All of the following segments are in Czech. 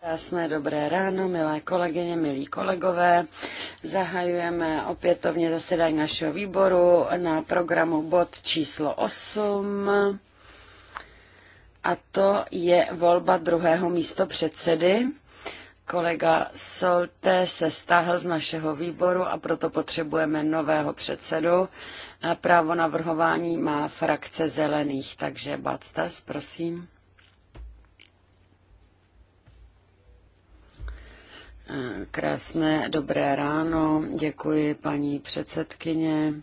Krásné dobré ráno, milé kolegyně, milí kolegové. Zahajujeme opětovně zasedání našeho výboru na programu bod číslo 8. A to je volba druhého místo předsedy. Kolega Solte se stáhl z našeho výboru a proto potřebujeme nového předsedu. Právo navrhování má frakce zelených, takže Bad prosím. Krásné dobré ráno, děkuji paní předsedkyně.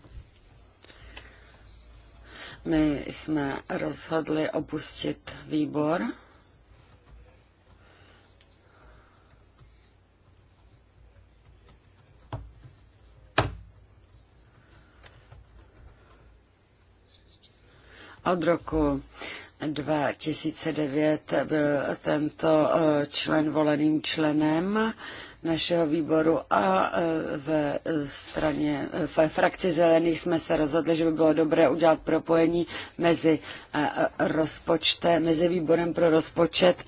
My jsme rozhodli opustit výbor. Od roku 2009 byl tento eh, člen voleným členem našeho výboru a eh, ve eh, straně, ve frakci zelených jsme se rozhodli, že by bylo dobré udělat propojení mezi rozpočtem, mezi výborem pro rozpočet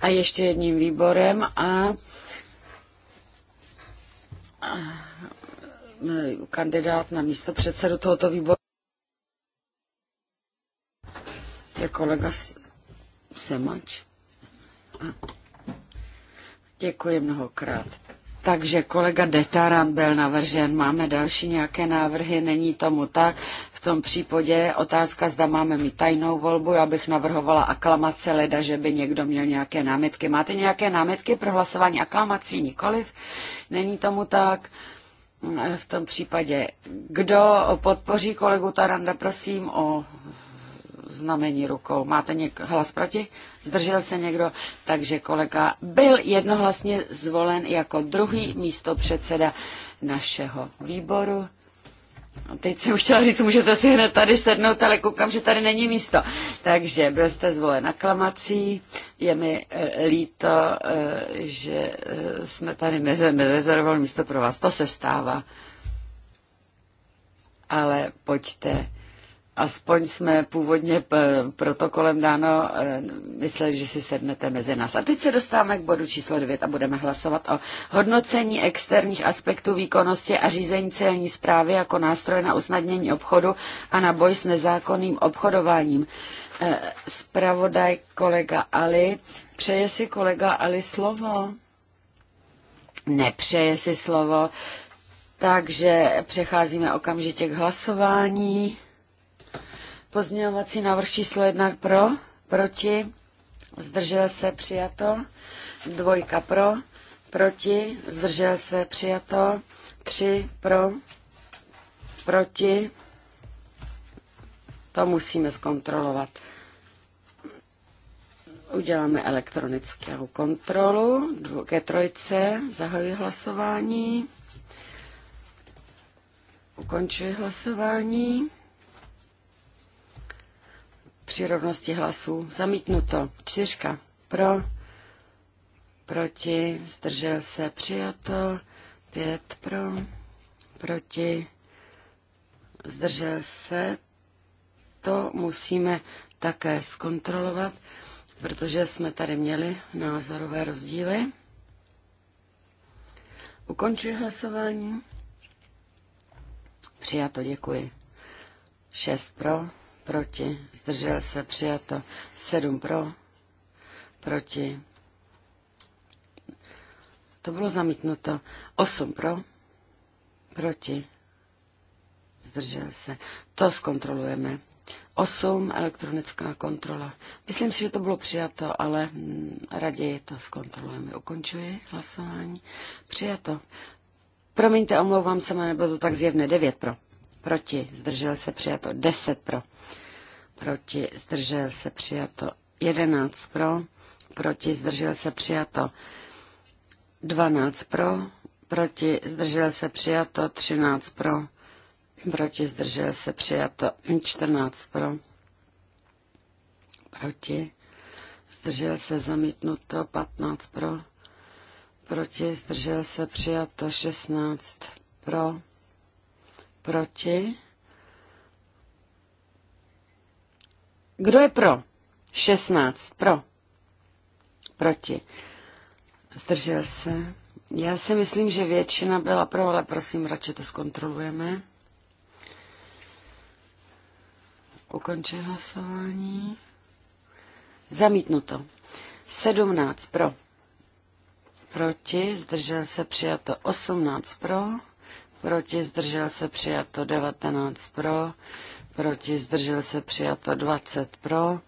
a ještě jedním výborem a kandidát na místo předsedu tohoto výboru je kolega Semač. Děkuji mnohokrát. Takže kolega Detaram byl navržen. Máme další nějaké návrhy? Není tomu tak. V tom případě otázka, zda máme mít tajnou volbu. Já bych navrhovala aklamace leda, že by někdo měl nějaké námitky. Máte nějaké námitky pro hlasování aklamací? Nikoliv. Není tomu tak. V tom případě, kdo podpoří kolegu Taranda, prosím o znamení rukou. Máte něk- hlas proti? Zdržel se někdo? Takže kolega byl jednohlasně zvolen jako druhý místo předseda našeho výboru. Teď jsem chtěla říct, můžete si hned tady sednout, ale koukám, že tady není místo. Takže byl jste zvolen aklamací. Je mi eh, líto, eh, že eh, jsme tady nerezervovali místo pro vás. To se stává. Ale pojďte aspoň jsme původně eh, protokolem dáno eh, mysleli, že si sednete mezi nás. A teď se dostáváme k bodu číslo 9 a budeme hlasovat o hodnocení externích aspektů výkonnosti a řízení celní zprávy jako nástroje na usnadnění obchodu a na boj s nezákonným obchodováním. Spravodaj eh, kolega Ali. Přeje si kolega Ali slovo? Nepřeje si slovo. Takže přecházíme okamžitě k hlasování. Pozměňovací návrh číslo jedna pro, proti, zdržel se přijato. Dvojka pro, proti, zdržel se přijato. Tři pro, proti. To musíme zkontrolovat. Uděláme elektronickou kontrolu. Dvo, ke trojce zahajuji hlasování. Ukončuji hlasování při rovnosti hlasů zamítnuto. Čtyřka pro, proti, zdržel se přijato. Pět pro, proti, zdržel se. To musíme také zkontrolovat, protože jsme tady měli názorové rozdíly. Ukončuji hlasování. Přijato, děkuji. 6 pro, proti, zdržel se, přijato. 7 pro, proti. To bylo zamítnuto. 8 pro, proti, zdržel se. To zkontrolujeme. 8 elektronická kontrola. Myslím si, že to bylo přijato, ale mm, raději to zkontrolujeme. Ukončuji hlasování. Přijato. Promiňte, omlouvám se, nebylo to tak zjevné. 9 pro. Proti. Zdržel se přijato. 10 pro proti, zdržel se přijato. 11 pro, proti, zdržel se přijato. 12 pro, proti, zdržel se přijato. 13 pro, proti, zdržel se přijato. 14 pro, proti, zdržel se zamítnuto. 15 pro, proti, zdržel se přijato. 16 pro, proti, Kdo je pro? 16. Pro. Proti. Zdržel se. Já si myslím, že většina byla pro, ale prosím, radši to zkontrolujeme. Ukončil hlasování. Zamítnuto. 17 pro. Proti, zdržel se přijato 18 pro. Proti, zdržel se přijato 19 pro proti zdržel se přijato 20 pro,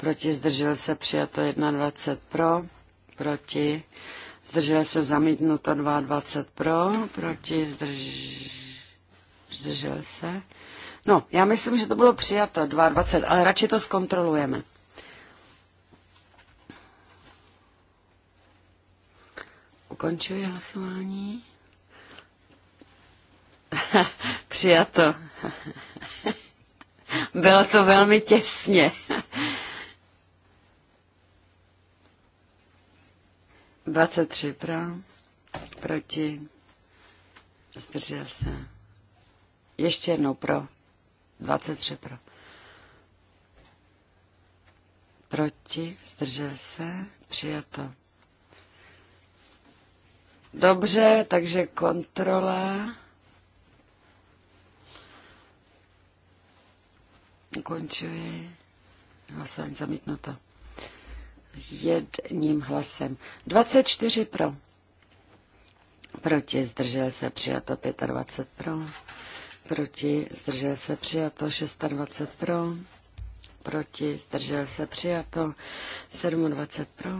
proti zdržel se přijato 21 pro, proti zdržel se zamítnuto 22 pro, proti zdrž... zdržel se. No, já myslím, že to bylo přijato 22, ale radši to zkontrolujeme. Ukončuji hlasování. Přijato. Bylo to velmi těsně. Dvacet tři pro, proti, zdržel se. Ještě jednou pro, 23 pro. Proti, zdržel se, přijato. Dobře, takže kontrola. Ukončuji. Hlasování zamítnuto. Jedním hlasem. 24 pro. Proti zdržel se přijato 25 pro. Proti zdržel se přijato 26 pro. Proti zdržel se přijato 27 pro.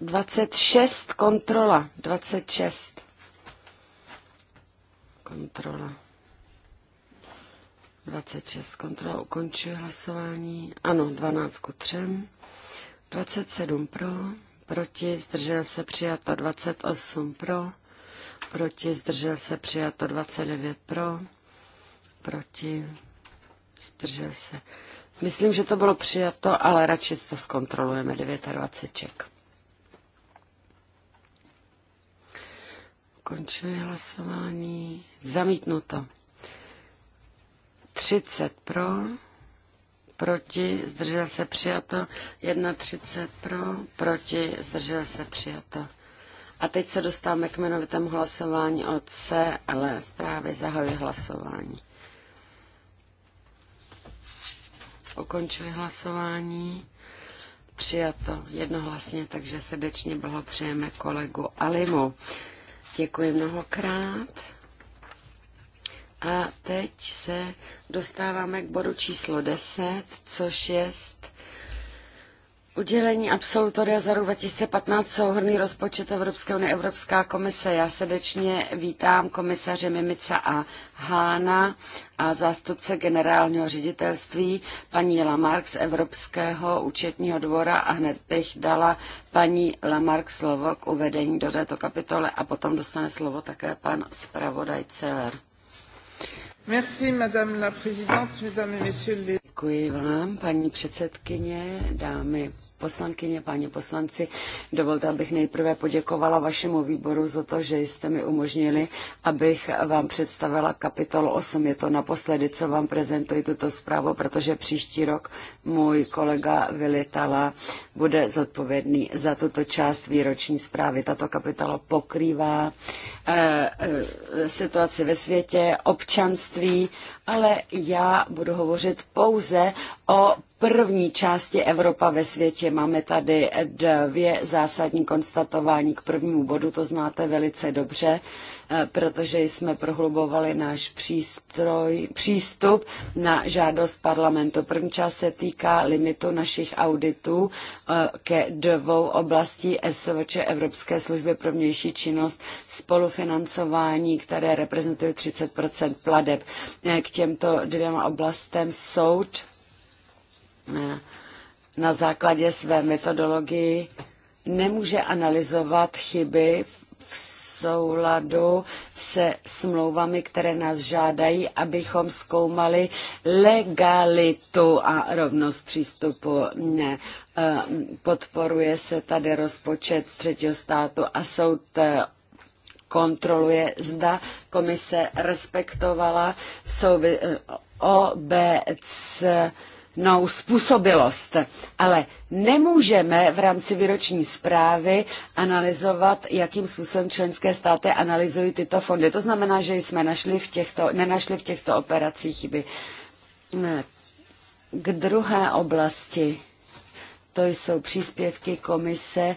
26 kontrola. 26 kontrola. 26. Kontrola ukončuje hlasování. Ano, 12 ku 3. 27 pro, proti, zdržel se přijato 28 pro, proti, zdržel se přijato 29 pro, proti, zdržel se. Myslím, že to bylo přijato, ale radši to zkontrolujeme 29 ček. Končuje hlasování. Zamítnuto. 30 pro, proti, zdržel se přijato, 31 pro, proti, zdržel se přijato. A teď se dostáváme k jmenovitému hlasování o C, ale zprávy zahajuji hlasování. Ukončuji hlasování. Přijato jednohlasně, takže srdečně blahopřejeme kolegu Alimu. Děkuji mnohokrát. A teď se dostáváme k bodu číslo 10, což je udělení absolutoria za rok 2015 souhrný rozpočet Evropské unie Evropská komise. Já srdečně vítám komisaře Mimica a Hána a zástupce generálního ředitelství paní Lamarck z Evropského účetního dvora a hned bych dala paní Lamarck slovo k uvedení do této kapitole a potom dostane slovo také pan zpravodaj Celer. Děkuji vám, paní předsedkyně, dámy poslankyně, páni poslanci, dovolte, abych nejprve poděkovala vašemu výboru za to, že jste mi umožnili, abych vám představila kapitolu 8. Je to naposledy, co vám prezentuji tuto zprávu, protože příští rok můj kolega Vilitala bude zodpovědný za tuto část výroční zprávy. Tato kapitola pokrývá eh, eh situaci ve světě, občanství ale já budu hovořit pouze o první části Evropa ve světě. Máme tady dvě zásadní konstatování k prvnímu bodu, to znáte velice dobře. Eh, protože jsme prohlubovali náš přístroj, přístup na žádost parlamentu. První část se týká limitu našich auditů eh, ke dvou oblastí SVČ Evropské služby pro vnější činnost spolufinancování, které reprezentuje 30 pladeb. Eh, k těmto dvěma oblastem soud na základě své metodologii nemůže analyzovat chyby v souladu se smlouvami, které nás žádají, abychom zkoumali legalitu a rovnost přístupu. Ne. Eh, podporuje se tady rozpočet třetího státu a soud eh, kontroluje, zda komise respektovala v souvi- eh, OBC no, způsobilost. Ale nemůžeme v rámci výroční zprávy analyzovat, jakým způsobem členské státy analyzují tyto fondy. To znamená, že jsme našli v těchto, nenašli v těchto operacích chyby. K druhé oblasti, to jsou příspěvky komise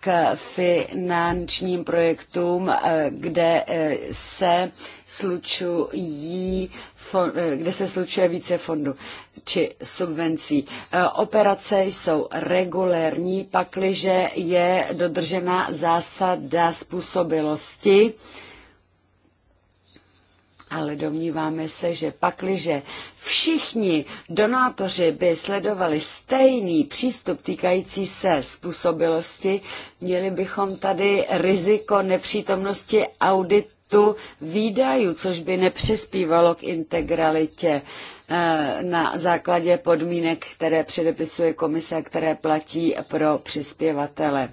k finančním projektům, eh, kde eh, se slučují eh, kde se slučuje více fondů či subvencí. Operace jsou regulérní, pakliže je dodržena zásada způsobilosti ale domníváme se, že pakliže všichni donátoři by sledovali stejný přístup týkající se způsobilosti, měli bychom tady riziko nepřítomnosti auditu výdajů, což by nepřispívalo k integralitě eh, na základě podmínek, které předepisuje komise které platí pro přispěvatele.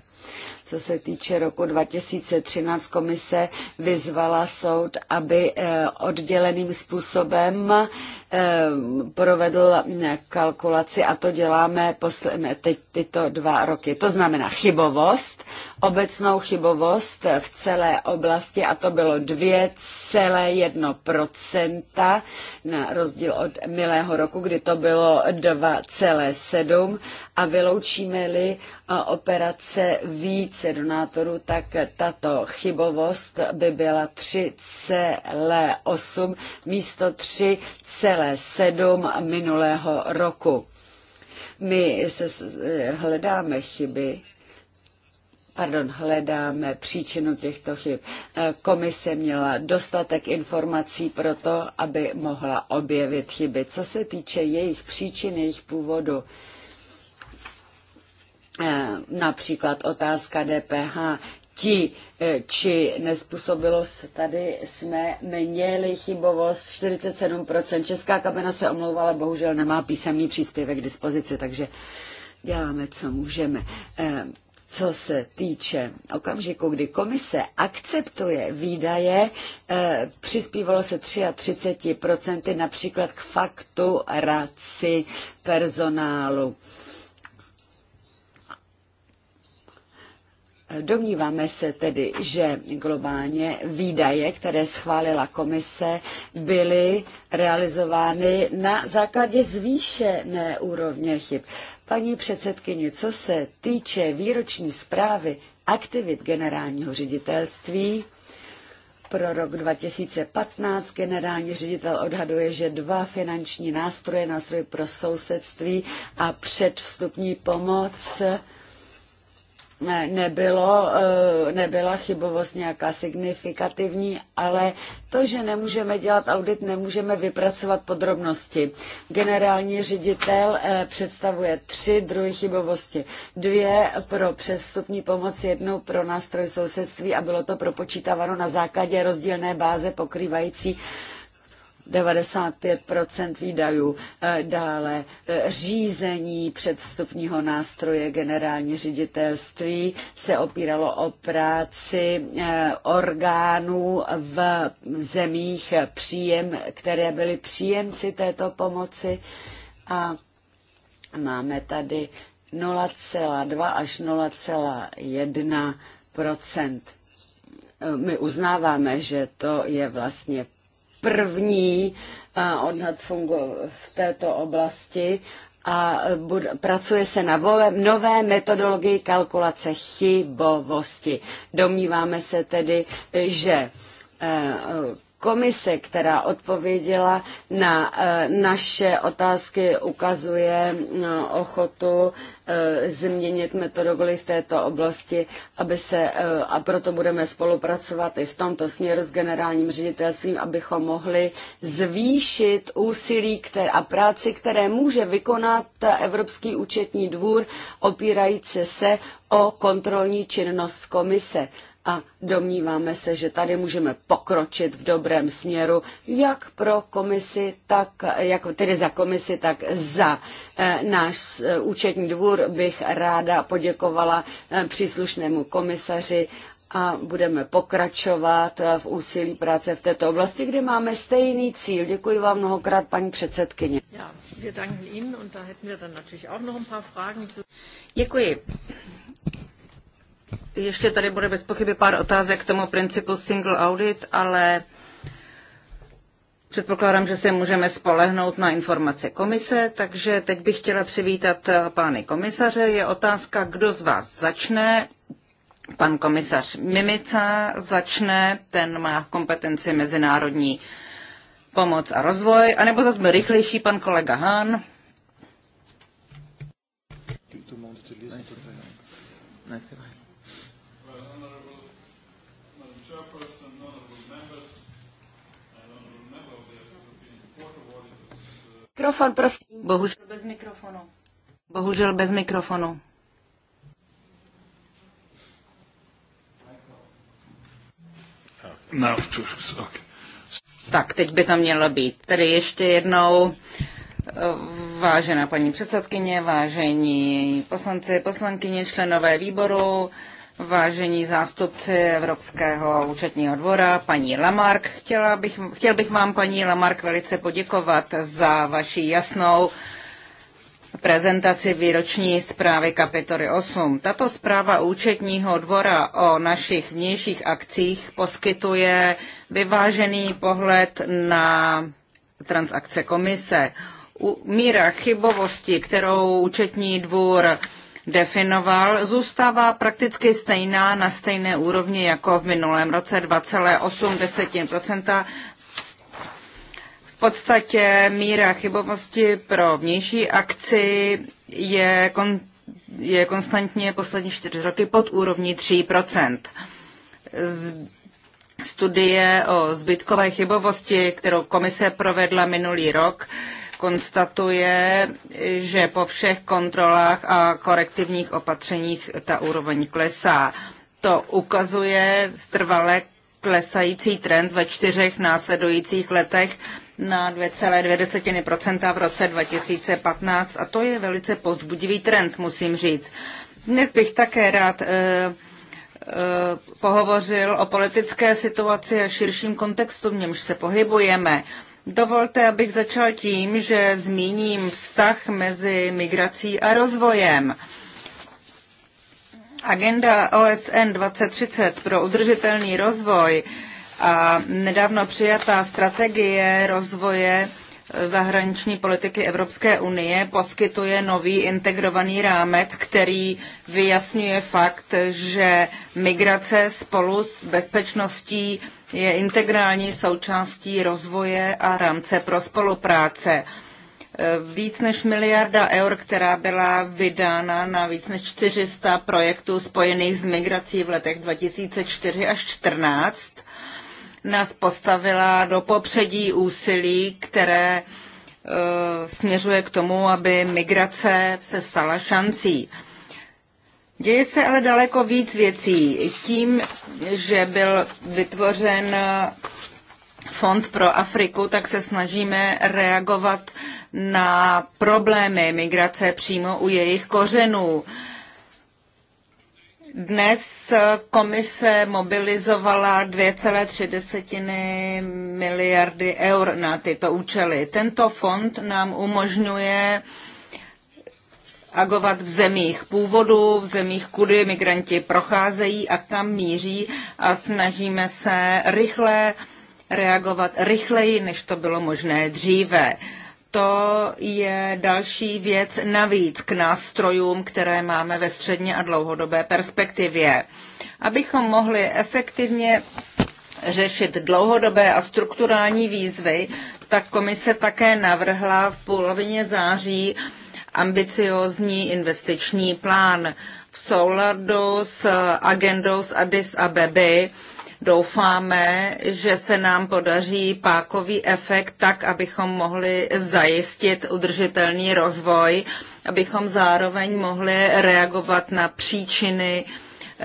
Co se týče roku 2013, komise vyzvala soud, aby eh, odděleným způsobem Ehm, provedl kalkulaci a to děláme posledné, teď tyto dva roky. To znamená chybovost, obecnou chybovost v celé oblasti a to bylo 2,1% na rozdíl od milého roku, kdy to bylo 2,7 a vyloučíme-li e, operace více donátorů, tak tato chybovost by byla 3,8 místo 3,7 2,7 minulého roku. My se hledáme chyby, pardon, hledáme příčinu těchto chyb. Eh, komise měla dostatek informací pro to, aby mohla objevit chyby. Co se týče jejich příčin, jejich původu, eh, například otázka DPH ti eh, či nespůsobilost. Tady jsme měli chybovost 47%. Česká kabina se omlouvala, bohužel nemá písemný příspěvek k dispozici, takže děláme, co můžeme. Eh, co se týče okamžiku, kdy komise akceptuje výdaje, eh, přispívalo se 33% například k faktu, raci personálu. Domníváme se tedy, že globálně výdaje, které schválila komise, byly realizovány na základě zvýšené úrovně chyb. Paní předsedkyně, co se týče výroční zprávy aktivit generálního ředitelství, pro rok 2015 generální ředitel odhaduje, že dva finanční nástroje, nástroj pro sousedství a předvstupní pomoc, nebylo, eh, nebyla chybovost nějaká signifikativní, ale to, že nemůžeme dělat audit, nemůžeme vypracovat podrobnosti. Generální ředitel eh, představuje tři druhy chybovosti. Dvě pro přestupní pomoc, jednou pro nástroj sousedství a bylo to propočítáváno na základě rozdílné báze pokrývající 95 výdajů, e, dále e, řízení předvstupního nástroje generální ředitelství se opíralo o práci e, orgánů v zemích, příjem, které byly příjemci této pomoci a máme tady 0,2 až 0,1 My uznáváme, že to je vlastně první eh, odhad fungu v této oblasti a eh, pracuje se na nové metodologii kalkulace chybovosti. Domníváme se tedy, že eh, Komise, která odpověděla na eh, naše otázky, ukazuje eh, ochotu eh, změnit metodologii v této oblasti, aby se, a proto budeme spolupracovat i v tomto směru s generálním ředitelstvím, abychom mohli zvýšit úsilí které, a práci, které může vykonat Evropský účetní dvůr, opírající se o kontrolní činnost komise a domníváme se, že tady můžeme pokročit v dobrém směru, jak pro komisi, tak, jak tedy za komisi, tak za eh, náš eh, účetní dvůr bych ráda poděkovala eh, příslušnému komisaři a budeme pokračovat v úsilí práce v této oblasti, kde máme stejný cíl. Děkuji vám mnohokrát, paní předsedkyně. Děkuji. Ještě tady bude bez pochyby pár otázek k tomu principu single audit, ale Předpokládám, že se můžeme spolehnout na informace komise, takže teď bych chtěla přivítat pány komisaře. Je otázka, kdo z vás začne. Pan komisař Mimica začne, ten má v kompetenci mezinárodní pomoc a rozvoj, anebo zase byl rychlejší pan kolega Hahn. Ne, Mikrofon, prosím. Bohužel bez mikrofonu. Bohužel bez mikrofonu. No, okay. Tak, teď by to mělo být. Tedy ještě jednou, vážená paní předsedkyně, vážení poslanci, poslankyně, členové výboru, Vážení zástupci Evropského účetního dvora, paní Lamark, chtěla bych, chtěl bych vám, paní Lamark, velice poděkovat za vaši jasnou prezentaci výroční zprávy kapitoly 8. Tato zpráva účetního dvora o našich vnějších akcích poskytuje vyvážený pohled na transakce komise. Míra chybovosti, kterou účetní dvůr definoval, zůstává prakticky stejná na stejné úrovni jako v minulém roce 2,8 v podstatě míra chybovosti pro vnější akci je, kon, je konstantně poslední čtyři roky pod úrovní 3 Z, Studie o zbytkové chybovosti, kterou komise provedla minulý rok, konstatuje, že po všech kontrolách a korektivních opatřeních ta úroveň klesá. To ukazuje strvale klesající trend ve čtyřech následujících letech na 2,2% v roce 2015 a to je velice povzbudivý trend, musím říct. Dnes bych také rád e, e, pohovořil o politické situaci a širším kontextu, v němž se pohybujeme. Dovolte, abych začal tím, že zmíním vztah mezi migrací a rozvojem. Agenda OSN 2030 pro udržitelný rozvoj a nedávno přijatá strategie rozvoje zahraniční politiky Evropské unie poskytuje nový integrovaný rámec, který vyjasňuje fakt, že migrace spolu s bezpečností je integrální součástí rozvoje a rámce pro spolupráce. Víc než miliarda eur, která byla vydána na víc než 400 projektů spojených s migrací v letech 2004 až 2014, nás postavila do popředí úsilí, které eh, směřuje k tomu, aby migrace se stala šancí. Děje se ale daleko víc věcí. Tím, že byl vytvořen eh, Fond pro Afriku, tak se snažíme reagovat na problémy migrace přímo u jejich kořenů. Dnes eh, komise mobilizovala 2,3 miliardy eur na tyto účely. Tento fond nám umožňuje uh, agovat v zemích původu, v zemích, kudy migranti procházejí a kam míří a snažíme se rychle reagovat rychleji, než to bylo možné dříve. To je další věc navíc k nástrojům, které máme ve středně a dlouhodobé perspektivě. Abychom mohli efektivně řešit dlouhodobé a strukturální výzvy, tak komise také navrhla v polovině září uh, ambiciózní investiční plán v souladu s agendou z Addis Abeby. Doufáme, že se nám podaří pákový efekt tak, abychom mohli zajistit udržitelný rozvoj, abychom zároveň mohli reagovat na příčiny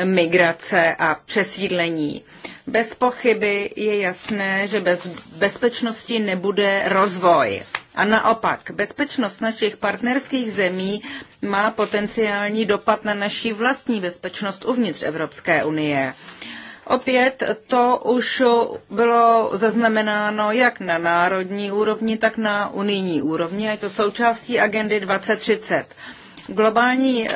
migrace a přesídlení. Bez pochyby je jasné, že bez bezpečnosti nebude rozvoj. A naopak, bezpečnost našich partnerských zemí má potenciální dopad na naší vlastní bezpečnost uvnitř Evropské unie. Opět to už bylo zaznamenáno jak na národní úrovni, tak na unijní úrovni. a Je to součástí agendy 2030. Globální eh,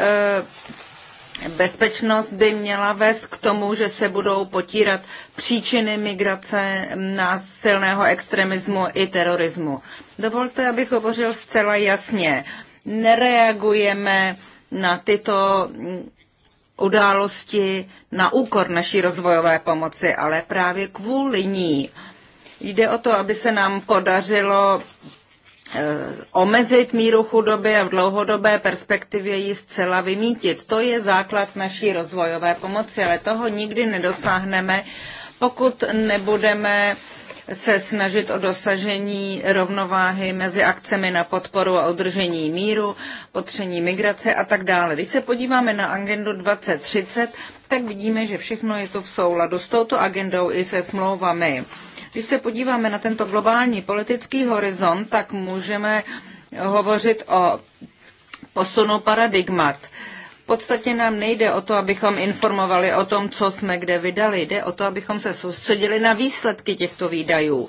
Bezpečnost by měla vést k tomu, že se budou potírat příčiny migrace násilného extremismu i terorismu. Dovolte, abych hovořil zcela jasně. Nereagujeme na tyto události na úkor naší rozvojové pomoci, ale právě kvůli ní. Jde o to, aby se nám podařilo Eh, omezit míru chudoby a v dlouhodobé perspektivě ji zcela vymítit. To je základ naší rozvojové pomoci, ale toho nikdy nedosáhneme, pokud nebudeme se snažit o dosažení rovnováhy mezi akcemi na podporu a udržení míru, potření migrace a tak dále. Když se podíváme na agendu 2030, tak vidíme, že všechno je to v souladu s touto agendou i se smlouvami. Když se podíváme na tento globální politický horizont, tak můžeme hovořit o posunu paradigmat. V podstatě nám nejde o to, abychom informovali o tom, co jsme kde vydali. Jde o to, abychom se soustředili na výsledky těchto výdajů.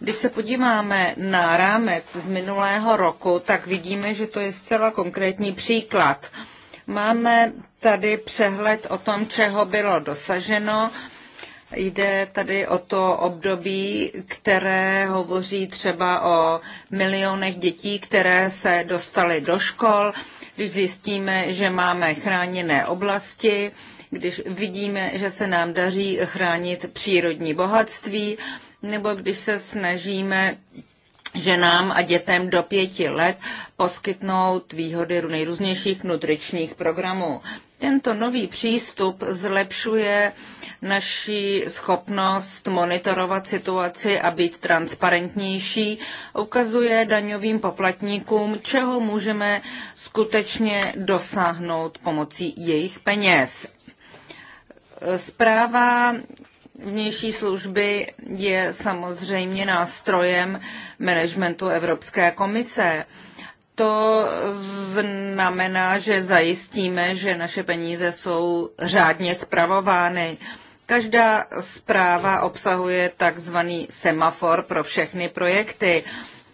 Když se podíváme na rámec z minulého roku, tak vidíme, že to je zcela konkrétní příklad. Máme tady přehled o tom, čeho bylo dosaženo. Jde tady o to období, které hovoří třeba o milionech dětí, které se dostaly do škol, když zjistíme, že máme chráněné oblasti, když vidíme, že se nám daří chránit přírodní bohatství, nebo když se snažíme že nám a dětem do pěti let poskytnout výhody nejrůznějších nutričních programů. Tento nový přístup zlepšuje naši schopnost monitorovat situaci a být transparentnější, ukazuje daňovým poplatníkům, čeho můžeme skutečně dosáhnout pomocí jejich peněz. Zpráva vnější služby je samozřejmě nástrojem managementu Evropské komise to znamená, že zajistíme, že naše peníze jsou řádně spravovány. Každá zpráva obsahuje takzvaný semafor pro všechny projekty.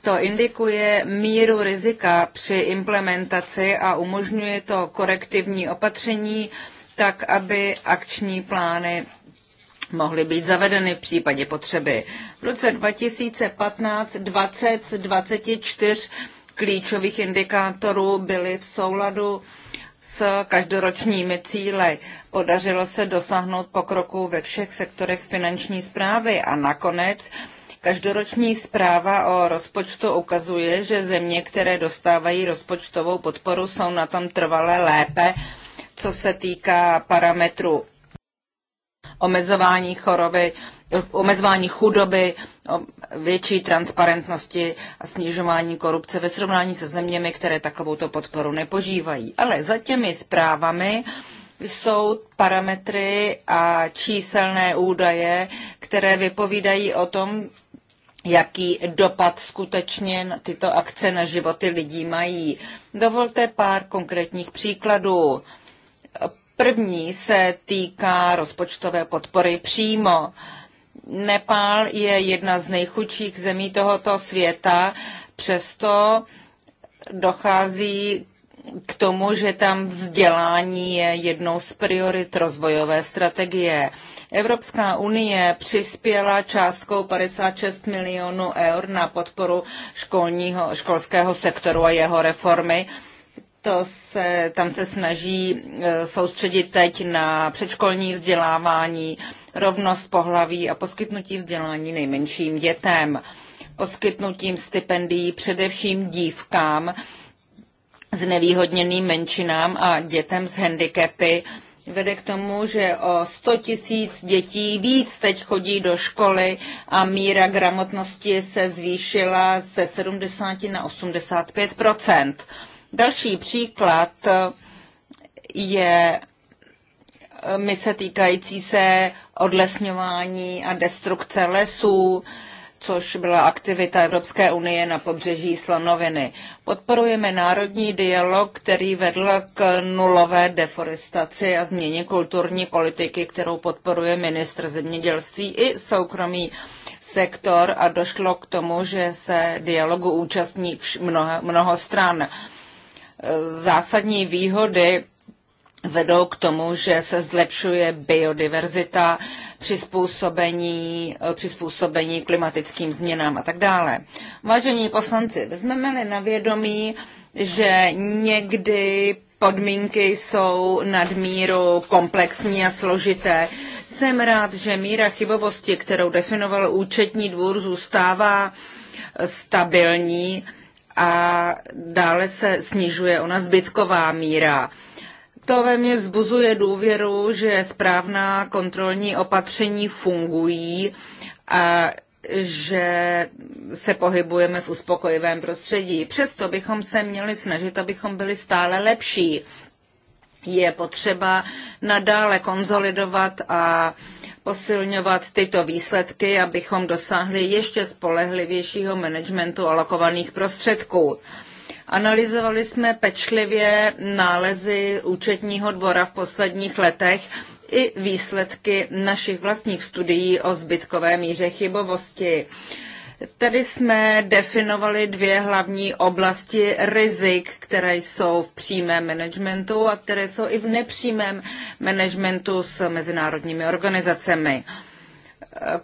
To indikuje míru rizika při implementaci a umožňuje to korektivní opatření, tak aby akční plány mohly být zavedeny v případě potřeby. V roce 2015 20 24 klíčových indikátorů byly v souladu s každoročními cíly. Podařilo se dosáhnout pokroku ve všech sektorech finanční zprávy a nakonec Každoroční zpráva o rozpočtu ukazuje, že země, které dostávají rozpočtovou podporu, jsou na tom trvale lépe, co se týká parametru omezování choroby omezování chudoby, větší transparentnosti a snižování korupce ve srovnání se zeměmi, které takovouto podporu nepožívají. Ale za těmi zprávami jsou parametry a číselné údaje, které vypovídají o tom, jaký dopad skutečně tyto akce na životy lidí mají. Dovolte pár konkrétních příkladů. První se týká rozpočtové podpory přímo. Nepál je jedna z nejchudších zemí tohoto světa, přesto dochází k tomu, že tam vzdělání je jednou z priorit rozvojové strategie. Evropská unie přispěla částkou 56 milionů eur na podporu školního, školského sektoru a jeho reformy to se, tam se snaží e, soustředit teď na předškolní vzdělávání, rovnost pohlaví a poskytnutí vzdělání nejmenším dětem, poskytnutím stipendií především dívkám, nevýhodněným menšinám a dětem s handicapy, vede k tomu, že o 100 tisíc dětí víc teď chodí do školy a míra gramotnosti se zvýšila ze 70 na 85 Další příklad je mise týkající se odlesňování a destrukce lesů, což byla aktivita Evropské unie na pobřeží Slonoviny. Podporujeme národní dialog, který vedl k nulové deforestaci a změně kulturní politiky, kterou podporuje ministr zemědělství i soukromý sektor a došlo k tomu, že se dialogu účastní mnoho, mnoho stran zásadní výhody vedou k tomu, že se zlepšuje biodiverzita, přizpůsobení, přizpůsobení klimatickým změnám a tak dále. Vážení poslanci, vezmeme-li na vědomí, že někdy podmínky jsou nadmíru komplexní a složité. Jsem rád, že míra chybovosti, kterou definoval účetní dvůr, zůstává stabilní a dále se snižuje ona zbytková míra. To ve mně vzbuzuje důvěru, že správná kontrolní opatření fungují a že se pohybujeme v uspokojivém prostředí. Přesto bychom se měli snažit, abychom byli stále lepší. Je potřeba nadále konzolidovat a uh, posilňovat tyto výsledky, abychom dosáhli ještě spolehlivějšího managementu alokovaných prostředků. Analyzovali jsme pečlivě nálezy účetního dvora v posledních letech i výsledky našich vlastních studií o zbytkové míře chybovosti. Tady jsme definovali dvě hlavní oblasti rizik, které jsou v přímém managementu a které jsou i v nepřímém managementu s mezinárodními organizacemi.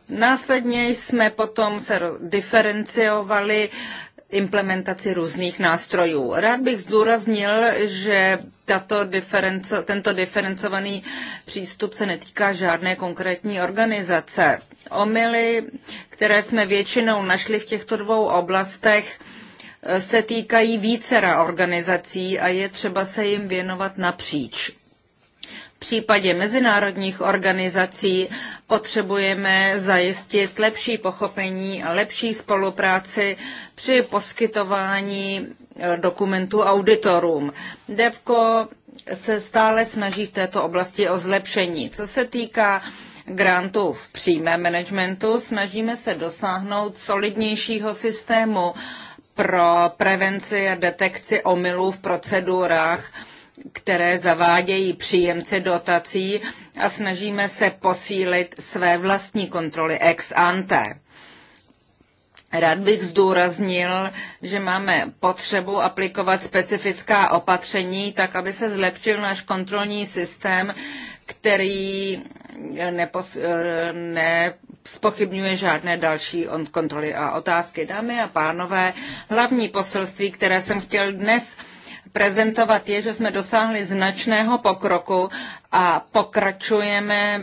Následně jsme potom se diferenciovali implementaci různých nástrojů. Rád bych zdůraznil, že tato diferenco, tento diferencovaný přístup se netýká žádné konkrétní organizace. Omily, které jsme většinou našli v těchto dvou oblastech, se týkají vícera organizací a je třeba se jim věnovat napříč případě mezinárodních organizací potřebujeme zajistit lepší pochopení a lepší spolupráci při poskytování eh, dokumentů auditorům. DEVKO se stále snaží v této oblasti o zlepšení. Co se týká grantů v přímém managementu, snažíme se dosáhnout solidnějšího systému pro prevenci a detekci omylů v procedurách které zavádějí příjemce dotací a snažíme se posílit své vlastní kontroly ex ante. Rád bych zdůraznil, že máme potřebu aplikovat specifická opatření, tak aby se zlepšil náš kontrolní systém, který nepos, spochybňuje žádné další kontroly a otázky. Dámy a pánové, hlavní poselství, které jsem chtěl dnes prezentovat, je, že jsme dosáhli značného pokroku a pokračujeme e,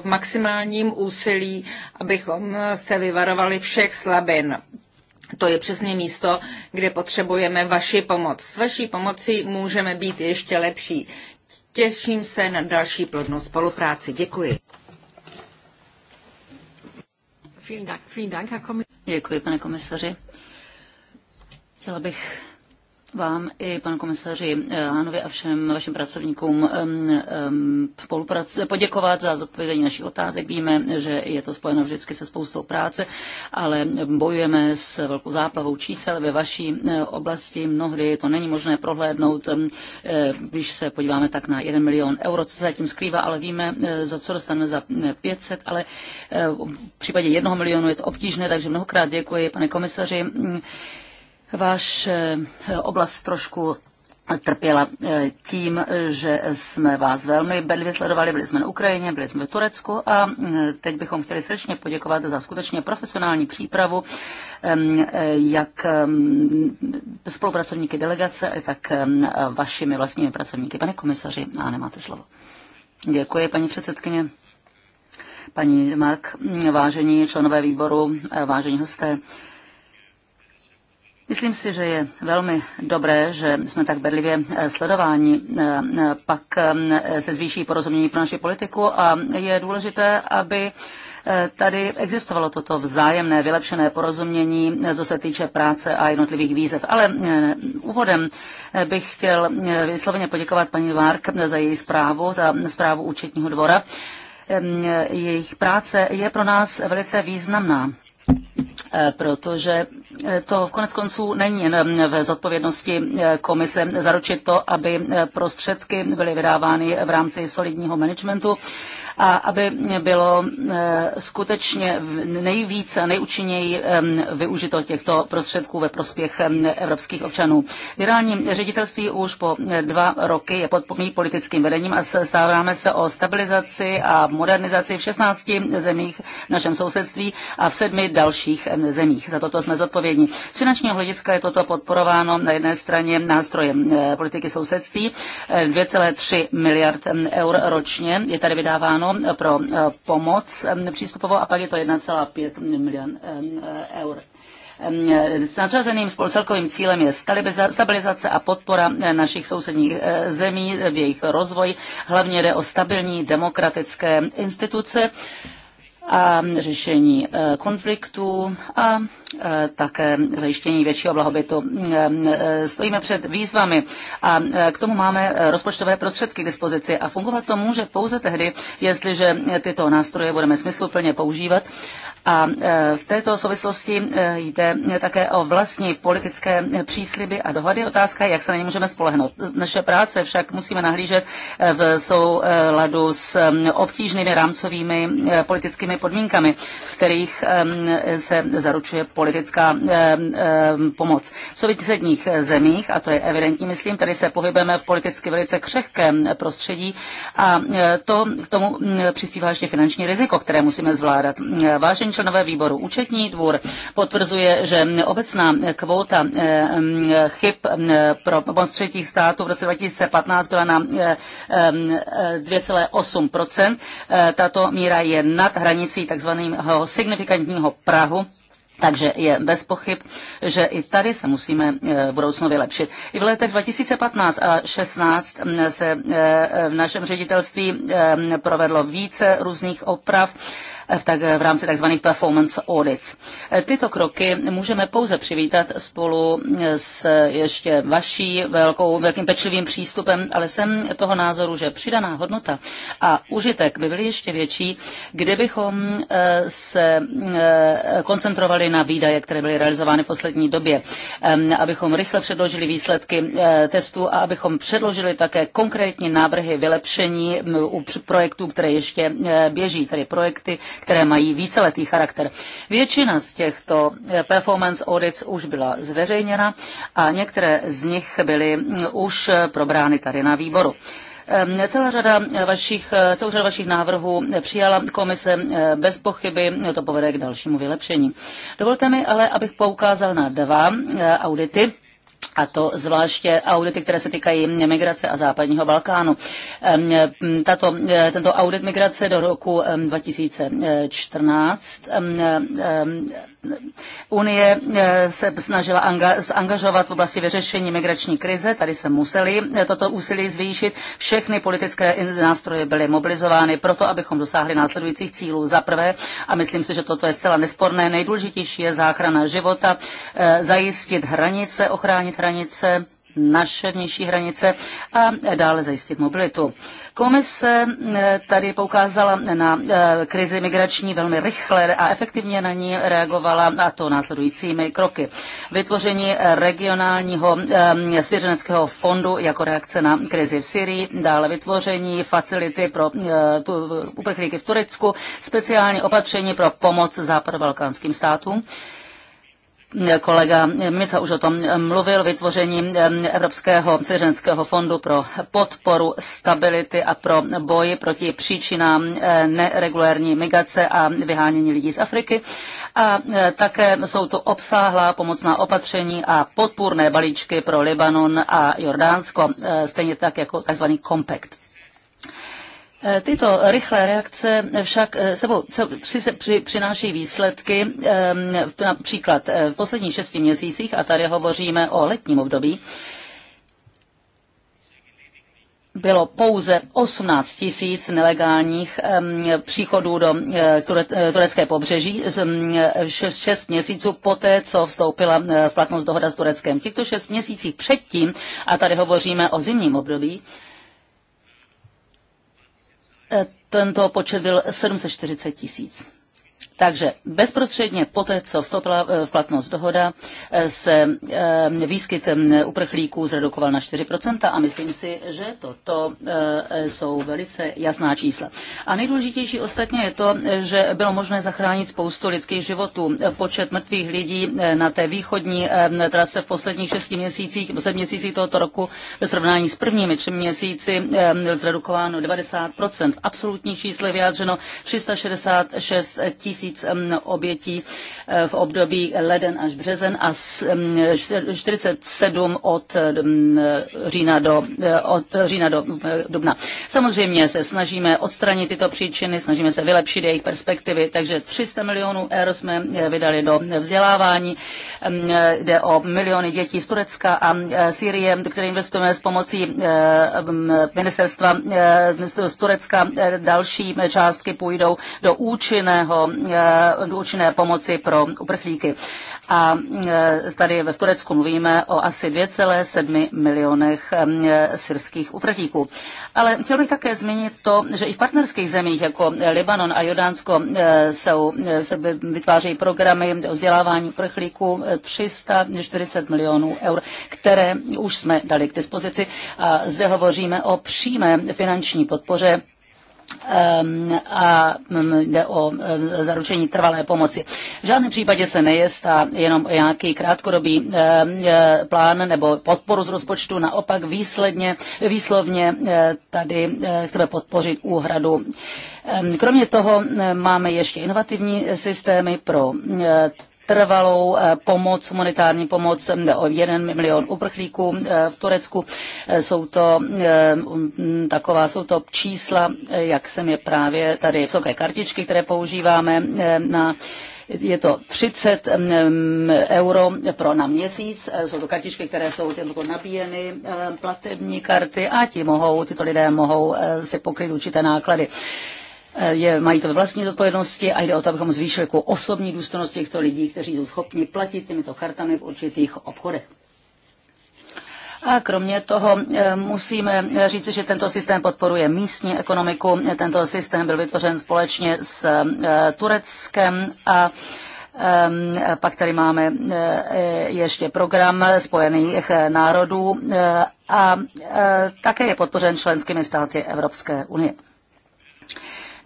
v maximálním úsilí, abychom se vyvarovali všech slabin. To je přesně místo, kde potřebujeme vaši pomoc. S vaší pomocí můžeme být ještě lepší. Těším se na další plodnou spolupráci. Děkuji. Děkuji, pane komisaři. Chtěla bych vám i panu komisaři eh, Hanovi a všem vašim pracovníkům poděkovat za zodpovězení našich otázek. Víme, že je to spojeno vždycky se spoustou práce, ale bojujeme s velkou záplavou čísel ve vaší eh, oblasti. Mnohdy to není možné prohlédnout, eh, když se podíváme tak na 1 milion euro, co se zatím skrývá, ale víme, za co dostaneme za 500, ale v případě jednoho milionu je to obtížné, takže mnohokrát děkuji, pane komisaři. Váš eh, oblast trošku trpěla eh, tím, že jsme vás velmi bedlivě sledovali, byli jsme na Ukrajině, byli jsme v Turecku a eh, teď bychom chtěli srdečně poděkovat za skutečně profesionální přípravu, ehm, jak ehm, spolupracovníky delegace, tak ehm, vašimi vlastními pracovníky. Pane komisaři, a nemáte slovo. Děkuji, paní předsedkyně. Paní Mark, vážení členové výboru, vážení hosté, Myslím si, že je velmi dobré, že jsme tak bedlivě eh, sledováni. Eh, eh, pak se zvýší porozumění pro naši politiku a je důležité, aby tady existovalo toto vzájemné vylepšené porozumění, co se týče práce a jednotlivých výzev. Ale úvodem bych chtěl vysloveně poděkovat paní Várk za její zprávu, za zprávu účetního dvora jejich práce je pro nás velice významná. Eh, protože eh, to v konec konců není hm, v zodpovědnosti eh, komise zaručit to, aby prostředky byly vydávány v rámci solidního managementu a aby bylo eh, skutečně nejvíce nejúčinněji využito těchto prostředků ve prospěch evropských občanů. Virální ředitelství už po eh, dva roky je pod politickým vedením a stáváme se o stabilizaci a modernizaci v 16 zemích v našem sousedství a v sedmi dalších zemích. Za toto jsme zodpovědní. Z finančního hlediska je toto podporováno na jedné straně nástrojem eh, politiky sousedství 2,3 miliard eur ročně je tady vydáváno ano, pro eh, pomoc eh, přístupovou a pak je to 1,5 milion eh, eur. Nadřazeným celkovým cílem je stabilizace a podpora našich sousedních zemí v jejich rozvoji. Hlavně jde o stabilní demokratické instituce a řešení eh, konfliktů a eh, také zajištění většího blahobytu. Mm, eh, mm, stojíme před výzvami a k tomu máme rozpočtové prostředky k dispozici a fungovat to může pouze tehdy, jestliže tyto nástroje budeme smysluplně používat. A v této souvislosti jde také o vlastní politické přísliby a dohody. Otázka je, jak se na ně můžeme spolehnout. Naše práce však musíme nahlížet v souladu s obtížnými rámcovými politickými všemi podmínkami, v kterých se zaručuje politická pomoc. V sousedních zemích, a to je evidentní, myslím, tady se pohybujeme v politicky velice křehkém prostředí a e, to k tomu přispívá ještě finanční riziko, které musíme zvládat. Vážení členové výboru, účetní dvůr potvrzuje, že obecná kvóta chyb pro pomoc třetích států v roce 2015 byla na 2,8 e, Tato míra je nad hranicí hranicí takzvaného signifikantního Prahu, takže je bez pochyb, že i tady se musíme eh, v budoucnu vylepšit. I v letech 2015 a 2016 mm, se eh, v našem ředitelství eh, provedlo více různých oprav v, tak, v rámci tzv. performance audits. Tyto kroky můžeme pouze přivítat spolu s ještě vaší velkou, velkým pečlivým přístupem, ale jsem toho názoru, že přidaná hodnota a užitek by byly ještě větší, kdybychom eh, se eh, koncentrovali na výdaje, které byly realizovány v poslední době, ehm, abychom rychle předložili výsledky eh, testů a abychom předložili také konkrétní návrhy vylepšení u projektů, které ještě běží, tedy projekty, které mají víceletý charakter. Většina z těchto eh, performance audits už byla zveřejněna a některé z nich byly mm, už eh, probrány tady na výboru. Ehm, celá řada eh, vašich, celou řada vašich návrhů přijala komise bez pochyby, to povede k dalšímu vylepšení. Dovolte mi ale, abych poukázal na dva audity a to zvláště audity, které se týkají migrace a západního Balkánu. Tato, e, tento audit migrace do roku 2014 Unie eh, se snažila zaangažovat v oblasti vyřešení migrační krize, tady se museli eh, toto úsilí zvýšit. Všechny politické nástroje byly mobilizovány proto, abychom dosáhli následujících cílů. Za prvé, a myslím si, že toto je zcela nesporné, nejdůležitější je záchrana života, eh, zajistit hranice, ochránit hranice naše vnější hranice a dále zajistit mobilitu. Komise eh, tady poukázala na eh, krizi migrační velmi rychle a efektivně na ní reagovala a to následujícími kroky. Vytvoření regionálního eh, svěřeneckého fondu jako reakce na krizi v Syrii, dále vytvoření facility pro uprchlíky v Turecku, speciální opatření pro pomoc západovalkánským státům kolega Mica už o tom mluvil, vytvoření eh, Evropského svěřenského fondu pro podporu stability a pro boj proti příčinám eh, neregulérní migrace a vyhánění lidí z Afriky. A eh, také jsou to obsáhlá pomocná opatření a podpůrné balíčky pro Libanon a Jordánsko, stejně tak jako tzv. kompakt. Eh, tyto rychlé reakce však eh, sebou přináší výsledky, ehm, například eh, v posledních šesti měsících, a tady hovoříme o letním období, bylo pouze 18 tisíc nelegálních ehm, příchodů do turecké pobřeží z 6 mm, měsíců poté, co vstoupila v platnost dohoda s Tureckem. Těchto 6 měsících předtím, a tady hovoříme o zimním období, Eh, tento počet byl 740 tisíc. Takže bezprostředně poté, co vstoupila eh, v platnost dohoda, eh, se eh, výskyt hm, uprchlíků zredukoval na 4% a myslím si, že toto jsou velice jasná čísla. A nejdůležitější ostatně je to, že bylo možné zachránit spoustu lidských životů. Počet mrtvých lidí na té východní hm, trase v posledních 6 měsících, 7 měsících tohoto roku ve srovnání s prvními 3 měsíci hm, zredukováno 90%. V absolutních číslech vyjádřeno 366 tisíc tisíc obětí eh, v období leden až březen a 47 eh, od října do, od října do dubna. Samozřejmě se snažíme odstranit tyto příčiny, snažíme se vylepšit jejich perspektivy, takže 300 milionů eur jsme eh, vydali do vzdělávání. Jde o miliony dětí z Turecka a Syrie, které investujeme s pomocí ministerstva z Turecka. Další částky půjdou do účinného Eh, účinné pomoci pro uprchlíky. A eh, tady v Turecku mluvíme o asi 2,7 milionech eh, syrských uprchlíků. Ale chtěl bych také zmínit to, že i v partnerských zemích jako Libanon a Jordánsko jsou, se vytvářejí programy o vzdělávání uprchlíků 340 milionů eur, které už jsme dali k dispozici. A zde hovoříme o přímé finanční podpoře Ehm, a mm, jde o eh, zaručení trvalé pomoci. V žádném případě se nejestá jenom nějaký krátkodobý ehm, plán nebo podporu z rozpočtu, naopak výsledně, výslovně eh, tady eh, chceme podpořit úhradu. Ehm, kromě toho máme ještě inovativní systémy pro trvalou eh, pomoc, humanitární pomoc mm, o 1 milion uprchlíků eh, v Turecku. Eh, jsou to um, mm, taková, jsou to čísla, jak jsem je právě tady vysoké kartičky, které používáme na je to 30 mm, euro pro na měsíc. Jsou to kartičky, které jsou těmto jako nabíjeny, platební karty a ti mohou, tyto lidé mohou si pokryt určité náklady. Eh, je, mají to ve vlastní zodpovědnosti a jde o to, abychom zvýšili jako osobní důstojnost těchto lidí, kteří jsou schopni platit těmito kartami v určitých obchodech. A kromě toho eh, musíme říci, že tento systém podporuje místní ekonomiku. Tento systém byl vytvořen společně s eh, Tureckem a ehm, pak tady máme ještě program Spojených národů a také je podpořen členskými státy Evropské unie.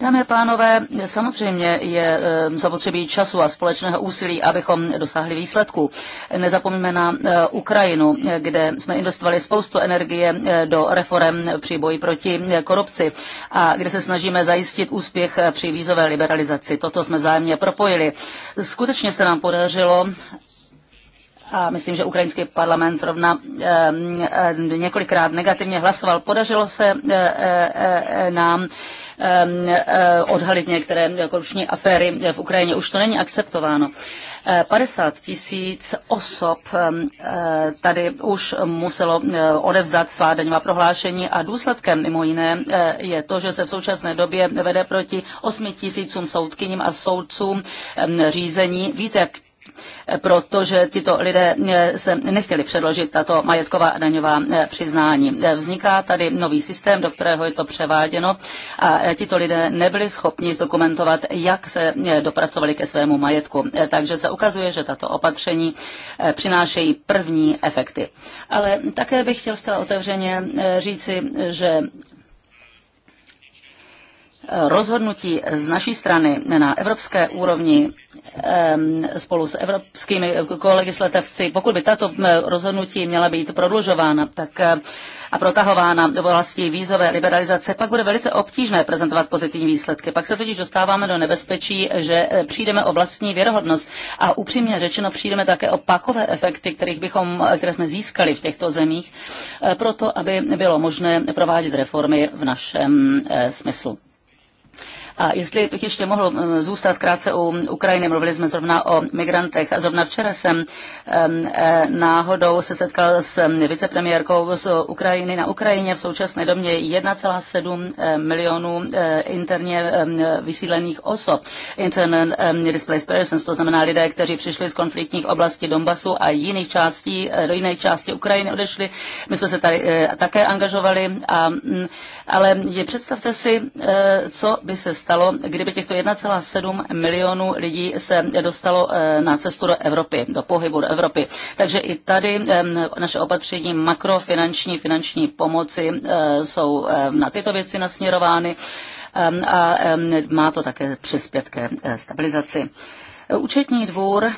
Dámy a pánové, samozřejmě je eh, zapotřebí času a společného úsilí, abychom dosáhli výsledku. Nezapomeňme na eh, Ukrajinu, kde jsme investovali spoustu energie eh, do reform při boji proti korupci a kde se snažíme zajistit úspěch při vízové liberalizaci. Toto jsme vzájemně propojili. Skutečně se nám podařilo a myslím, že ukrajinský parlament zrovna ehm, ehm, několikrát negativně hlasoval. Podařilo se e, e, e, nám ehm, odhalit některé korupční aféry v Ukrajině. Už to není akceptováno. 50 tisíc osob tady už muselo odevzdat svá daňová prohlášení a důsledkem mimo jiné je to, že se v současné době vede proti 8 tisícům soudkyním a soudcům řízení více jak protože tyto lidé eh, se nechtěli předložit tato majetková daňová eh, přiznání. Eh, vzniká tady nový systém, do kterého je to převáděno a tito lidé nebyli schopni zdokumentovat, jak se dopracovali ke svému majetku. Takže se ukazuje, že tato opatření přinášejí první efekty. Ale také bych chtěl zcela otevřeně říci, že rozhodnutí z naší strany na evropské úrovni spolu s evropskými kolegislativci, pokud by tato rozhodnutí měla být prodlužována tak eh, a protahována do vlastní vízové liberalizace, pak bude velice obtížné prezentovat pozitivní výsledky. Pak se totiž dostáváme do nebezpečí, že eh, přijdeme o vlastní věrohodnost a upřímně řečeno přijdeme také o pakové efekty, kterých bychom, eh, které jsme získali v těchto zemích, proto aby bylo možné provádět reformy v našem smyslu. A jestli bych ještě mohl zůstat krátce u Ukrajiny, mluvili jsme zrovna o migrantech a zrovna včera jsem e, náhodou se setkal s vicepremiérkou z Ukrajiny. Na Ukrajině v současné době 1,7 e, milionů e, interně vysílených osob. Internet displaced persons, to znamená lidé, kteří přišli z konfliktních oblastí Donbasu a jiných částí, do jiné části Ukrajiny odešli. My jsme se tady také angažovali, a, ale představte si, co by se stalo stalo, kdyby těchto 1,7 milionů lidí se dostalo eh, na cestu do Evropy, do pohybu do Evropy. Takže i tady eh, naše opatření makrofinanční, finanční pomoci eh, jsou na tyto věci nasměrovány a má to také přispět ke stabilizaci. Účetní dvůr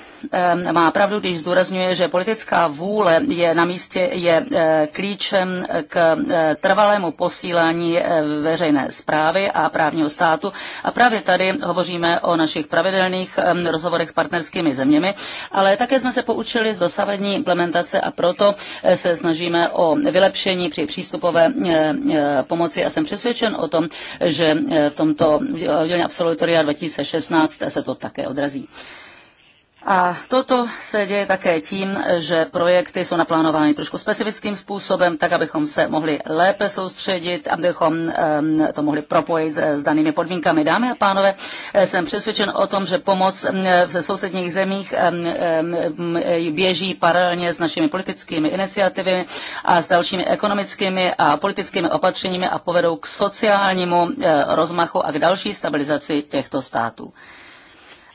má pravdu, když zdůrazňuje, že politická vůle je na místě je eh, klíčem k eh, trvalému posílání eh, veřejné zprávy a právního státu. A právě tady hovoříme o našich pravidelných rozhovorech s partnerskými zeměmi, ale také jsme se poučili z dosavadní implementace a proto se snažíme o vylepšení při přístupové pomoci a jsem přesvědčen o tom, že v tomto udělení absolutoria 2016 se to také odrazí. A toto se děje také tím, že projekty jsou naplánovány trošku specifickým způsobem, tak abychom se mohli lépe soustředit, abychom to mohli propojit eh, s danými podmínkami. Dámy a pánové, eh, jsem přesvědčen o tom, že pomoc v sousedních zemích běží paralelně s našimi politickými iniciativami a s dalšími ekonomickými a politickými opatřeními a povedou k sociálnímu eh, rozmachu a k další stabilizaci těchto států.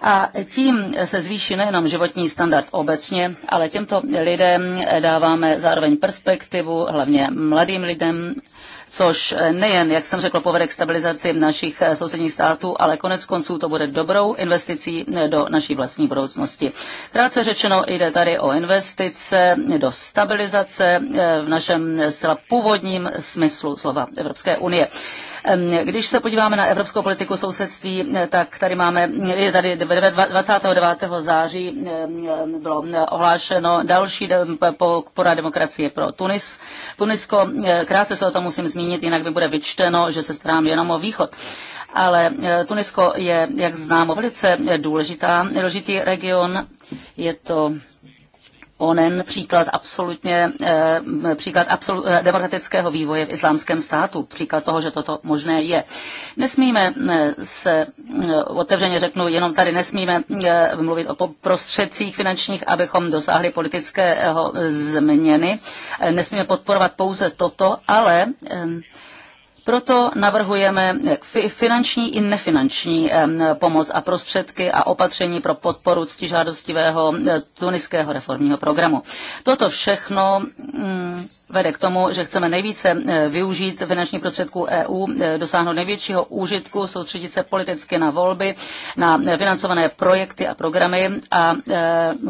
A tím se zvýší nejenom životní standard obecně, ale těmto lidem dáváme zároveň perspektivu, hlavně mladým lidem, což eh, nejen, jak jsem řekl, povede k stabilizaci našich eh, sousedních států, ale konec konců to bude dobrou investicí eh, do naší vlastní budoucnosti. Krátce řečeno, jde tady o investice do stabilizace v našem zcela původním smyslu slova Evropské unie. Když se podíváme na evropskou politiku sousedství, tak tady máme, je tady 29. září bylo ohlášeno další porad demokracie pro Tunis. Tunisko, krátce se o tom musím zmínit, zmínit, jinak by bude vyčteno, že se starám jenom o východ ale e, Tunisko je, jak známo, velice e, důležitá, důležitý region. Je to onen příklad absolutně, eh, příklad absolu, eh, demokratického vývoje v islámském státu, příklad toho, že toto možné je. Nesmíme eh, se, otevřeně řeknu, jenom tady nesmíme mluvit o prostředcích finančních, abychom dosáhli politického změny. Nesmíme podporovat pouze toto, ale proto navrhujeme eh, finanční i nefinanční pomoc a prostředky a opatření pro podporu ctižádostivého eh, tuniského reformního programu. Toto všechno mm, vede k tomu, že chceme nejvíce eh, využít finanční prostředků EU, dosáhnout největšího úžitku, soustředit se politicky na volby, na financované projekty a programy a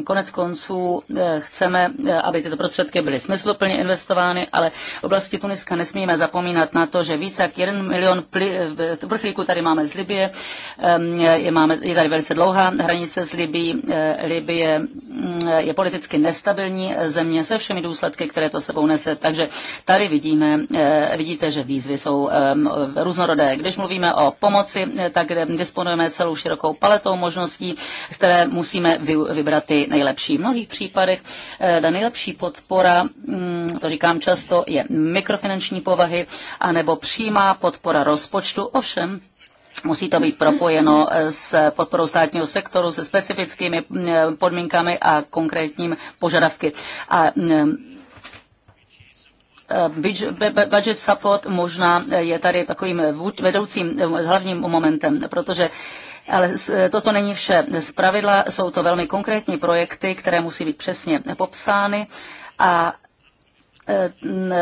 konec konců chceme, aby tyto prostředky byly smysluplně investovány, ale v oblasti Tuniska nesmíme zapomínat na to, že více jak 1 milion eh, uprchlíků tady máme z Libie, je, máme, je tady velice dlouhá hranice z eh, Libie. Libie mm, je politicky nestabilní země se všemi důsledky, které to sebou nese, takže tady vidíme, eh, vidíte, že výzvy jsou různorodé. Když mluvíme o pomoci, tak disponujeme celou širokou paletou možností, z které musíme vybrat ty nejlepší. V mnohých případech ta nejlepší podpora, mm, to říkám často, je mikrofinanční povahy, anebo přímá podpora rozpočtu, ovšem Musí to být propojeno eh, s podporou státního sektoru, se specifickými eh, podmínkami a konkrétním požadavky. A eh, budget support možná je tady takovým vedoucím hlavním momentem, protože ale toto není vše. Z pravidla jsou to velmi konkrétní projekty, které musí být přesně popsány a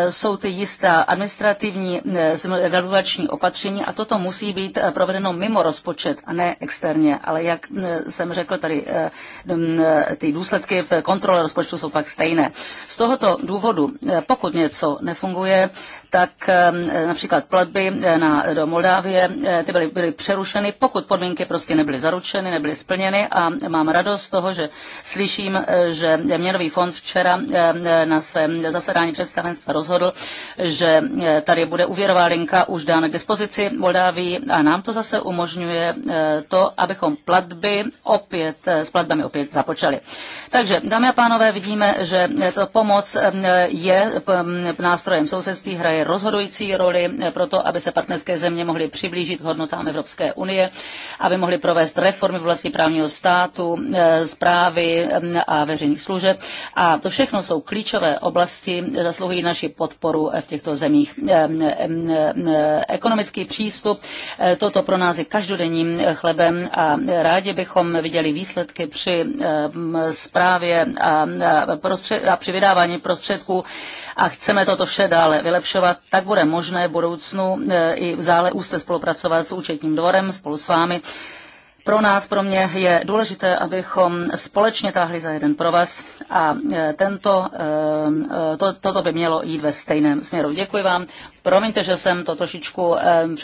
jsou ty jistá administrativní eh, regulační opatření a toto musí být eh, provedeno mimo rozpočet a ne externě. Ale jak eh, jsem řekl, tady ty důsledky v kontrole rozpočtu jsou pak stejné. Z tohoto důvodu, pokud něco nefunguje, tak ehm, například platby eh, na, do Moldávie, eh, ty byly, byly přerušeny, pokud podmínky prostě nebyly zaručeny, nebyly splněny a mám radost z toho, že slyším, eh, že Měnový fond včera ehm, na svém zasedání představenstva rozhodl, že tady bude úvěrová linka už dána k dispozici Moldávii a nám to zase umožňuje to, abychom platby opět, s platbami opět započali. Takže, dámy a pánové, vidíme, že to pomoc ehm, je nástrojem sousedství, hraje rozhodující roli pro to, aby se partnerské země mohly přiblížit k hodnotám Evropské unie, aby mohly provést reformy v oblasti právního státu, zprávy eh, mm, a veřejných služeb. A to všechno jsou klíčové oblasti, zasluhují naši podporu v těchto zemích. Eh, mm, eh, mm, ekonomický přístup, toto pro nás je každodenním chlebem a rádi bychom viděli výsledky při zprávě a, prostřed, a při vydávání prostředků a chceme toto vše dále vylepšovat pracovat, tak bude možné v budoucnu e, i v zále úzce spolupracovat s účetním dvorem spolu s vámi. Pro nás, pro mě je důležité, abychom společně táhli za jeden pro vás a e, tento, e, to, toto by mělo jít ve stejném směru. Děkuji vám. Promiňte, že jsem to trošičku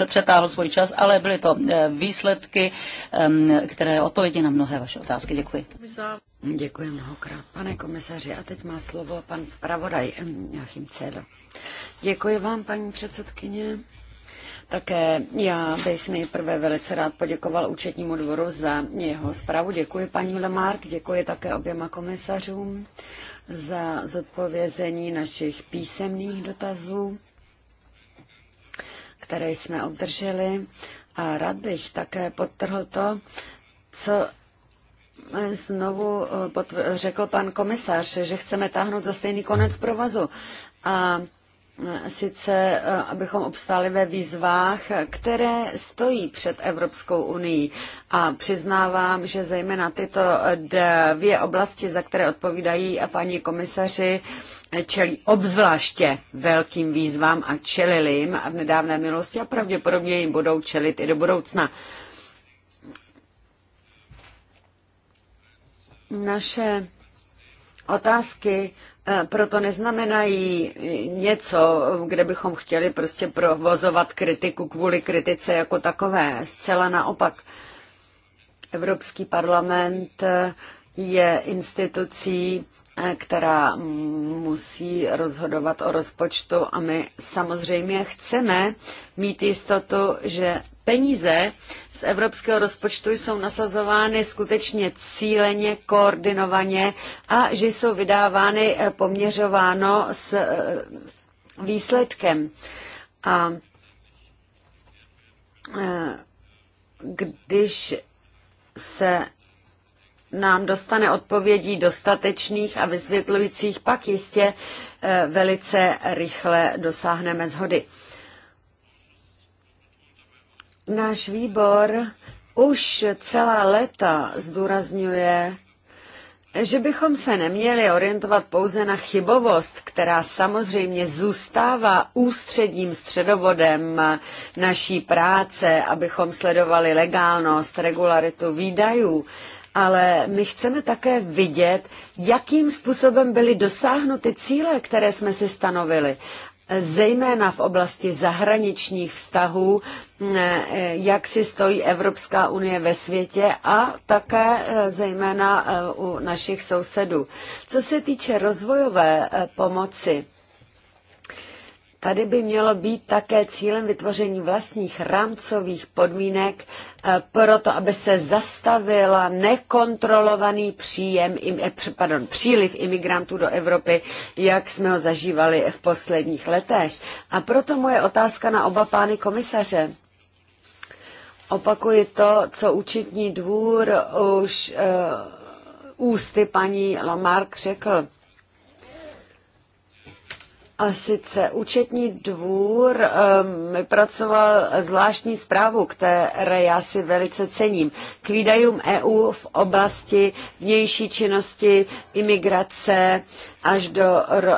přetáhl svůj čas, ale byly to výsledky, které odpovědi na mnohé vaše otázky. Děkuji. Děkuji mnohokrát, pane komisaři. A teď má slovo pan zpravodaj Jachim Cedo. Děkuji vám, paní předsedkyně. Také já bych nejprve velice rád poděkoval účetnímu dvoru za jeho zprávu. Děkuji paní Lemark, děkuji také oběma komisařům za zodpovězení našich písemných dotazů, které jsme obdrželi. A rád bych také podtrhl to, co znovu eh, řekl pan komisař, že chceme táhnout za stejný konec provazu. A sice eh, abychom obstáli ve výzvách, které stojí před Evropskou unii. A přiznávám, že zejména tyto dvě oblasti, za které odpovídají a paní komisaři, čelí obzvláště velkým výzvám a čelili jim v nedávné minulosti a pravděpodobně jim budou čelit i do budoucna. Naše otázky E, proto neznamenají něco, kde bychom chtěli prostě provozovat kritiku kvůli kritice jako takové. Zcela naopak. Evropský parlament je institucí, e, která musí rozhodovat o rozpočtu a my samozřejmě chceme mít jistotu, že peníze z evropského rozpočtu jsou nasazovány skutečně cíleně, koordinovaně a že jsou vydávány eh, poměřováno s eh, výsledkem. A eh, když se nám dostane odpovědí dostatečných a vysvětlujících, pak jistě velice rychle dosáhneme zhody. Náš výbor už celá léta zdůrazňuje, že bychom se neměli orientovat pouze na chybovost, která samozřejmě zůstává ústředním středovodem naší práce, abychom sledovali legálnost, regularitu výdajů, ale my chceme také vidět, jakým způsobem byly dosáhnuty cíle, které jsme si stanovili zejména v oblasti zahraničních vztahů, mm, eh, jak si stojí Evropská unie ve světě a také eh, zejména eh, u našich sousedů. Co se týče rozvojové pomoci, Tady by mělo být také cílem vytvoření vlastních rámcových podmínek eh, pro to, aby se zastavila nekontrolovaný příjem, eh, pardon, příliv imigrantů do Evropy, jak jsme ho zažívali v posledních letech. A proto moje otázka na oba pány komisaře. Opakuji to, co účetní dvůr už uh, ústy paní Lamarck řekl a sice účetní dvůr um, vypracoval zvláštní zprávu, které já si velice cením, k výdajům EU v oblasti vnější činnosti, imigrace až do,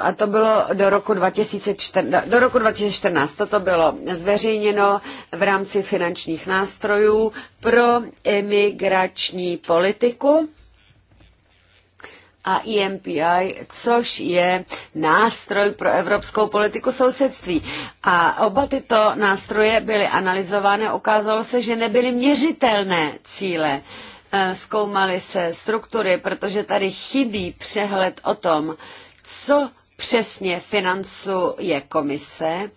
a to bylo do roku 2014, do roku 2014 toto bylo zveřejněno v rámci finančních nástrojů pro imigrační politiku a EMPI, což je nástroj pro evropskou politiku sousedství. A oba tyto nástroje byly analyzovány ukázalo se, že nebyly měřitelné cíle. E, zkoumaly se struktury, protože tady chybí přehled o tom, co přesně financuje komise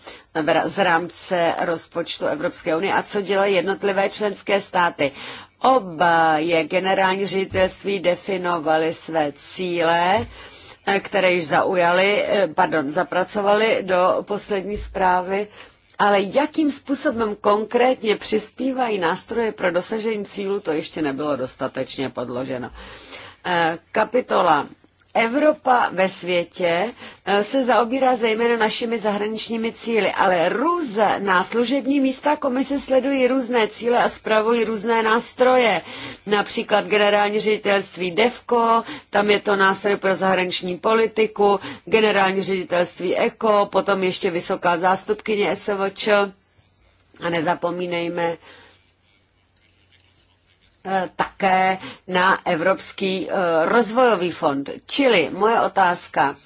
z rámce rozpočtu Evropské unie a co dělají jednotlivé členské státy. Oba je generální ředitelství definovali své cíle, eh, které již zaujali, eh, pardon, zapracovali do poslední zprávy, ale jakým způsobem konkrétně přispívají nástroje pro dosažení cílu, to ještě nebylo dostatečně podloženo. Eh, kapitola Evropa ve světě eh, se zaobírá zejména našimi zahraničními cíly, ale různá služební místa komise sledují různé cíle a zpravují různé nástroje. Například generální ředitelství DEVCO, tam je to nástroj pro zahraniční politiku, generální ředitelství ECO, potom ještě vysoká zástupkyně SVČ a nezapomínejme, Eh, také na Evropský eh, rozvojový fond. Čili moje otázka,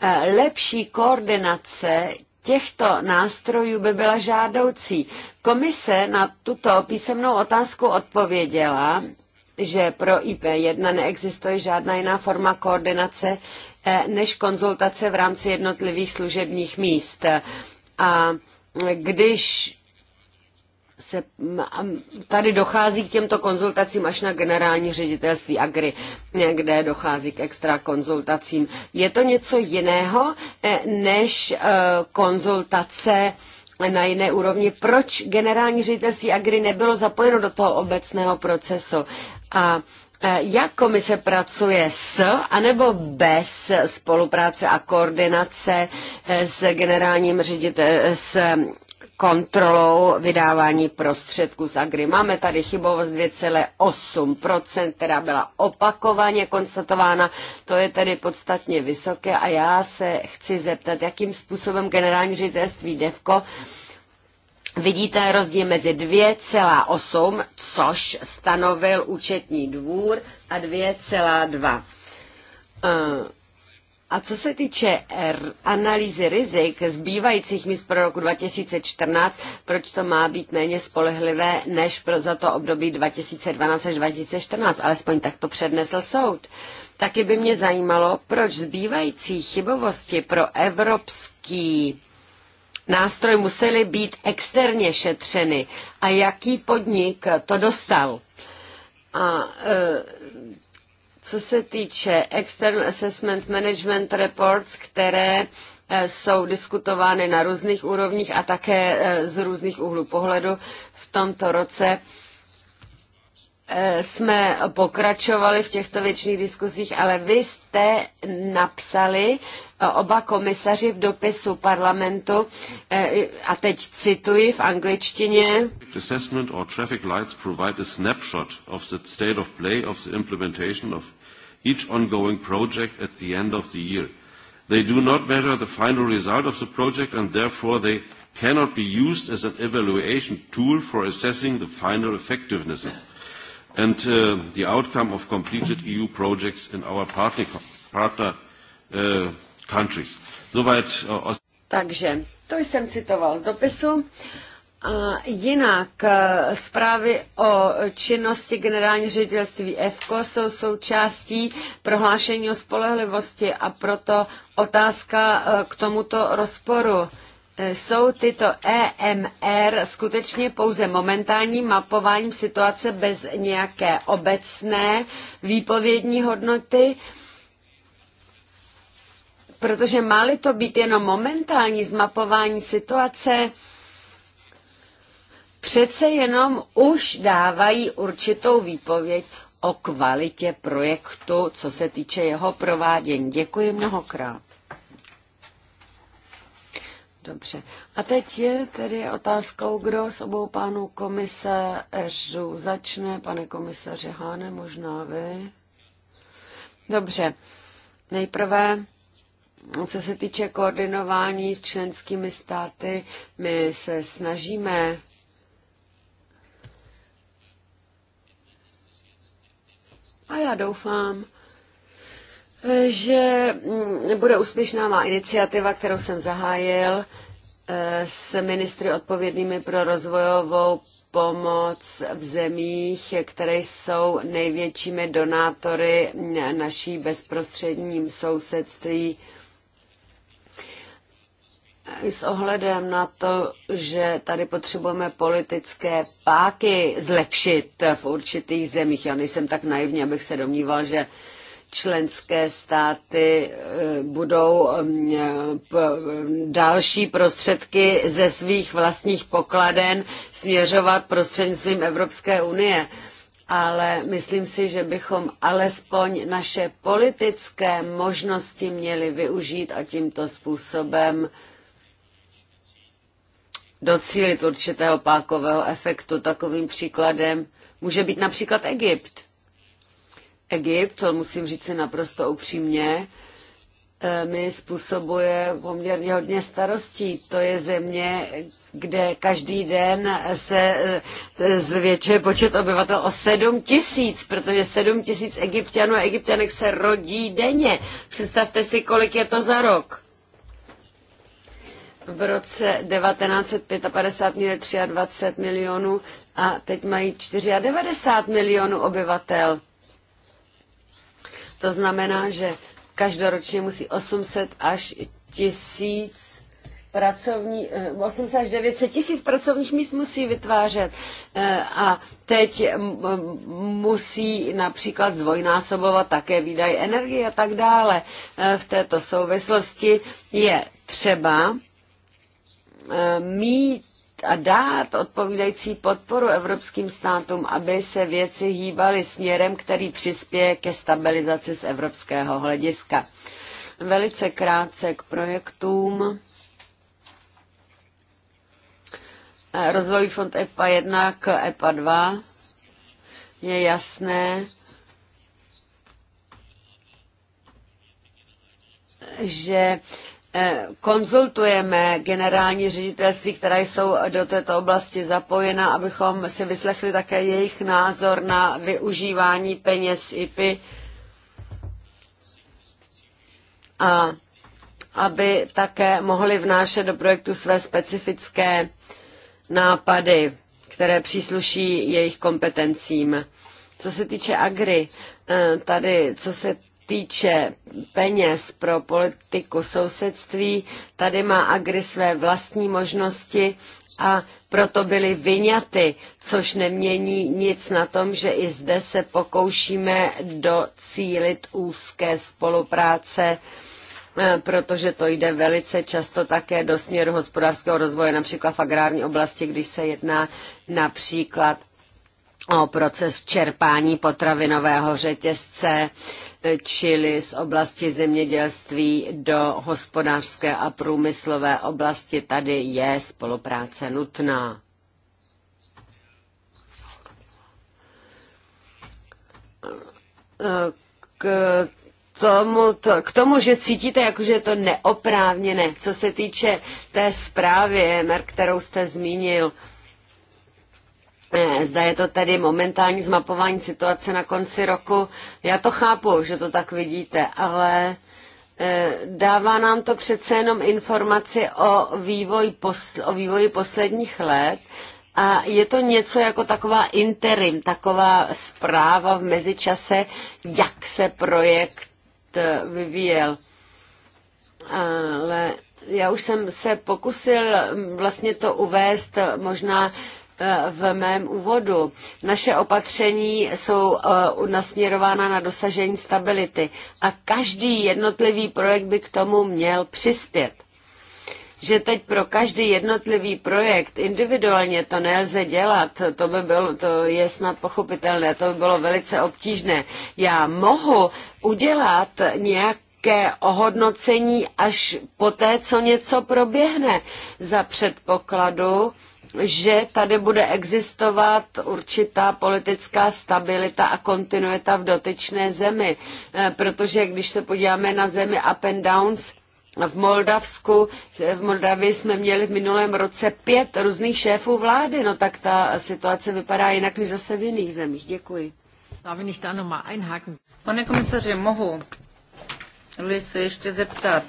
eh, lepší koordinace těchto nástrojů by byla žádoucí. Komise na tuto písemnou otázku odpověděla, že pro IP1 neexistuje žádná jiná forma koordinace než konzultace v rámci jednotlivých služebních míst. A když se, tady dochází k těmto konzultacím až na generální ředitelství Agri, kde dochází k extra konzultacím. Je to něco jiného eh, než eh, konzultace na jiné úrovni. Proč generální ředitelství Agri nebylo zapojeno do toho obecného procesu? A eh, jak komise pracuje s anebo bez spolupráce a koordinace s generálním ředitel, s kontrolou vydávání prostředků z Agri. Máme tady chybovost 2,8%, která byla opakovaně konstatována. To je tedy podstatně vysoké a já se chci zeptat, jakým způsobem generální ředitelství DEVKO Vidíte rozdíl mezi 2,8, což stanovil účetní dvůr, a 2,2. A co se týče R er, analýzy rizik zbývajících míst pro roku 2014, proč to má být méně spolehlivé než pro za to období 2012 až 2014, alespoň tak to přednesl soud. Taky by mě zajímalo, proč zbývající chybovosti pro evropský nástroj musely být externě šetřeny a jaký podnik to dostal. A e, co se týče External Assessment Management Reports, které eh, jsou diskutovány na různých úrovních a také eh, z různých úhlů pohledu, v tomto roce Eh, jsme pokračovali v těchto věčných diskuzích, ale vy jste napsali eh, oba komisaři v dopisu parlamentu, eh, a teď cituji v angličtině. Assessment or traffic lights provide a snapshot of the state of play of the implementation of each ongoing project at the end of the year. They do not measure the final result of the project and therefore they cannot be used as an evaluation tool for assessing the final Yeah and uh, the outcome of completed EU projects in our partner, partner uh, countries. Soweit, uh, Takže to jsem citoval z dopisu. A jinak uh, zprávy o činnosti generální ředitelství EFKO jsou součástí prohlášení o spolehlivosti a proto otázka uh, k tomuto rozporu jsou tyto EMR skutečně pouze momentálním mapováním situace bez nějaké obecné výpovědní hodnoty? Protože má-li to být jenom momentální zmapování situace, přece jenom už dávají určitou výpověď o kvalitě projektu, co se týče jeho provádění. Děkuji mnohokrát. Dobře. A teď je tedy otázkou, kdo s obou pánů komisařů začne. Pane komisaře Háne, možná vy. Dobře. Nejprve co se týče koordinování s členskými státy, my se snažíme a já doufám, že mm, bude úspěšná má iniciativa, kterou jsem zahájil eh, s ministry odpovědnými pro rozvojovou pomoc v zemích, které jsou největšími donátory naší bezprostředním sousedství s ohledem na to, že tady potřebujeme politické páky zlepšit v určitých zemích. Já nejsem tak naivní, abych se domníval, že členské státy eh, budou eh, další prostředky ze svých vlastních pokladen směřovat prostřednictvím Evropské unie. Ale myslím si, že bychom alespoň naše politické možnosti měli využít a tímto způsobem docílit určitého pákového efektu. Takovým příkladem může být například Egypt Egypt, to musím říct si naprosto upřímně, e, mi způsobuje poměrně hodně starostí. To je země, kde každý den se e, zvětšuje počet obyvatel o 7 tisíc, protože 7 tisíc egyptianů a egyptianek se rodí denně. Představte si, kolik je to za rok. V roce 1955 měli 23 milionů a teď mají 94 milionů obyvatel. To znamená, že každoročně musí 800 až 1000 pracovní, 800 eh, až 900 tisíc pracovních míst musí vytvářet. Eh, a teď musí například zvojnásobovat také výdaj energie a tak dále. Eh, v této souvislosti je třeba mít a dát odpovídající podporu evropským státům, aby se věci hýbaly směrem, který přispěje ke stabilizaci z evropského hlediska. Velice krátce k projektům. Rozvojový fond EPA 1 k EPA 2 je jasné, že Eh, konzultujeme generální ředitelství, která jsou do této oblasti zapojena, abychom si vyslechli také jejich názor na využívání peněz IPy a aby také mohli vnášet do projektu své specifické nápady, které přísluší jejich kompetencím. Co se týče agri, eh, tady, co se týče peněz pro politiku sousedství, tady má Agri své vlastní možnosti a proto byly vyňaty, což nemění nic na tom, že i zde se pokoušíme docílit úzké spolupráce eh, protože to jde velice často také do směru hospodářského rozvoje, například v agrární oblasti, když se jedná například o proces čerpání potravinového řetězce, čili z oblasti zemědělství do hospodářské a průmyslové oblasti. Tady je spolupráce nutná. K tomu, to, k tomu, že cítíte, jakože je to neoprávněné. Co se týče té zprávy, kterou jste zmínil, Eh, zda je to tedy momentální zmapování situace na konci roku. Já to chápu, že to tak vidíte, ale eh, dává nám to přece jenom informaci o, vývoji, posl- o vývoji posledních let a je to něco jako taková interim, taková zpráva v mezičase, jak se projekt eh, vyvíjel. Ale já už jsem se pokusil mm, vlastně to uvést možná v mém úvodu. Naše opatření jsou eh, nasměrována na dosažení stability a každý jednotlivý projekt by k tomu měl přispět. Že teď pro každý jednotlivý projekt individuálně to nelze dělat, to, by bylo, to je snad pochopitelné, to by bylo velice obtížné. Já mohu udělat nějak nějaké ohodnocení až po té, co něco proběhne, za předpokladu, že tady bude existovat určitá politická stabilita a kontinuita v dotyčné zemi, eh, protože když se podíváme na zemi up and downs, v Moldavsku, eh, v Moldavii jsme měli v minulém roce pět různých šéfů vlády, no tak ta situace vypadá jinak než zase v jiných zemích. Děkuji. Pane komisaři, mohu-li se ještě zeptat,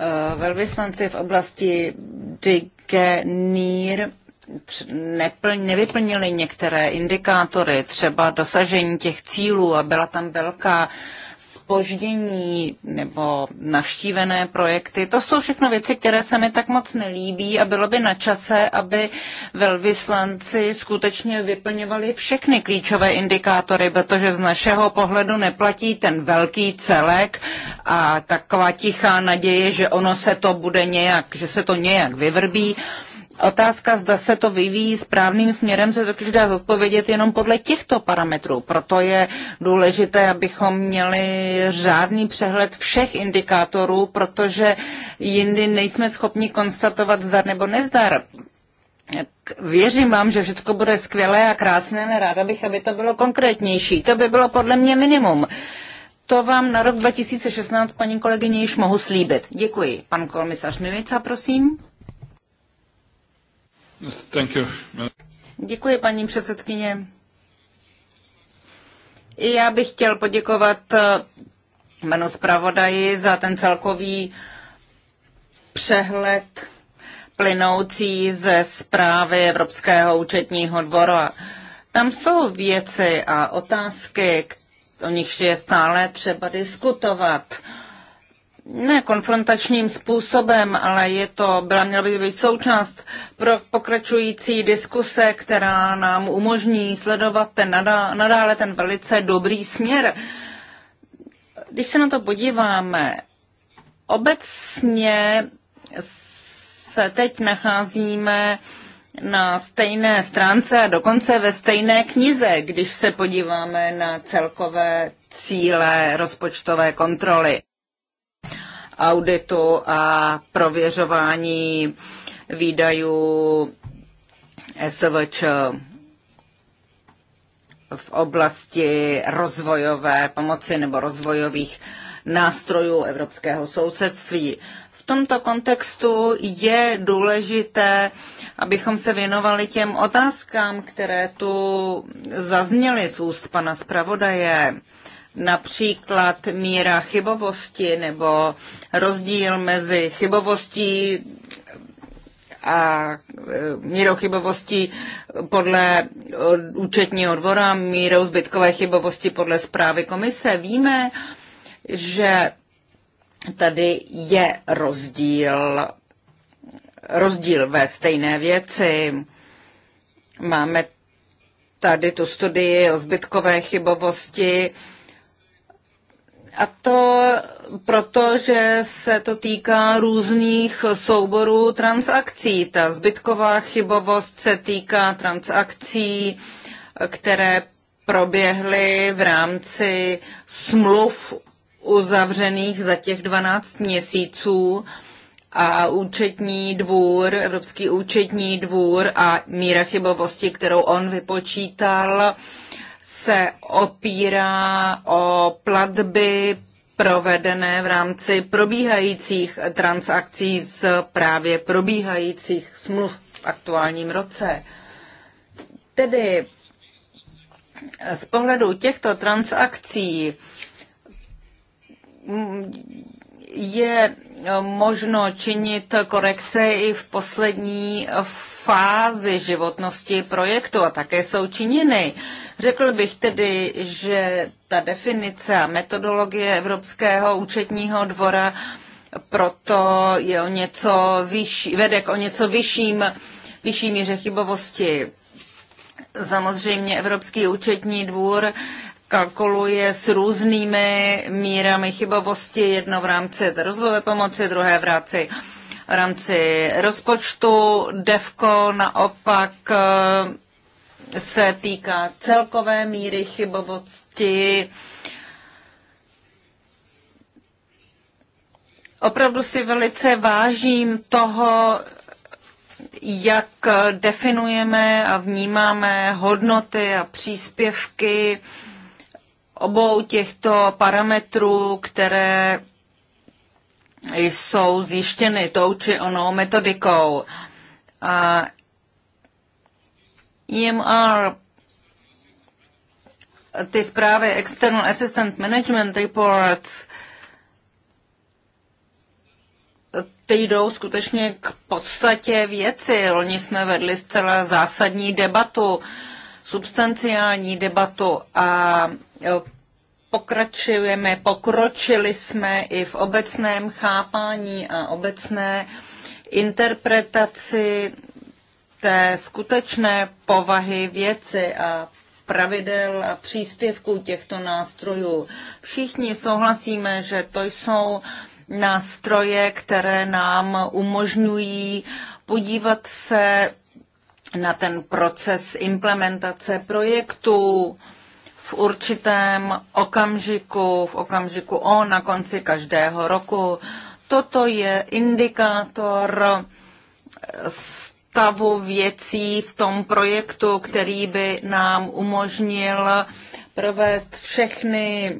Eh, velvyslanci v oblasti Digenir nevyplnili některé indikátory, třeba dosažení těch cílů a byla tam velká uh, spoždění nebo navštívené projekty. To jsou všechno věci, které se mi tak moc nelíbí a bylo by na čase, aby velvyslanci skutečně vyplňovali všechny klíčové indikátory, protože z našeho pohledu neplatí ten velký celek a taková tichá naděje, že ono se to bude nějak, že se to nějak vyvrbí. Otázka, zda se to vyvíjí správným směrem, se totiž dá zodpovědět jenom podle těchto parametrů. Proto je důležité, abychom měli řádný přehled všech indikátorů, protože jindy nejsme schopni konstatovat zdar nebo nezdar. Věřím vám, že všechno bude skvělé a krásné, ale ráda bych, aby to bylo konkrétnější. To by bylo podle mě minimum. To vám na rok 2016, paní kolegyně, již mohu slíbit. Děkuji. Pan komisař Mimica, prosím. Děkuji, paní předsedkyně. I já bych chtěl poděkovat jménu eh, zpravodaji za ten celkový přehled plynoucí ze zprávy Evropského účetního dvora. Tam jsou věci a otázky, o nichž je stále třeba diskutovat ne konfrontačním způsobem, ale je to, byla měla by být součást pro pokračující diskuse, která nám umožní sledovat ten nadále, nadále ten velice dobrý směr. Když se na to podíváme, obecně se teď nacházíme na stejné stránce a dokonce ve stejné knize, když se podíváme na celkové cíle rozpočtové kontroly auditu a prověřování výdajů SVČ v oblasti rozvojové pomoci nebo rozvojových nástrojů evropského sousedství. V tomto kontextu je důležité, abychom se věnovali těm otázkám, které tu zazněly z úst pana zpravodaje například míra chybovosti nebo rozdíl mezi chybovostí a e, mírou chybovosti podle účetního dvora, mírou zbytkové chybovosti podle zprávy komise. Víme, že tady je rozdíl, rozdíl ve stejné věci. Máme tady tu studii o zbytkové chybovosti, a to proto, že se to týká různých souborů transakcí. Ta zbytková chybovost se týká transakcí, které proběhly v rámci smluv uzavřených za těch 12 měsíců a účetní dvůr, Evropský účetní dvůr a míra chybovosti, kterou on vypočítal, se opírá o platby provedené v rámci probíhajících transakcí z právě probíhajících smluv v aktuálním roce. Tedy z pohledu těchto transakcí je eh, možno činit korekce i v poslední fázi životnosti projektu a také jsou činěny. Řekl bych tedy, že ta definice a metodologie Evropského účetního dvora proto je o něco vyšší, vede k o něco vyšším, vyšší míře chybovosti. Samozřejmě Evropský účetní dvůr kalkuluje s různými mírami chybovosti, jedno v rámci rozvojové pomoci, druhé v rámci, v rámci rozpočtu. DEVKO naopak eh, se týká celkové míry chybovosti. Opravdu si velice vážím toho, jak definujeme a vnímáme hodnoty a příspěvky uh, obou těchto parametrů, které jsou zjištěny tou či onou metodikou. A EMR, ty zprávy External Assistant Management Reports, ty jdou skutečně k podstatě věci. Oni jsme vedli zcela zásadní debatu. Uh, substanciální debatu a pokračujeme, pokročili jsme i v obecném chápání a obecné interpretaci té skutečné povahy věci a pravidel a příspěvků těchto nástrojů. Všichni souhlasíme, že to jsou nástroje, které nám umožňují podívat se na ten proces implementace projektů v určitém okamžiku, v okamžiku O na konci každého roku. Toto je indikátor stavu věcí v tom projektu, který by nám umožnil provést všechny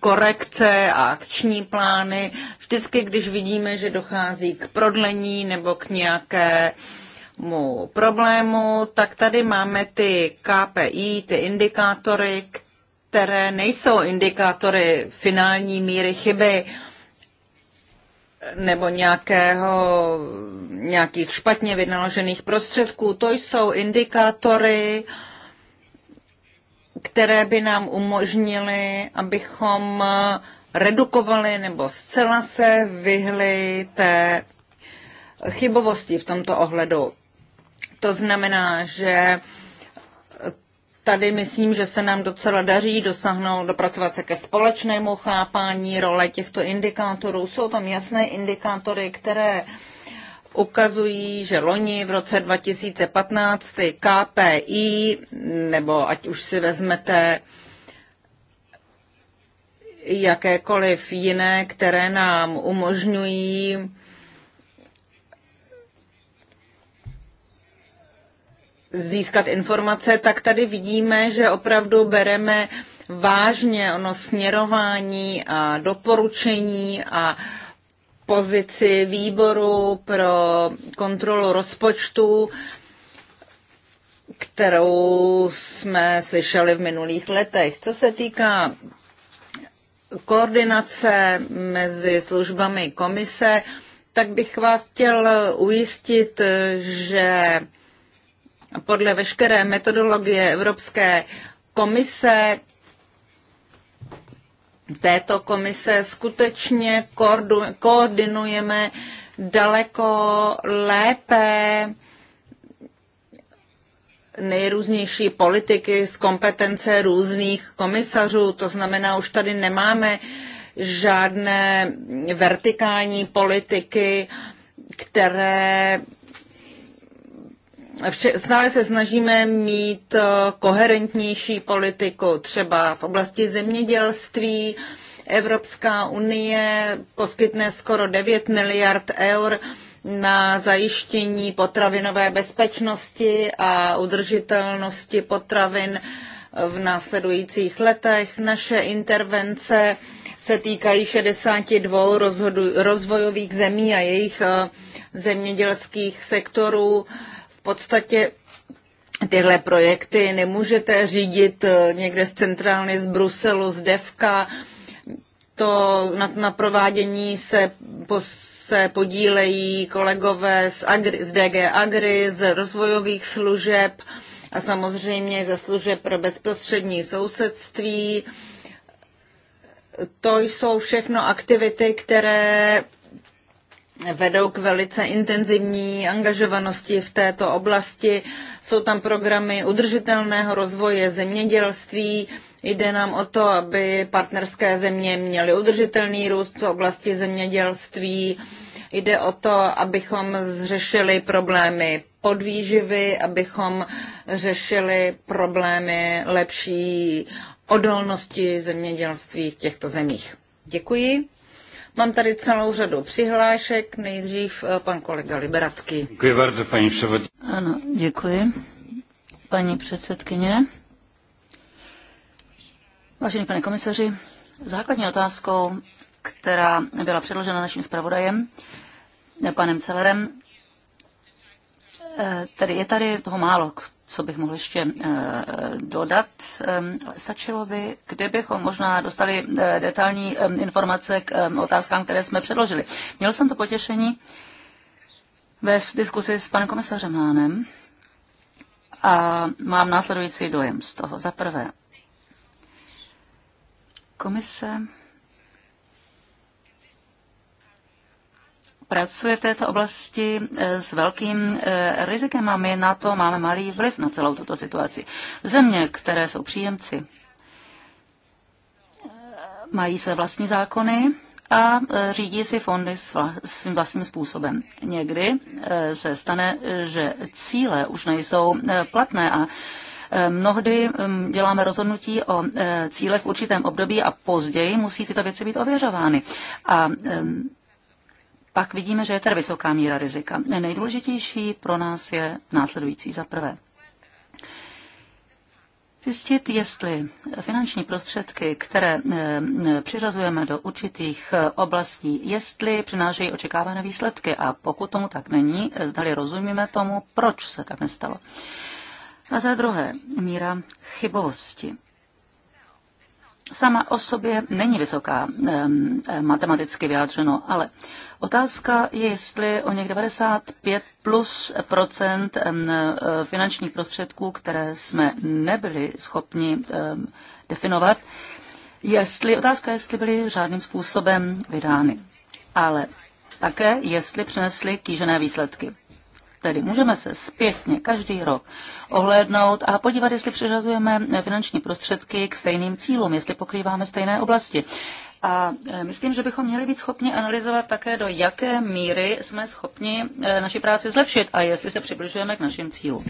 korekce a akční plány. Vždycky, když vidíme, že dochází k prodlení nebo k nějaké uh, mu problému, tak tady máme ty KPI, ty indikátory, které nejsou indikátory finální míry chyby nebo nějakého, nějakých špatně vynaložených prostředků. To jsou indikátory, které by nám umožnily, abychom redukovali nebo zcela se vyhli té chybovosti v tomto ohledu. To znamená, že tady myslím, že se nám docela daří dosáhnout, dopracovat se ke společnému chápání role těchto indikátorů. Jsou tam jasné indikátory, které ukazují, že loni v roce 2015 KPI, nebo ať už si vezmete jakékoliv jiné, které nám umožňují získat informace, tak tady vidíme, že opravdu bereme vážně ono směrování a doporučení a pozici výboru pro kontrolu rozpočtu, kterou jsme slyšeli v minulých letech. Co se týká koordinace mezi službami komise, tak bych vás chtěl ujistit, že podle veškeré metodologie Evropské komise této komise skutečně koordinujeme daleko lépe nejrůznější politiky z kompetence různých komisařů. To znamená, už tady nemáme žádné vertikální politiky, které Stále se snažíme mít eh, koherentnější politiku, třeba v oblasti zemědělství. Evropská unie poskytne skoro 9 miliard eur na zajištění potravinové bezpečnosti a udržitelnosti potravin v následujících letech. Naše intervence se týkají 62 rozhodu, rozvojových zemí a jejich eh, zemědělských sektorů podstatě tyhle projekty nemůžete řídit eh, někde z centrálny, z Bruselu, z Devka. To na, na provádění se, po, se podílejí kolegové z, Agri, z DG Agri, z rozvojových služeb a samozřejmě ze služeb pro bezprostřední sousedství. To jsou všechno aktivity, které vedou k velice intenzivní angažovanosti v této oblasti. Jsou tam programy udržitelného rozvoje zemědělství. Jde nám o to, aby partnerské země měly udržitelný růst v oblasti zemědělství. Jde o to, abychom zřešili problémy podvýživy, abychom řešili problémy lepší odolnosti zemědělství v těchto zemích. Děkuji. Mám tady celou řadu přihlášek, nejdřív eh, pan kolega Liberacký. Děkuji bardzo, paní předsedkyně. Ano, děkuji. Paní předsedkyně. Vážený pane komisaři, základní otázkou, která byla předložena naším zpravodajem, panem Celerem, eh, tedy je tady toho málo k co bych mohl ještě eh, dodat, eh, stačilo by, kdybychom možná dostali eh, detailní informace k otázkám, které jsme předložili. Měl jsem to potěšení ve diskusi s panem komisařem Hánem a mám následující dojem z toho. Za prvé, komise pracuje v této oblasti eh, s velkým eh, rizikem a my na to máme malý vliv na celou tuto situaci. Země, které jsou příjemci, eh, mají své vlastní zákony, a řídí si fondy svým vlastním způsobem. Někdy se stane, že cíle už nejsou platné a Mnohdy hm, děláme rozhodnutí o cílech v určitém období a později musí tyto věci být ověřovány. A hm, pak vidíme, že je tady vysoká míra rizika. Nejdůležitější pro nás je následující za prvé. Zjistit, jestli finanční prostředky, které eh, eh, přiřazujeme do určitých eh, oblastí, jestli přinášejí očekávané výsledky a pokud tomu tak není, zdali rozumíme tomu, proč se tak nestalo. A za druhé, míra chybovosti sama o sobě není vysoká matematicky vyjádřeno, ale otázka je, jestli o něch 95 plus procent e, finančních prostředků, které jsme nebyli schopni definovat, jestli, otázka, jestli byly žádným způsobem vydány. Ale také, jestli přinesly kýžené výsledky. Tedy můžeme se zpětně každý rok ohlédnout a podívat, jestli přiřazujeme finanční prostředky k stejným cílům, jestli pokrýváme stejné oblasti. A e, myslím, že bychom měli být schopni analyzovat také, do jaké míry jsme schopni e, naši práci zlepšit a jestli se přibližujeme k našim cílům.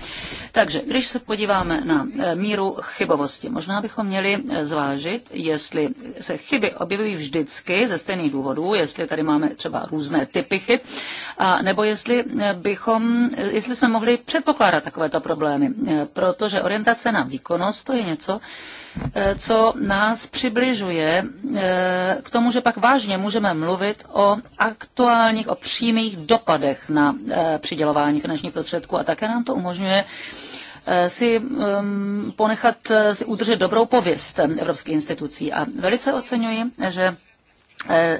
Takže když se podíváme na e, míru chybovosti, možná bychom měli zvážit, jestli se chyby objevují vždycky ze stejných důvodů, jestli tady máme třeba různé typy chyb, a nebo jestli bychom, jestli jsme mohli předpokládat takovéto problémy, protože orientace na výkonnost to je něco, Eh, co nás přibližuje eh, k tomu, že pak vážně můžeme mluvit o aktuálních, o přímých dopadech na eh, přidělování finančních prostředků a také nám to umožňuje si mm, ponechat, si udržet dobrou pověst evropských institucí. A velice oceňuji, že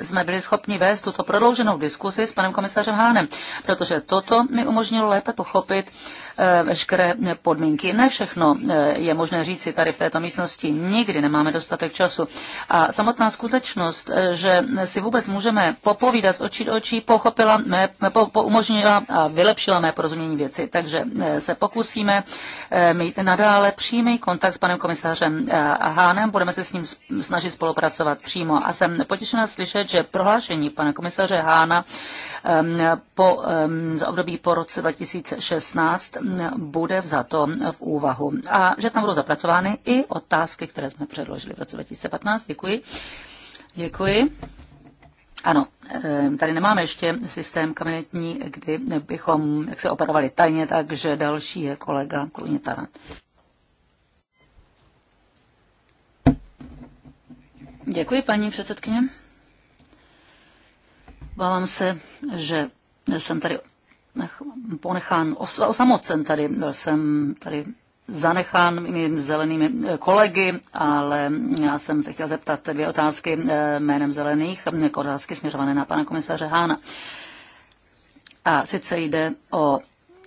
jsme byli schopni vést tuto prodlouženou diskusi s panem komisařem Hánem, protože toto mi umožnilo lépe pochopit Eh, veškeré podmínky. Ne všechno eh, je možné říci tady v této místnosti. Nikdy nemáme dostatek času. A samotná skutečnost, eh, že si vůbec můžeme popovídat z očí do očí, pochopila, mé, po, po, umožnila a vylepšila mé porozumění věci. Takže se pokusíme mít nadále přímý kontakt s panem komisařem Hánem. Budeme se s ním snažit spolupracovat přímo. A jsem potěšena slyšet, že prohlášení pana komisaře Hána ehm, po, ehm, za období po roce 2016 bude vzato v úvahu a že tam budou zapracovány i otázky, které jsme předložili v roce 2015. Děkuji. Děkuji. Ano, eh, tady nemáme ještě systém kabinetní, kdy bychom jak se operovali tajně, takže další je kolega Kluně Tarant. Děkuji, paní předsedkyně. Bávám se, že jsem tady ponechán osamocen tady. Byl jsem tady zanechán mými zelenými eh, kolegy, ale já jsem se chtěl zeptat dvě otázky eh, jménem zelených, otázky směřované na pana komisaře Hána. A sice jde o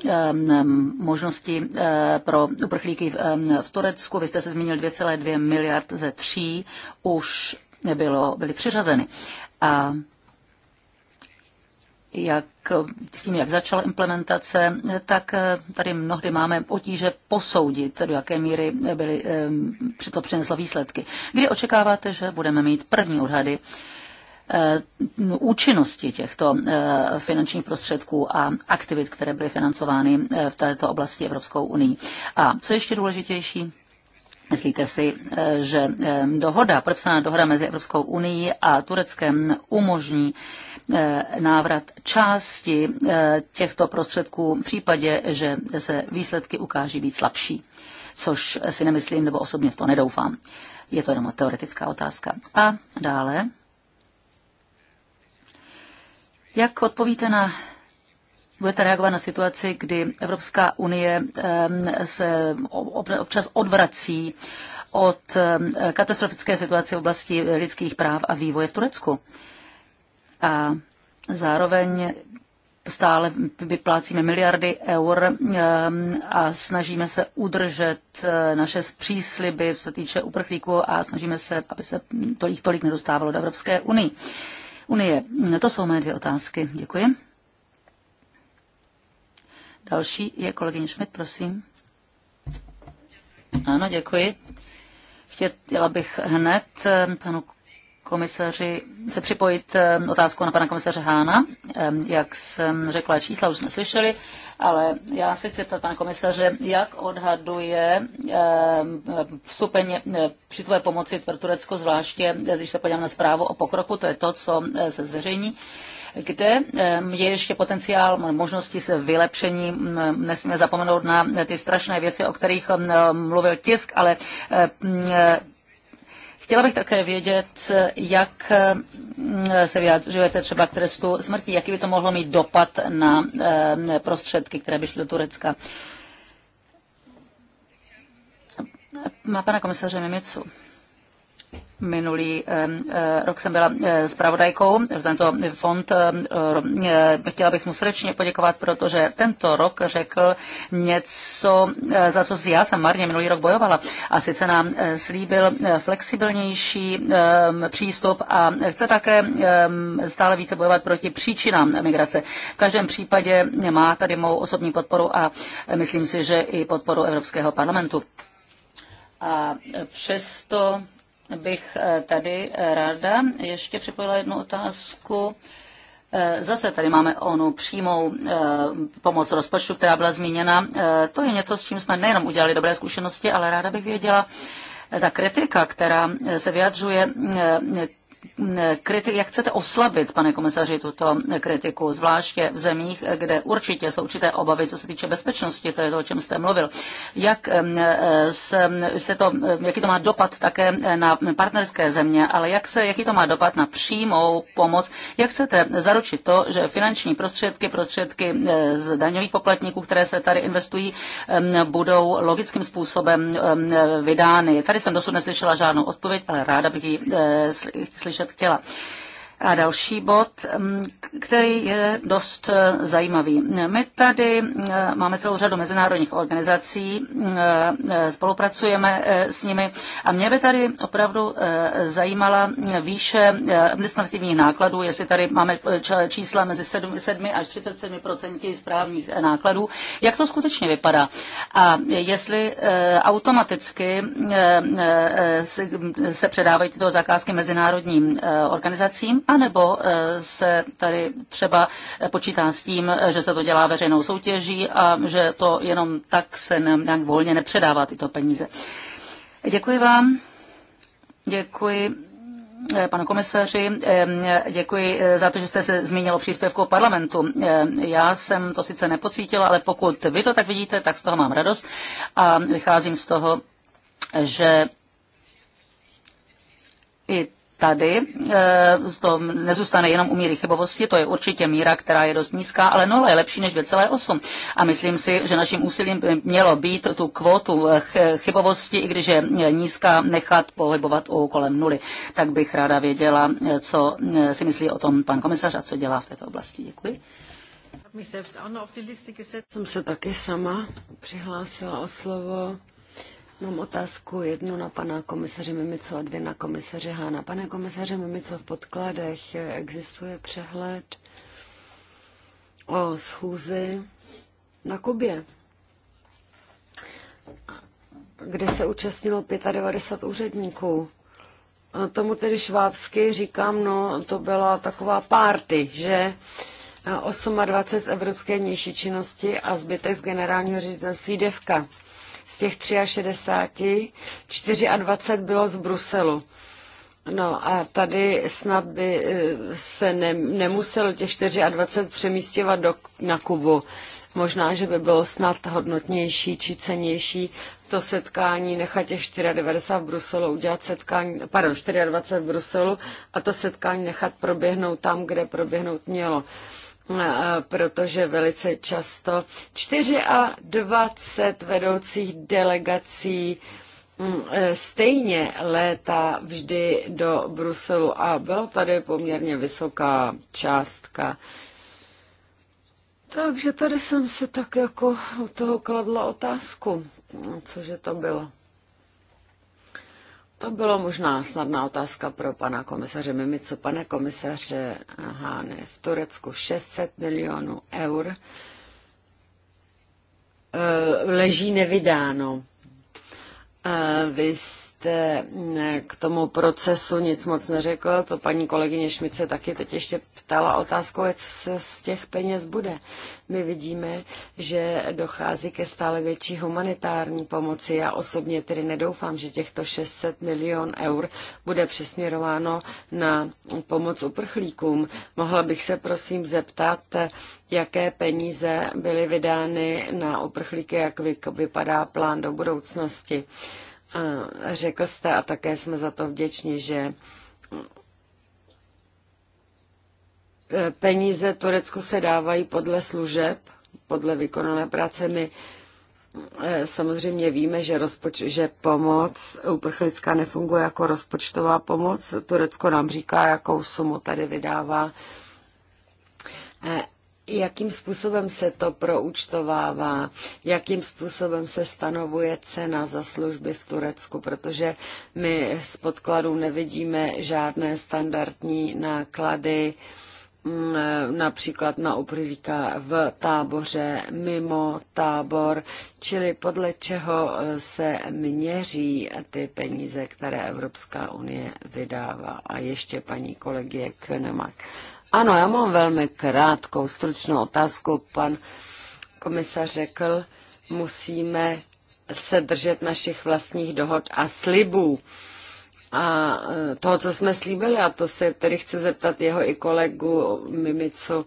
ehm, možnosti eh, pro uprchlíky ehm, v Turecku. Vy jste se zmínil 2,2 miliard ze tří, už bylo, byly přiřazeny. A jak, s tím, jak začala implementace, tak eh, tady mnohdy máme potíže posoudit, do jaké míry byly, ehm, to přineslo výsledky. Kdy očekáváte, že budeme mít první odhady eh, účinnosti těchto eh, finančních prostředků a aktivit, které byly financovány v této oblasti Evropskou unii. A co je ještě důležitější, Myslíte si, že ehm, dohoda, podepsaná dohoda mezi Evropskou unii a Tureckem umožní Eh, návrat části eh, těchto prostředků v případě, že se výsledky ukáží být slabší, což si nemyslím, nebo osobně v to nedoufám. Je to jenom teoretická otázka. A dále. Jak odpovíte na budete reagovat na situaci, kdy Evropská unie eh, se občas odvrací od katastrofické situace v oblasti lidských práv a vývoje v Turecku. A zároveň stále vyplácíme miliardy eur ehm, a snažíme se udržet eh, naše přísliby, co se týče uprchlíků a snažíme se, aby se tolik, tolik nedostávalo do Evropské unii. Unie, to jsou mé dvě otázky. Děkuji. Další je kolegyně Šmit, prosím. Ano, děkuji. Chtěla bych hned ehm, panu komisaři, se připojit eh, otázku na pana komisaře Hána. Jak jsem řekla, čísla už jsme slyšeli, ale já se chci zeptat pana komisaře, jak odhaduje eh, při přitové pomoci pro Turecko, zvláště eh, když se podívám na zprávu o pokroku, to je to, co se zveřejní kde je ještě potenciál možnosti se vylepšení. Nesmíme zapomenout na ty strašné věci, o kterých mluvil tisk, ale Chtěla bych také vědět, jak mm, se vyjadřujete třeba k trestu smrti, jaký by to mohlo mít dopad na eh, prostředky, které by šly do Turecka. Má pana komisaře Mimicu. Minulý eh, rok jsem byla eh, zpravodajkou tento fond. Eh, chtěla bych mu srdečně poděkovat, protože tento rok řekl něco, za co si já jsem marně minulý rok bojovala. A sice nám slíbil flexibilnější přístup a chce také stále více bojovat proti příčinám migrace. V každém případě má tady mou osobní podporu a myslím si, že i podporu Evropského parlamentu. A přesto bych eh, tady eh, ráda ještě připojila jednu otázku. Eh, zase tady máme onu přímou pomoc rozpočtu, která byla zmíněna. To je něco, s čím jsme nejenom udělali dobré zkušenosti, ale ráda bych věděla, ta kritika, která se vyjadřuje Kritik, jak chcete oslabit, pane komisaři, tuto kritiku, zvláště v zemích, kde určitě jsou určité obavy, co se týče bezpečnosti, to je to, o čem jste mluvil. Jak e, se to, jaký to má dopad také na partnerské země, ale jak se, jaký to má dopad na přímou pomoc, jak chcete zaručit to, že finanční prostředky, prostředky e, z daňových poplatníků, které se tady investují, budou logickým způsobem vydány. Tady jsem dosud neslyšela žádnou odpověď, ale ráda bych ji e, slyšela slyšet chtěla. A další bod, mm, který je dost eh, zajímavý. My tady eh, máme celou řadu mezinárodních organizací, eh, spolupracujeme s nimi a mě by tady opravdu zajímala výše administrativních nákladů, jestli tady máme čísla mezi 7, až 37 správních nákladů. Jak to skutečně vypadá? A jestli automaticky se předávají tyto zakázky mezinárodním organizacím? anebo eh, se tady třeba počítá s tím, eh, že se to dělá veřejnou soutěží a že to jenom tak se nějak volně nepředává tyto peníze. Děkuji vám. Děkuji eh, panu komisaři, děkuji za to, že jste se zmínil o příspěvku parlamentu. Já jsem to sice nepocítila, ale pokud vy to tak vidíte, tak z toho mám radost a vycházím z toho, že i tady eh, to nezůstane jenom u míry chybovosti, to je určitě míra, která je dost nízká, ale 0 je lepší než 2,8. A myslím si, že naším úsilím by mělo být tu kvotu eh, chybovosti, i když je eh, nízká, nechat pohybovat o kolem nuly. Tak bych ráda věděla, co si myslí o tom pan komisař a co dělá v této oblasti. Děkuji. Jsem se taky sama přihlásila o slovo. Mám otázku jednu na pana komisaře Mimico a dvě na komisaře Hána. Pane komisaře Mimico, v podkladech existuje přehled o schůzi na Kubě, kde se účastnilo 95 úředníků. A tomu tedy švábsky říkám, no to byla taková párty, že 28 z Evropské vnější činnosti a zbytek z generálního ředitelství DEVKA z těch 63, 24 bylo z Bruselu. No a tady snad by eh, se ne, nemuselo těch 24 přemístěvat do, na Kubu. Možná, že by bylo snad hodnotnější či cenější to setkání nechat těch 94 v Bruselu udělat setkání, pardon, 24 v Bruselu a to setkání nechat proběhnout tam, kde proběhnout mělo protože velice často 24 vedoucích delegací mm, e, stejně léta vždy do Bruselu a byla tady poměrně vysoká částka. Takže tady jsem se tak jako u toho kladla otázku, cože to bylo. To bylo možná snadná otázka pro pana komisaře Mimicu. Pane komisaře Háne, v Turecku 600 milionů eur e, leží nevydáno. E, vy Eh, k tomu procesu nic moc neřekl, to paní kolegyně Šmit se taky teď ještě ptala otázkou, co se z těch peněz bude. My vidíme, že dochází ke stále větší humanitární pomoci. Já osobně tedy nedoufám, že těchto 600 milion eur bude přesměrováno na pomoc uprchlíkům. Mohla bych se prosím zeptat, jaké peníze byly vydány na uprchlíky, jak vypadá plán do budoucnosti. Řekl jste, a také jsme za to vděční, že e, peníze Turecku se dávají podle služeb, podle vykonané práce. My e, samozřejmě víme, že, rozpoč- že pomoc uprchlická nefunguje jako rozpočtová pomoc. Turecko nám říká, jakou sumu tady vydává e, jakým způsobem se to proúčtovává, jakým způsobem se stanovuje cena za služby v Turecku, protože my z podkladů nevidíme žádné standardní náklady, mm, například na uprlíka v táboře, mimo tábor, čili podle čeho eh, se měří ty peníze, které Evropská unie vydává. A ještě paní kolegie Kvenemak ano, já mám velmi krátkou, stručnou otázku. Pan komisař řekl, musíme se držet našich vlastních dohod a slibů a e, toho, co jsme slíbili, a to se tedy chci zeptat jeho i kolegu Mimicu,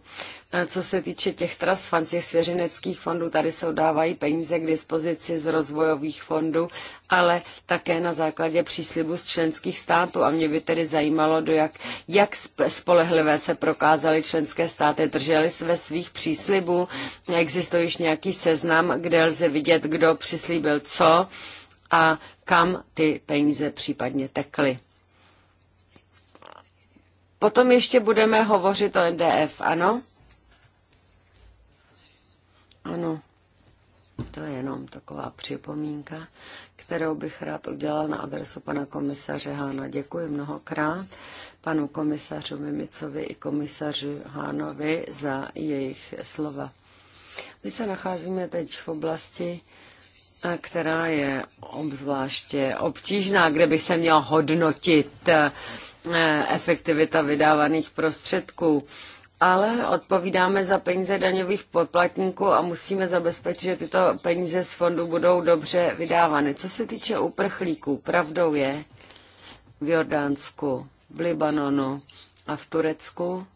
e, co se týče těch trust funds, těch svěřeneckých fondů, tady se dávají peníze k dispozici z rozvojových fondů, ale také na základě příslibu z členských států. A mě by tedy zajímalo, do jak, jak spolehlivé se prokázaly členské státy, držely se ve svých příslibů. Existuje již nějaký seznam, kde lze vidět, kdo přislíbil co a kam ty peníze případně tekly. Potom ještě budeme hovořit o NDF, ano? Ano, to je jenom taková připomínka, kterou bych rád udělal na adresu pana komisaře Hána. Děkuji mnohokrát panu komisařu Mimicovi i komisaři Hánovi za jejich slova. My se nacházíme teď v oblasti, která je obzvláště obtížná, kde by se měla hodnotit eh, efektivita vydávaných prostředků. Ale odpovídáme za peníze daňových poplatníků a musíme zabezpečit, že tyto peníze z fondu budou dobře vydávány. Co se týče uprchlíků, pravdou je v Jordánsku, v Libanonu a v Turecku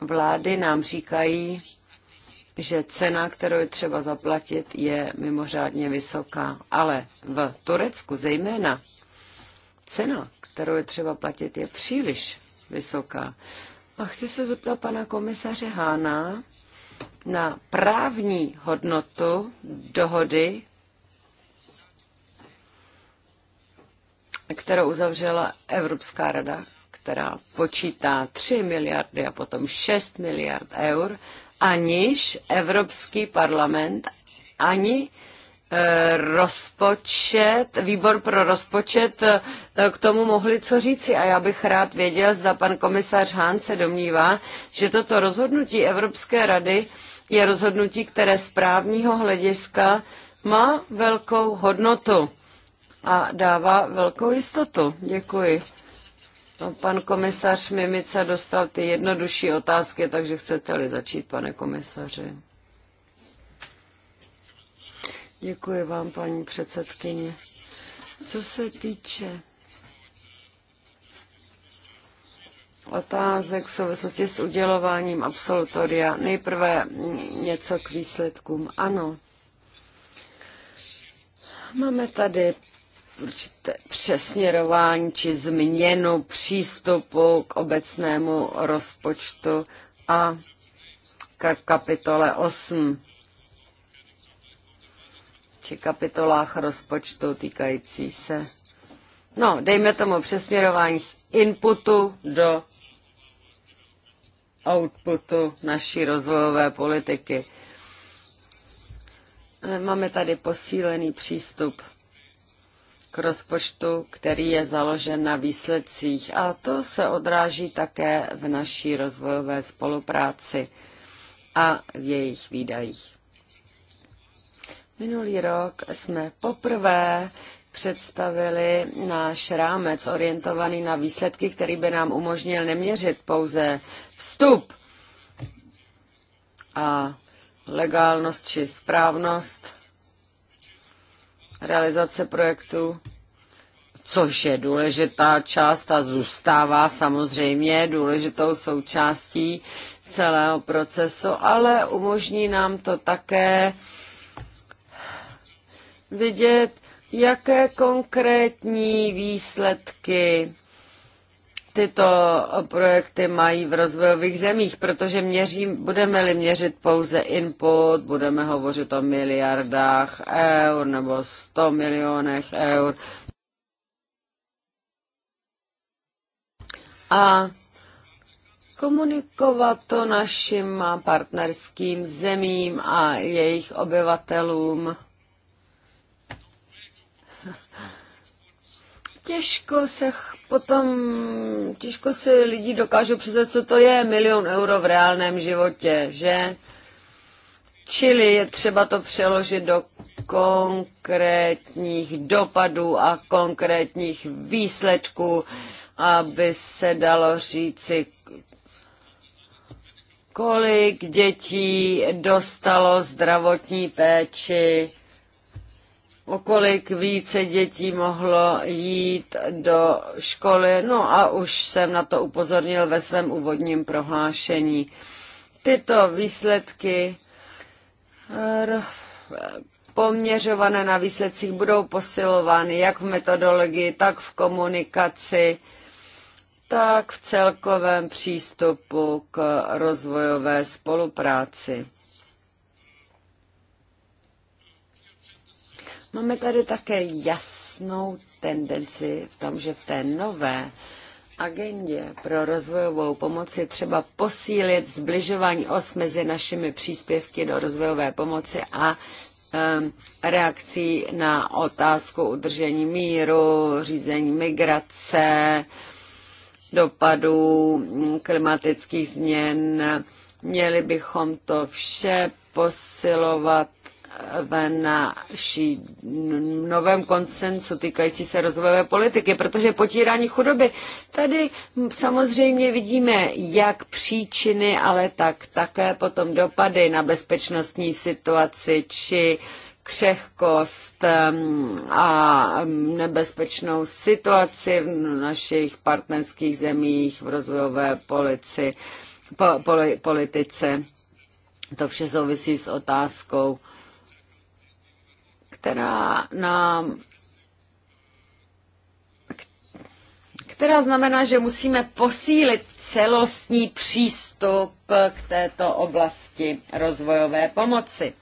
vlády nám říkají, že cena, kterou je třeba zaplatit, je mimořádně vysoká. Ale v Turecku zejména cena, kterou je třeba platit, je příliš vysoká. A chci se zeptat pana komisaře Hána na právní hodnotu dohody, kterou uzavřela Evropská rada, která počítá 3 miliardy a potom 6 miliard eur aniž Evropský parlament ani e, rozpočet, výbor pro rozpočet e, k tomu mohli co říci a já bych rád věděl, zda pan komisař Hán se domnívá, že toto rozhodnutí Evropské rady je rozhodnutí, které z právního hlediska má velkou hodnotu a dává velkou jistotu. Děkuji. No, pan komisař Mimica dostal ty jednodušší otázky, takže chcete-li začít, pane komisaři. Děkuji vám, paní předsedkyně. Co se týče otázek v souvislosti s udělováním absolutoria, nejprve něco k výsledkům. Ano, máme tady určité přesměrování či změnu přístupu k obecnému rozpočtu a k kapitole 8 či kapitolách rozpočtu týkající se. No, dejme tomu přesměrování z inputu do outputu naší rozvojové politiky. Máme tady posílený přístup k rozpočtu, který je založen na výsledcích. A to se odráží také v naší rozvojové spolupráci a v jejich výdajích. Minulý rok jsme poprvé představili náš rámec orientovaný na výsledky, který by nám umožnil neměřit pouze vstup a legálnost či správnost realizace projektu, což je důležitá část a zůstává samozřejmě důležitou součástí celého procesu, ale umožní nám to také vidět, jaké konkrétní výsledky tyto projekty mají v rozvojových zemích, protože měřím, budeme-li měřit pouze input, budeme hovořit o miliardách eur nebo 100 milionech eur. A komunikovat to našim partnerským zemím a jejich obyvatelům. Těžko se Potom těžko si lidi dokážou přiznat, co to je milion euro v reálném životě, že? Čili je třeba to přeložit do konkrétních dopadů a konkrétních výsledků, aby se dalo říci, kolik dětí dostalo zdravotní péči O kolik více dětí mohlo jít do školy. No a už jsem na to upozornil ve svém úvodním prohlášení. Tyto výsledky eh, poměřované na výsledcích budou posilovány jak v metodologii, tak v komunikaci, tak v celkovém přístupu k rozvojové spolupráci. Máme tady také jasnou tendenci v tom, že v té nové agendě pro rozvojovou pomoc je třeba posílit zbližování os mezi našimi příspěvky do rozvojové pomoci a um, reakcí na otázku udržení míru, řízení migrace, dopadů mm, klimatických změn. Měli bychom to vše posilovat v naší novém koncensu týkající se rozvojové politiky, protože potírání chudoby, tady samozřejmě vidíme jak příčiny, ale tak také potom dopady na bezpečnostní situaci či křehkost um, a nebezpečnou situaci v našich partnerských zemích, v rozvojové polici, po, poli, politice. To vše souvisí s otázkou která nám která znamená, že musíme posílit celostní přístup k této oblasti rozvojové pomoci.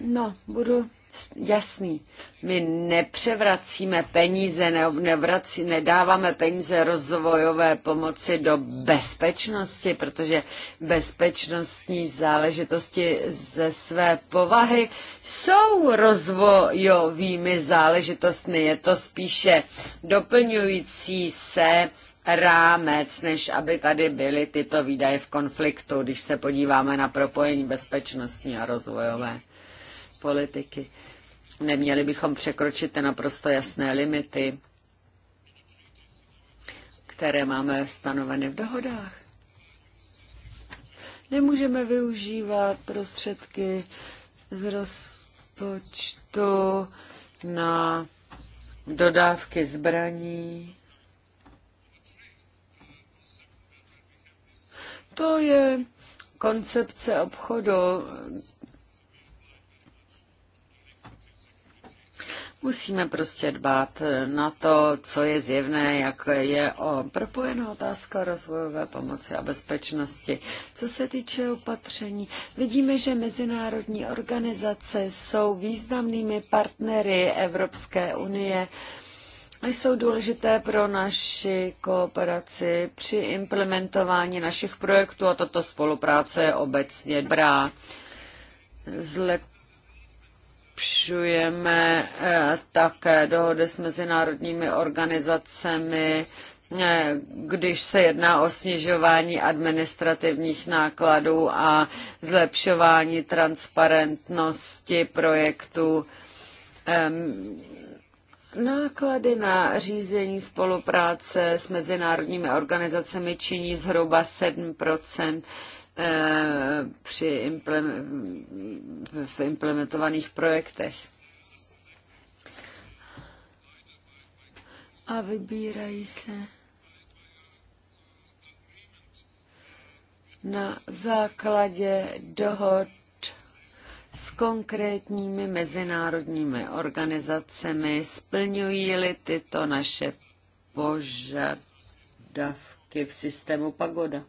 No, budu jasný. My nepřevracíme peníze, ne, nevrací, nedáváme peníze rozvojové pomoci do bezpečnosti, protože bezpečnostní záležitosti ze své povahy jsou rozvojovými záležitostmi. Je to spíše doplňující se rámec, než aby tady byly tyto výdaje v konfliktu, když se podíváme na propojení bezpečnostní a rozvojové politiky. Neměli bychom překročit naprosto jasné limity, které máme stanoveny v dohodách. Nemůžeme využívat prostředky z rozpočtu na dodávky zbraní. To je koncepce obchodu, Musíme prostě dbát eh, na to, co je zjevné, jak je o propojená otázka rozvojové pomoci a bezpečnosti. Co se týče opatření, vidíme, že mezinárodní organizace jsou významnými partnery Evropské unie a jsou důležité pro naši kooperaci při implementování našich projektů a toto spolupráce je obecně dobrá. Zlep zlepšujeme eh, také eh, dohody s mezinárodními organizacemi, eh, když se jedná o snižování administrativních nákladů a zlepšování transparentnosti projektu. Náklady na řízení spolupráce s mezinárodními organizacemi činí zhruba 7 Eh, při v implementovaných projektech. A vybírají se na základě dohod s konkrétními mezinárodními organizacemi, splňují-li tyto naše požadavky v systému Pagoda.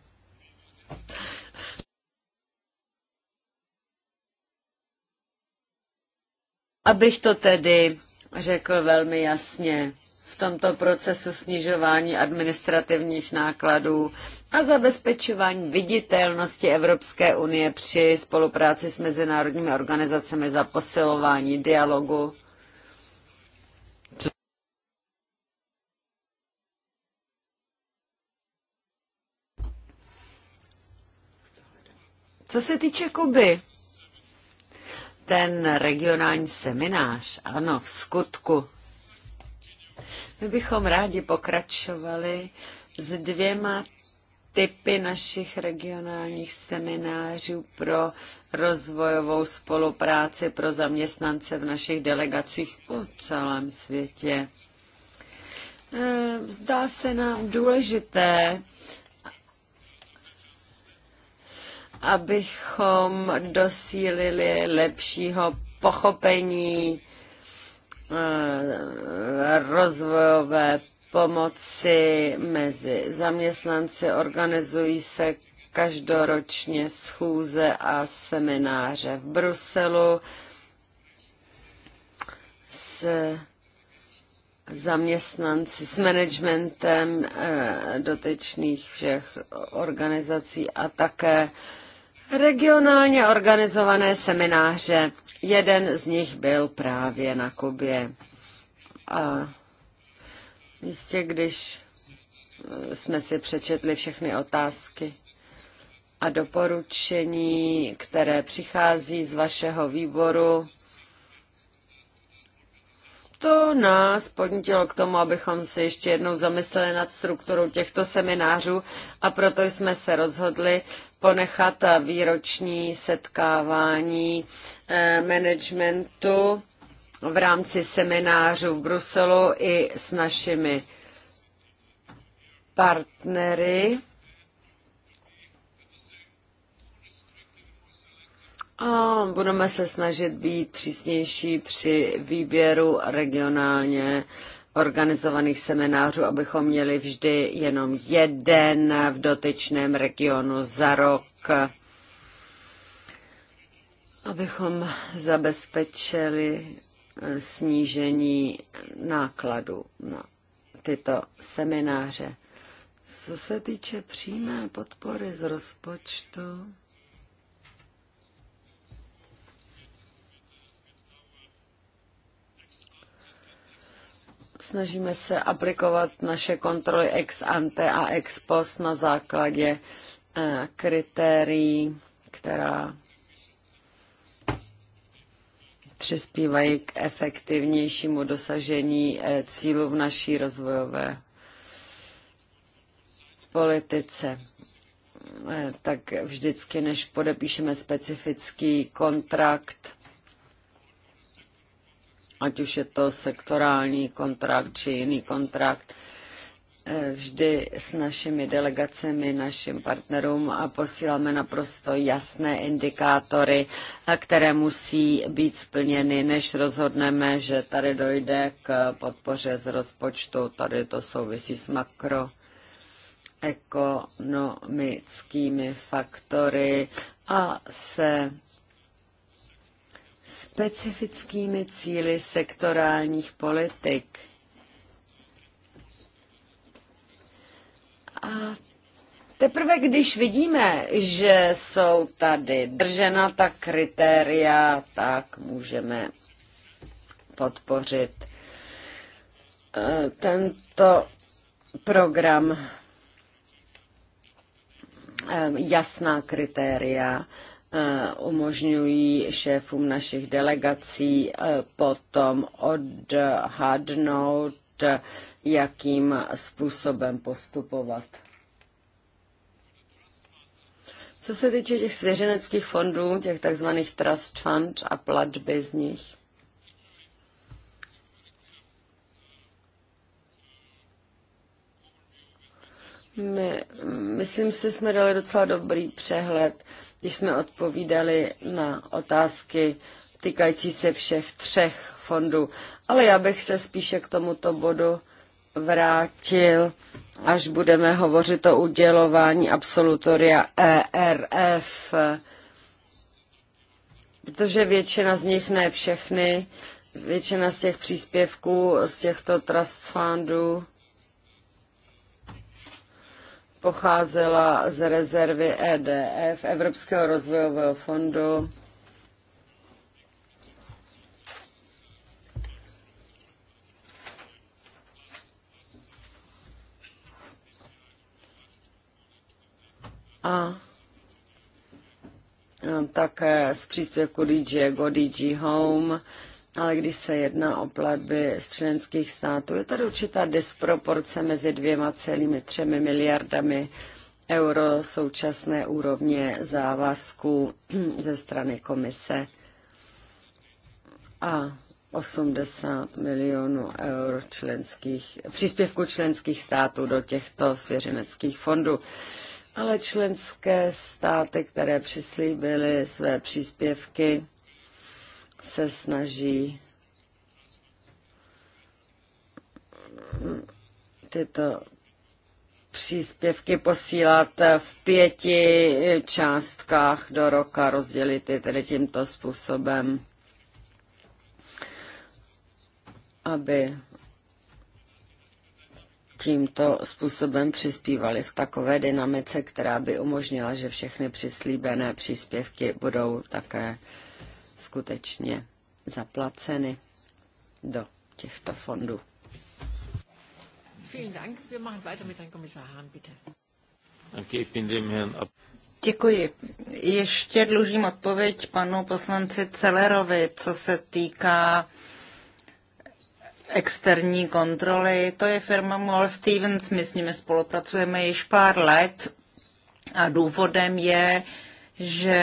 Abych to tedy řekl velmi jasně, v tomto procesu snižování administrativních nákladů a zabezpečování viditelnosti Evropské unie při spolupráci s mezinárodními organizacemi za posilování dialogu Co se týče Kuby, ten regionální seminář, ano, v skutku. My bychom rádi pokračovali s dvěma typy našich regionálních seminářů pro rozvojovou spolupráci pro zaměstnance v našich delegacích po celém světě. E, zdá se nám důležité abychom dosílili lepšího pochopení eh, rozvojové pomoci mezi zaměstnanci. Organizují se každoročně schůze a semináře v Bruselu s zaměstnanci, s managementem eh, dotyčných všech organizací a také regionálně organizované semináře. Jeden z nich byl právě na Kubě. A jistě, když jsme si přečetli všechny otázky a doporučení, které přichází z vašeho výboru, to nás podnítilo k tomu, abychom se ještě jednou zamysleli nad strukturou těchto seminářů a proto jsme se rozhodli, ponechat výroční setkávání eh, managementu v rámci seminářů v Bruselu i s našimi partnery. A budeme se snažit být přísnější při výběru regionálně organizovaných seminářů, abychom měli vždy jenom jeden v dotyčném regionu za rok, abychom zabezpečili eh, snížení nákladů na tyto semináře. Co se týče přímé podpory z rozpočtu, Snažíme se aplikovat naše kontroly ex ante a ex post na základě eh, kritérií, která přispívají k efektivnějšímu dosažení eh, cílu v naší rozvojové politice. Eh, tak vždycky, než podepíšeme specifický kontrakt, ať už je to sektorální kontrakt či jiný kontrakt, eh, vždy s našimi delegacemi, našim partnerům a posíláme naprosto jasné indikátory, eh, které musí být splněny, než rozhodneme, že tady dojde k podpoře z rozpočtu. Tady to souvisí s makro ekonomickými faktory a se specifickými cíly sektorálních politik. A teprve když vidíme, že jsou tady držena ta kritéria, tak můžeme podpořit eh, tento program eh, jasná kritéria Eh, umožňují šéfům našich delegací eh, potom odhadnout, jakým způsobem postupovat. Co se týče těch svěřeneckých fondů, těch takzvaných trust fund a platby z nich, My, myslím si, jsme dali docela dobrý přehled, když jsme odpovídali na otázky týkající se všech třech fondů. Ale já bych se spíše k tomuto bodu vrátil, až budeme hovořit o udělování absolutoria ERF, protože většina z nich, ne všechny, většina z těch příspěvků z těchto trust fundů pocházela z rezervy EDF, Evropského rozvojového fondu. A také z příspěvku DJ Go DG Home ale když se jedná o platby z členských států, je tady určitá disproporce mezi dvěma celými třemi miliardami euro současné úrovně závazků ze strany komise a 80 milionů eur členských, příspěvku členských států do těchto svěřeneckých fondů. Ale členské státy, které přislíbily své příspěvky, se snaží tyto příspěvky posílat v pěti částkách do roka, rozdělit je tedy tímto způsobem, aby tímto způsobem přispívali v takové dynamice, která by umožnila, že všechny přislíbené příspěvky budou také skutečně zaplaceny do těchto fondů. Děkuji. Ještě dlužím odpověď panu poslanci Celerovi, co se týká externí kontroly. To je firma Moll Stevens, my s nimi spolupracujeme již pár let a důvodem je, že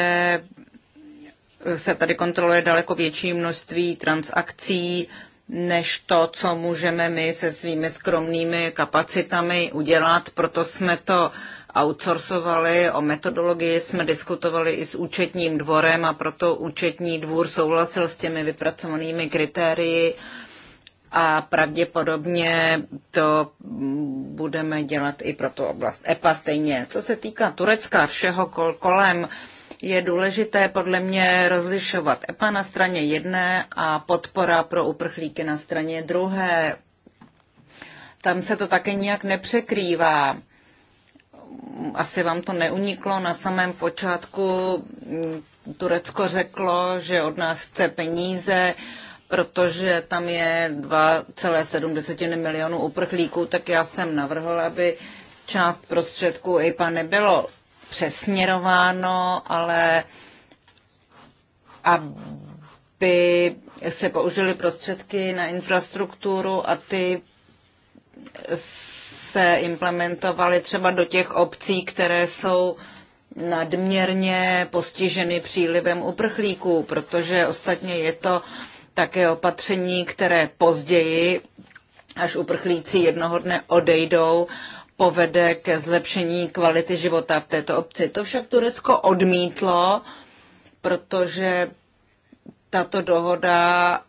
se tady kontroluje daleko větší množství transakcí, než to, co můžeme my se svými skromnými kapacitami udělat. Proto jsme to outsourcovali, o metodologii jsme diskutovali i s účetním dvorem a proto účetní dvůr souhlasil s těmi vypracovanými kritérii a pravděpodobně to budeme dělat i pro tu oblast EPA stejně. Co se týká Turecka všeho kolem, je důležité podle mě rozlišovat EPA na straně jedné a podpora pro uprchlíky na straně druhé. Tam se to také nijak nepřekrývá. Asi vám to neuniklo na samém počátku. Turecko řeklo, že od nás chce peníze, protože tam je 2,7 milionů uprchlíků, tak já jsem navrhl, aby část prostředků EIPA nebylo přesměrováno, ale aby se použily prostředky na infrastrukturu a ty se implementovaly třeba do těch obcí, které jsou nadměrně postiženy přílivem uprchlíků, protože ostatně je to také opatření, které později, až uprchlíci jednoho dne odejdou, povede ke zlepšení kvality života v této obci. To však Turecko odmítlo, protože tato dohoda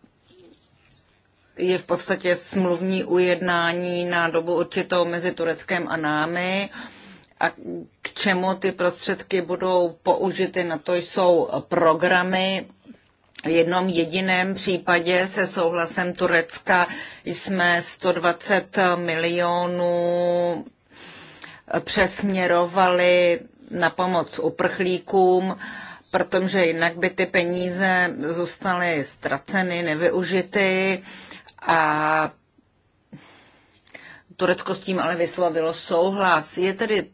je v podstatě smluvní ujednání na dobu určitou mezi Tureckem a námi a k čemu ty prostředky budou použity, na to jsou programy. V jednom jediném případě se souhlasem Turecka jsme 120 milionů přesměrovali na pomoc uprchlíkům, protože jinak by ty peníze zůstaly ztraceny, nevyužity a Turecko s tím ale vyslovilo souhlas. Je tedy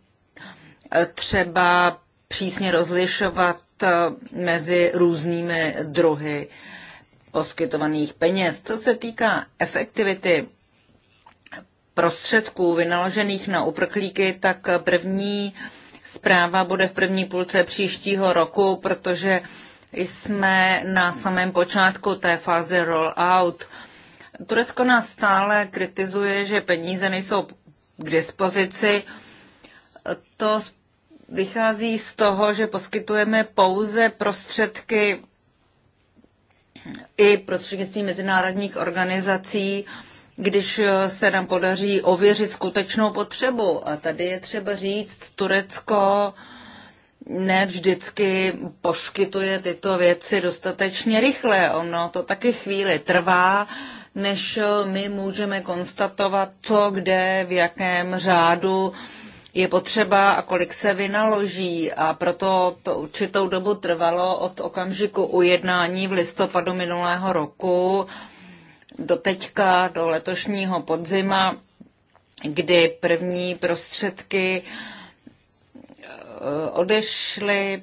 třeba přísně rozlišovat eh, mezi různými druhy poskytovaných peněz. Co se týká efektivity, prostředků vynaložených na uprchlíky, tak první zpráva bude v první půlce příštího roku, protože jsme na samém počátku té fáze roll-out. Turecko nás stále kritizuje, že peníze nejsou k dispozici. To vychází z toho, že poskytujeme pouze prostředky i prostřednictvím mezinárodních organizací, když eh, se nám podaří ověřit skutečnou potřebu. A tady je třeba říct, Turecko ne vždycky poskytuje tyto věci dostatečně rychle. Ono to taky chvíli trvá, než eh, my můžeme konstatovat, co kde, v jakém řádu je potřeba a kolik se vynaloží. A proto to určitou dobu trvalo od okamžiku ujednání v listopadu minulého roku do teďka, do letošního podzima, kdy první prostředky eh, odešly,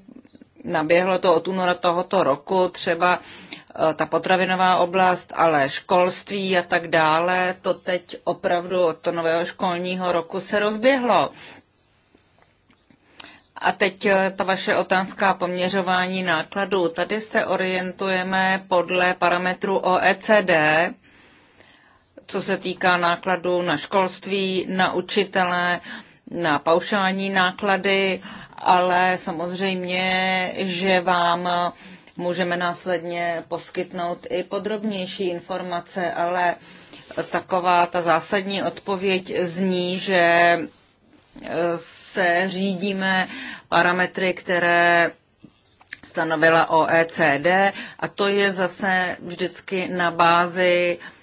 naběhlo to od února tohoto roku, třeba eh, ta potravinová oblast, ale školství a tak dále, to teď opravdu od to nového školního roku se rozběhlo. A teď eh, ta vaše otázka poměřování nákladů. Tady se orientujeme podle parametru OECD, co se týká nákladů na školství, na učitele, na paušální náklady, ale samozřejmě, že vám můžeme následně poskytnout i podrobnější informace, ale taková ta zásadní odpověď zní, že eh, se řídíme parametry, které stanovila OECD a to je zase vždycky na bázi uh,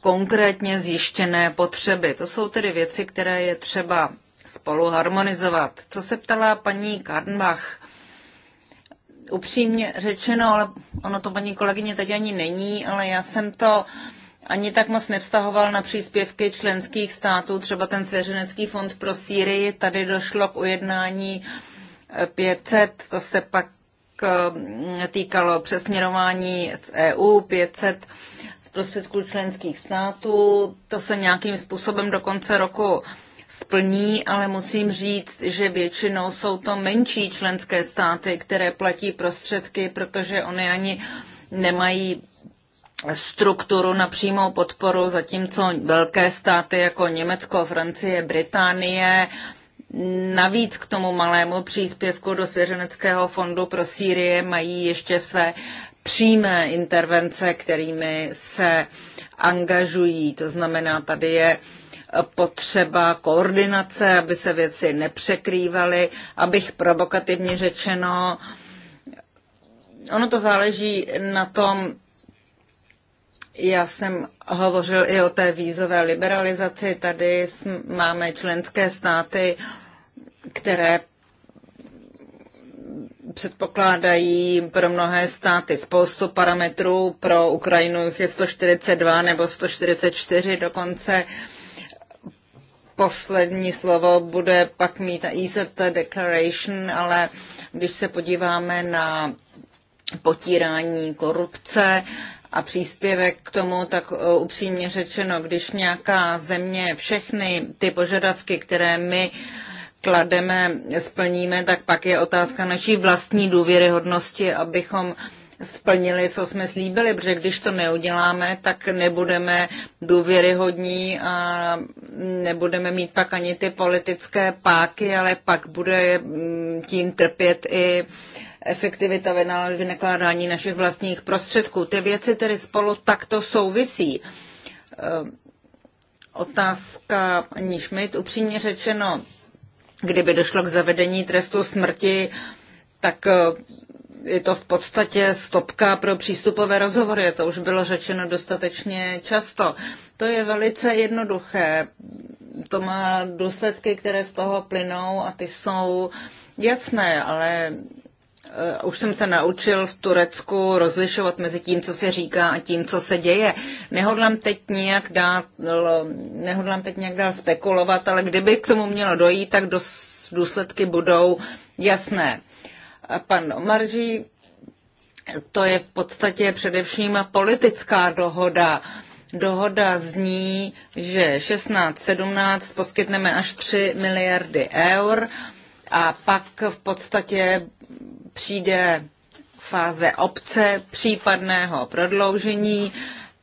konkrétně zjištěné potřeby. To jsou tedy věci, které je třeba spolu harmonizovat. Co se ptala paní Karnbach? Upřímně řečeno, ale ono to paní kolegyně teď ani není, ale já jsem to ani tak moc nevztahoval na příspěvky členských států, třeba ten svěřenecký fond pro Sýrii, tady došlo k ujednání 500, eh, to se pak eh, týkalo přesměrování z EU, 500 prostředků členských států. To se nějakým způsobem do konce roku splní, ale musím říct, že většinou jsou to menší členské státy, které platí prostředky, protože oni ani nemají strukturu na přímou podporu, zatímco velké státy jako Německo, Francie, Británie, navíc k tomu malému příspěvku do svěřeneckého fondu pro Sýrie mají ještě své přímé intervence, kterými se angažují. To znamená, tady je potřeba koordinace, aby se věci nepřekrývaly, abych provokativně řečeno, ono to záleží na tom, já jsem hovořil i o té vízové liberalizaci. Tady máme členské státy, které předpokládají pro mnohé státy spoustu parametrů, pro Ukrajinu jich je 142 nebo 144 dokonce. Poslední slovo bude pak mít EZ Declaration, ale když se podíváme na potírání korupce a příspěvek k tomu, tak e, upřímně řečeno, když nějaká země všechny ty požadavky, které my uh, klademe, splníme, tak pak je otázka naší vlastní důvěryhodnosti, abychom splnili, co jsme slíbili, protože když to neuděláme, tak nebudeme důvěryhodní a nebudeme mít pak ani ty politické páky, ale pak bude mm, tím trpět i efektivita vynakládání našich vlastních prostředků. Ty věci tedy spolu takto souvisí. Ehm, otázka aniž mít upřímně řečeno, kdyby došlo k zavedení trestu smrti, tak eh, je to v podstatě stopka pro přístupové rozhovory. To už bylo řečeno dostatečně často. To je velice jednoduché. To má důsledky, které z toho plynou a ty jsou jasné, ale Eh, už jsem se naučil v Turecku rozlišovat mezi tím, co se říká a tím, co se děje. Nehodlám teď nějak dát, nehodlám teď nějak dál spekulovat, ale kdyby k tomu mělo dojít, tak dos, důsledky budou jasné. A pan Marží, to je v podstatě především politická dohoda. Dohoda zní, že 16-17 poskytneme až 3 miliardy eur a pak v podstatě přijde fáze obce případného prodloužení.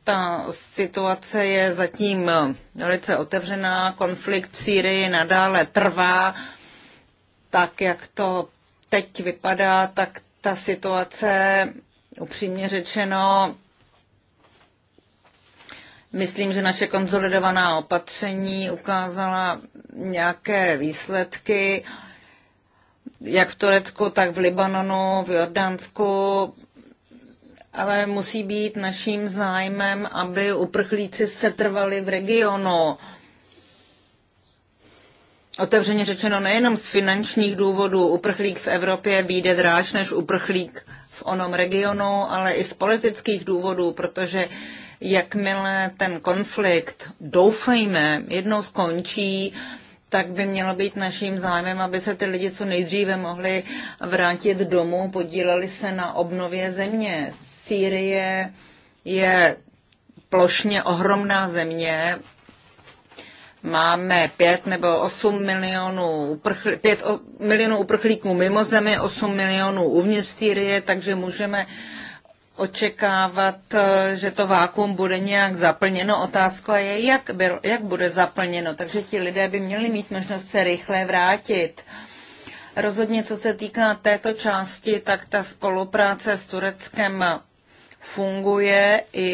Ta situace je zatím velice otevřená, konflikt v Sýrii nadále trvá. Tak jak to teď vypadá, tak ta situace, upřímně řečeno, myslím, že naše konsolidovaná opatření ukázala nějaké výsledky. Uh, jak v Turecku, tak v Libanonu, v Jordánsku, ale musí být naším zájmem, aby uprchlíci se trvali v regionu. Otevřeně řečeno nejenom z finančních důvodů, uprchlík v Evropě býde dráž než uprchlík v onom regionu, ale i z politických důvodů, protože jakmile ten konflikt, doufejme, jednou skončí, tak by mělo být naším zájmem, aby se ty lidi co nejdříve mohli vrátit domů, podíleli se na obnově země. Sýrie je plošně ohromná země, máme 5 nebo 8 milionů, uprchl, 5 milionů uprchlíků mimo zemi, 8 milionů uvnitř Sýrie, takže můžeme uh, očekávat, eh, že to vákuum bude nějak zaplněno. Otázka je, jak, byl, jak bude zaplněno, takže ti lidé by měli mít možnost se rychle vrátit. Rozhodně, co se týká této části, tak ta spolupráce s Tureckem funguje i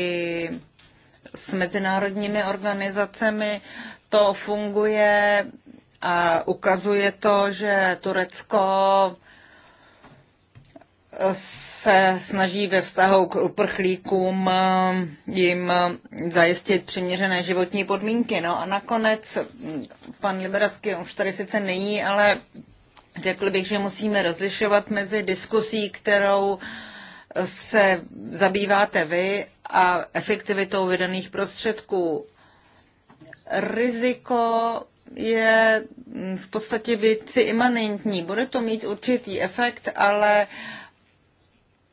s mezinárodními organizacemi. To funguje a ukazuje to, že Turecko se snaží ve vztahu k uprchlíkům um, jim um, zajistit přiměřené životní podmínky. No a nakonec mm, pan Liberasky už tady sice není, ale řekl bych, že musíme rozlišovat mezi diskusí, kterou se zabýváte vy a efektivitou vydaných prostředků. Riziko je mm, v podstatě věci imanentní. Bude to mít určitý efekt, ale uh,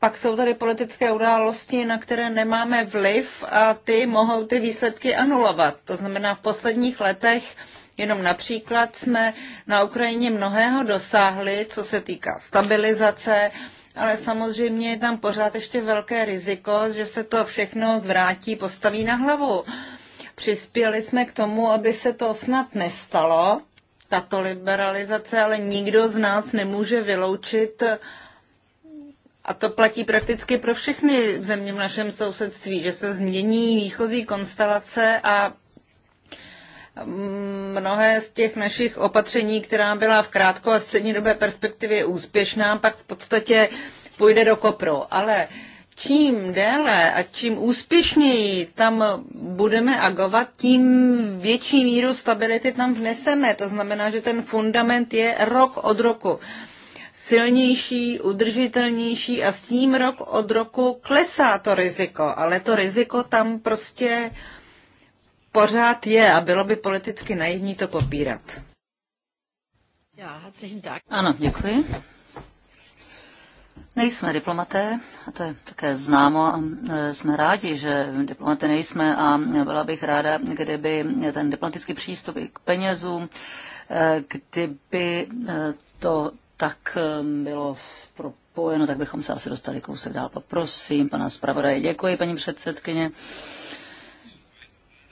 pak jsou tady politické události, na které nemáme vliv a ty mohou ty výsledky anulovat. To znamená, v posledních letech jenom například jsme na Ukrajině mnohého dosáhli, co se týká stabilizace, ale samozřejmě je tam pořád ještě velké riziko, že se to všechno zvrátí, postaví na hlavu. Přispěli jsme k tomu, aby se to snad nestalo, tato liberalizace, ale nikdo z nás nemůže vyloučit uh, a to platí prakticky pro všechny země v našem sousedství, že se změní výchozí konstelace a mm, mnohé z těch našich opatření, která byla v krátko a střednědobé perspektivě úspěšná, pak v podstatě půjde do kopru. Ale čím déle a čím úspěšněji tam budeme agovat, tím větší míru stability tam vneseme. To znamená, že ten fundament je rok od roku silnější, udržitelnější a s tím rok od roku klesá to riziko, ale to riziko tam prostě pořád je a bylo by politicky naivní to popírat. Ano, děkuji. Nejsme diplomaté, a to je také známo. E, jsme rádi, že diplomaté nejsme a byla bych ráda, kdyby ten diplomatický přístup i k penězům, e, kdyby e, to tak ehm, bylo propojeno, tak bychom se asi dostali kousek dál. Poprosím pana zpravodaje. Děkuji, paní předsedkyně.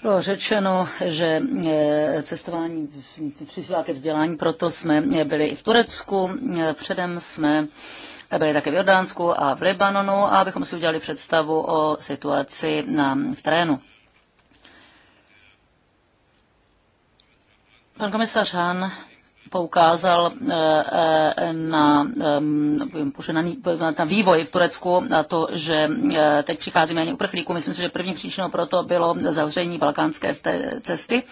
Bylo řečeno, že eh, cestování přispívá ke vzdělání, proto jsme eh, byli i v Turecku. Eh, předem jsme byli také v Jordánsku a v Libanonu, a abychom si udělali představu o situaci na, v terénu. Pan komisař Han poukázal eh, eh, na, na vývoj v Turecku na to, že eh, teď přichází méně uprchlíků. Myslím si, že první příčinou pro to bylo zavření balkánské cesty.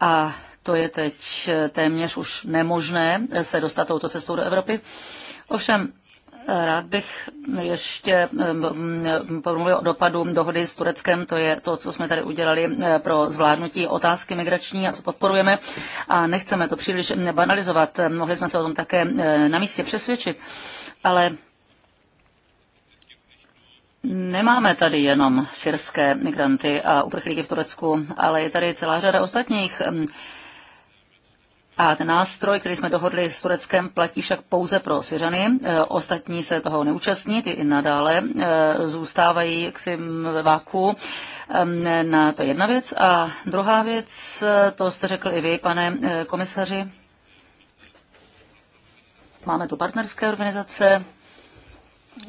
A to je teď téměř už nemožné se dostat touto cestou do Evropy. Ovšem, Rád bych ještě mm, mm, promluvil o dopadu dohody s Tureckem, to je to, co jsme tady udělali eh, pro zvládnutí otázky migrační a co podporujeme. A nechceme to příliš banalizovat, mohli jsme se o tom také eh, na místě přesvědčit, ale Nemáme tady jenom syrské migranty a uprchlíky v Turecku, ale je tady celá řada ostatních mm, a ten nástroj, který jsme dohodli s Tureckem, platí však pouze pro Syřany. E, ostatní se toho neúčastní, ty i nadále e, zůstávají jaksi ve váku. Na to jedna věc. A druhá věc, e, to jste řekl i vy, pane komisaři. Máme tu partnerské organizace,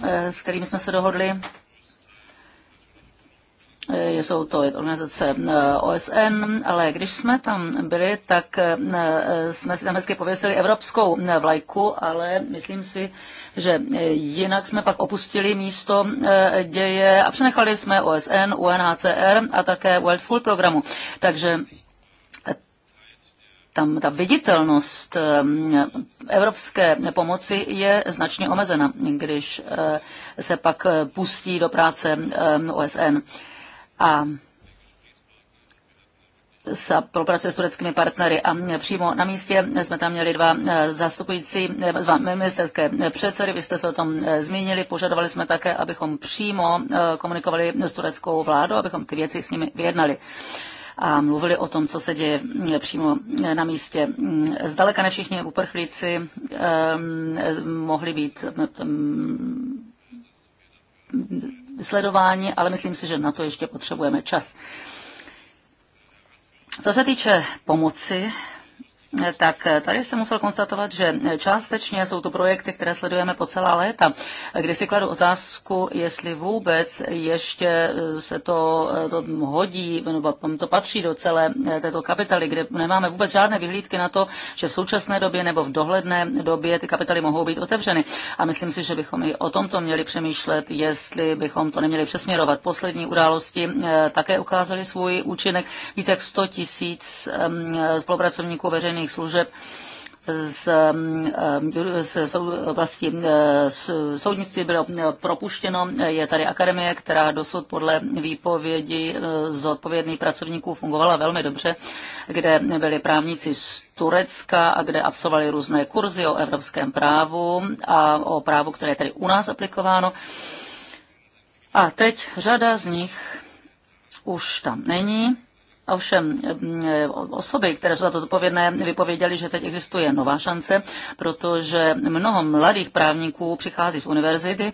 s kterými jsme se dohodli jsou to organizace eh, OSN, ale když jsme tam byli, tak eh, eh, jsme si tam hezky pověsili evropskou vlajku, ale myslím si, že jinak jsme pak opustili místo děje a přenechali jsme OSN, UNHCR a také World Food programu. Takže tam ta viditelnost evropské pomoci je značně omezena, když se pak pustí do práce OSN a spolupracuje s tureckými partnery a přímo na místě jsme tam měli dva e, zastupující, e, dva ministerské předsedy, vy jste se o tom e, zmínili, požadovali jsme také, abychom přímo komunikovali s tureckou vládou, abychom ty věci s nimi vyjednali a mluvili o tom, co se děje přímo na místě. Zdaleka ne všichni uprchlíci mohli být sledování, ale myslím si, že na to ještě potřebujeme čas. Co se týče pomoci tak tady jsem musel konstatovat, že částečně jsou to projekty, které sledujeme po celá léta, kdy si kladu otázku, jestli vůbec ještě se to, to hodí, nebo to patří do celé této kapitaly, kde nemáme vůbec žádné vyhlídky na to, že v současné době nebo v dohledné době ty kapitaly mohou být otevřeny. A myslím si, že bychom i o tomto měli přemýšlet, jestli bychom to neměli přesměrovat. Poslední události eh, také ukázaly svůj účinek. Více jak 100 tisíc spolupracovníků veřejných sociálních služeb z, eh, z, oblasti eh, soudnictví bylo propuštěno. Je tady akademie, která dosud podle výpovědi eh, z odpovědných pracovníků fungovala velmi dobře, kde byli právníci z Turecka a kde absolvovali různé kurzy o evropském právu a o právu, které je tady u nás aplikováno. A teď řada z nich už tam není Ovšem eh, osoby, které jsou za to zodpovědné, vypověděly, že teď existuje nová šance, protože mnoho mladých právníků přichází z univerzity,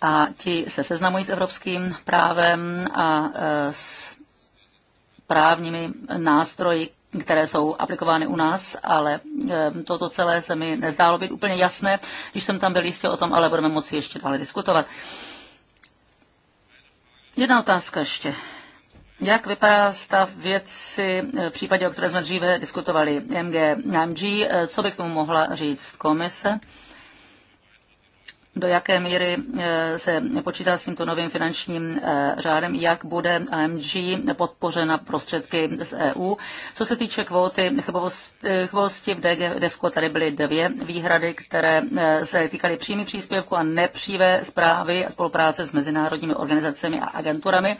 a ti se seznamují s evropským právem a eh, s právními nástroji, které jsou aplikovány u nás, ale eh, toto celé se mi nezdálo být úplně jasné, když jsem tam byl jistě o tom, ale budeme moci ještě dále diskutovat. Jedna otázka ještě jak vypadá stav věci e, v případě, o které jsme dříve diskutovali MG, MG? E, co by k tomu mohla říct komise? do jaké míry e, se počítá s tímto novým finančním řádem, jak bude AMG podpořena prostředky z EU. Co se týče kvóty chybovosti v DG, DEFCO, tady byly dvě výhrady, které se týkaly přímých příspěvku a nepřívé zprávy a spolupráce s mezinárodními organizacemi a agenturami.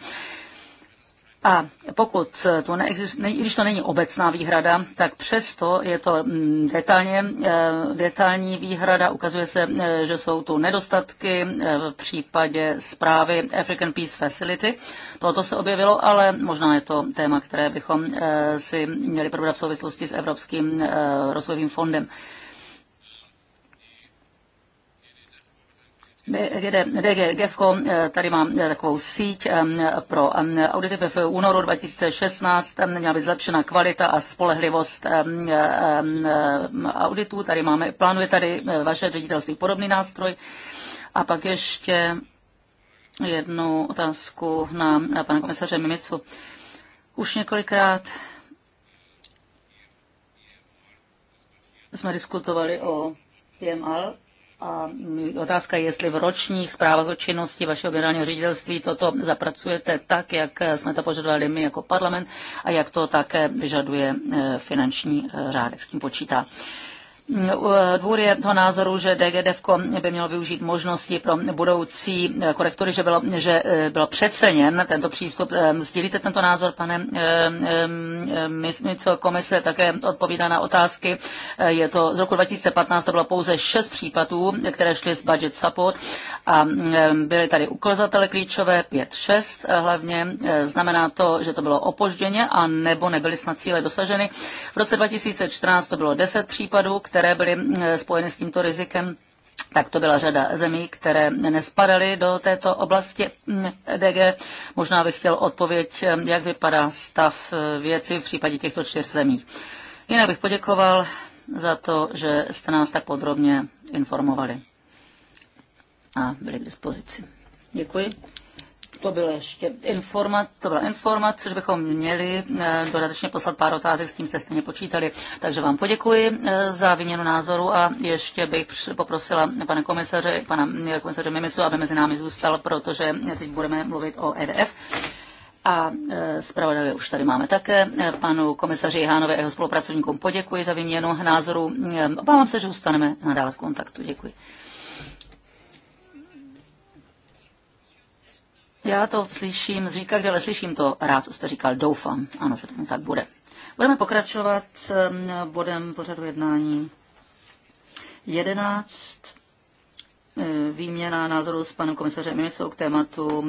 A pokud to neexistuje, i když to není obecná výhrada, tak přesto je to mm, detailně, eh, detailní výhrada. Ukazuje se, eh, že jsou tu nedostatky eh, v případě zprávy African Peace Facility. Toto se objevilo, ale možná je to téma, které bychom si měli probrat v souvislosti s Evropským rozvojovým fondem. DG eh, tady mám eh, takovou síť pro audity v únoru 2016, měla by zlepšena kvalita a spolehlivost eh, auditů, tady máme, plánuje tady vaše ředitelství podobný nástroj. A pak ještě jednu otázku na pana komisaře Mimicu. Už několikrát jsme diskutovali o PML a otázka je, jestli v ročních zprávách o činnosti vašeho generálního ředitelství toto zapracujete tak, jak jsme to požadovali my jako parlament a jak to také vyžaduje eh, finanční eh, řádek, s tím počítá. Dvůr je toho názoru, že DGDF by mělo využít možnosti pro budoucí korektory, že, bylo, že eh, bylo přeceněn tento přístup. Ehm, sdílíte tento názor, pane myslím, ehm, co ehm, komise také odpovídá na otázky. Eh, je to z roku 2015, to bylo pouze šest případů, které šly z budget support a byly tady ukazatele klíčové 5-6 eh, hlavně. Znamená to, že to bylo opožděně a nebo nebyly snad cíle dosaženy. V roce 2014 to bylo 10 případů, které které byly eh, spojeny s tímto rizikem. Tak to byla řada zemí, které nespadaly do této oblasti mm, DG. Možná bych chtěl odpověď, eh, jak vypadá stav eh, věci v případě těchto čtyř zemí. Jinak bych poděkoval za to, že jste nás tak podrobně informovali a byli k dispozici. Děkuji. To bylo ještě informat, to byla informace, že bychom měli eh, dodatečně poslat pár otázek, s tím jste stejně počítali. Takže vám poděkuji eh, za výměnu názoru a ještě bych poprosila pane komisaře, pana eh, komisaře Mimicu, aby mezi námi zůstal, protože teď budeme mluvit o EDF. A zpravodaje už tady máme také. Panu komisaři Hánovi a jeho spolupracovníkům poděkuji za výměnu názoru. Obávám se, že zůstaneme nadále v kontaktu. Děkuji. Já to slyším zřídka, kde ale slyším to rád, co jste říkal, doufám, ano, že tomu tak bude. Budeme pokračovat bodem pořadu jednání 11. E, výměna názoru s panem komisařem Mimicou k tématu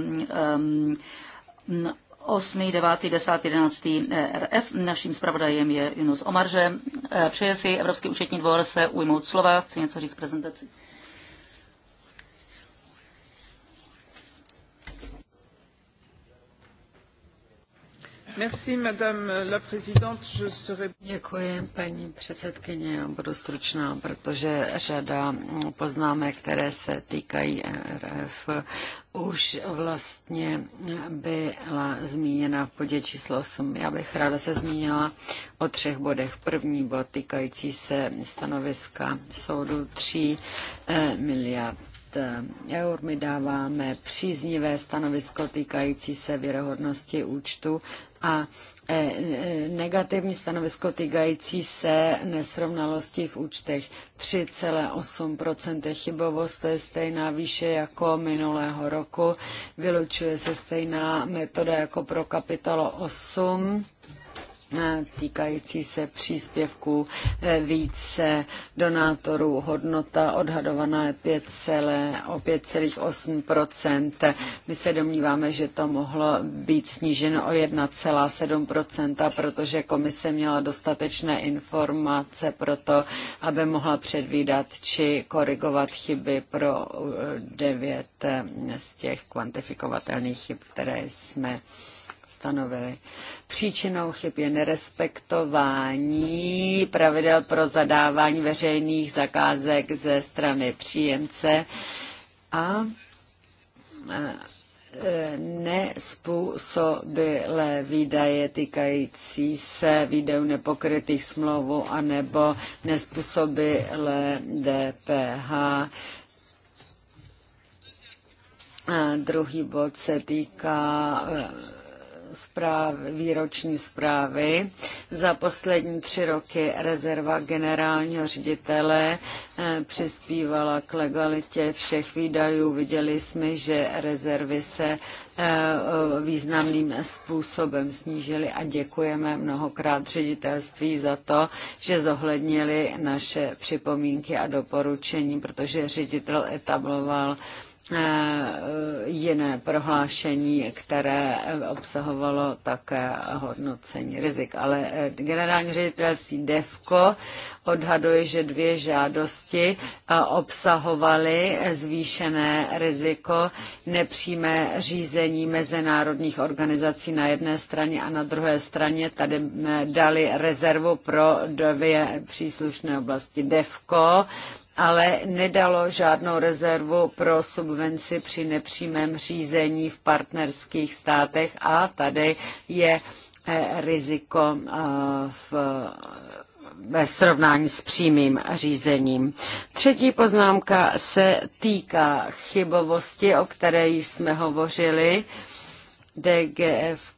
8., 9., 10., 11. RF. Naším zpravodajem je Junus Omarže. E, přeje si Evropský účetní dvor se ujmout slova. Chci něco říct prezentaci. Děkuji, paní předsedkyně. Já budu stručná, protože řada poznámek, které se týkají RF, už vlastně byla zmíněna v bodě číslo 8. Já bych ráda se zmínila o třech bodech. První bod týkající se stanoviska soudu 3 eh, miliard eh, eur. My dáváme příznivé stanovisko týkající se věrohodnosti účtu a e, e, negativní stanovisko týkající se nesrovnalosti v účtech 3,8% chybovost, to je stejná výše jako minulého roku. Vylučuje se stejná metoda jako pro kapitolo 8 Eh, týkající se příspěvku eh, více donátorů. Hodnota odhadovaná je 5,8 My se domníváme, že to mohlo být sníženo o 1,7 protože komise měla dostatečné informace pro to, aby mohla předvídat či korigovat chyby pro eh, devět z těch kvantifikovatelných chyb, které jsme stanovili. Příčinou chyb je nerespektování pravidel pro zadávání veřejných zakázek ze strany příjemce a e, nespůsobilé výdaje týkající se výdajů nepokrytých smlouvu anebo nespůsobilé DPH. A druhý bod se týká e, zpráv, výroční zprávy. Za poslední tři roky rezerva generálního ředitele eh, přispívala k legalitě všech výdajů. Viděli jsme, že rezervy se eh, významným způsobem snížily a děkujeme mnohokrát ředitelství za to, že zohlednili naše připomínky a doporučení, protože ředitel etabloval Eh, jiné prohlášení, které obsahovalo také hodnocení rizik. Ale eh, generální ředitelství DEVKO odhaduje, že dvě žádosti eh, obsahovaly zvýšené riziko nepřímé řízení mezinárodních organizací na jedné straně a na druhé straně tady dali rezervu pro dvě příslušné oblasti DEVKO ale nedalo žádnou rezervu pro subvenci při nepřímém řízení v partnerských státech a tady je eh, riziko eh, v ve srovnání s přímým řízením. Třetí poznámka se týká chybovosti, o které již jsme hovořili. DGF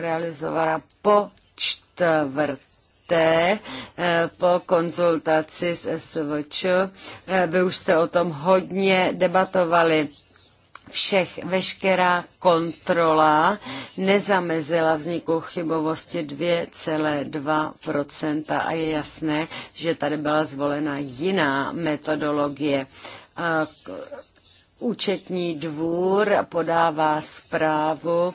realizovala po čtvrt poté eh, po konzultaci s SVČ. Eh, vy už jste o tom hodně debatovali všech, veškerá kontrola nezamezila vzniku chybovosti 2,2% a je jasné, že tady byla zvolena jiná metodologie. Eh, účetní dvůr podává zprávu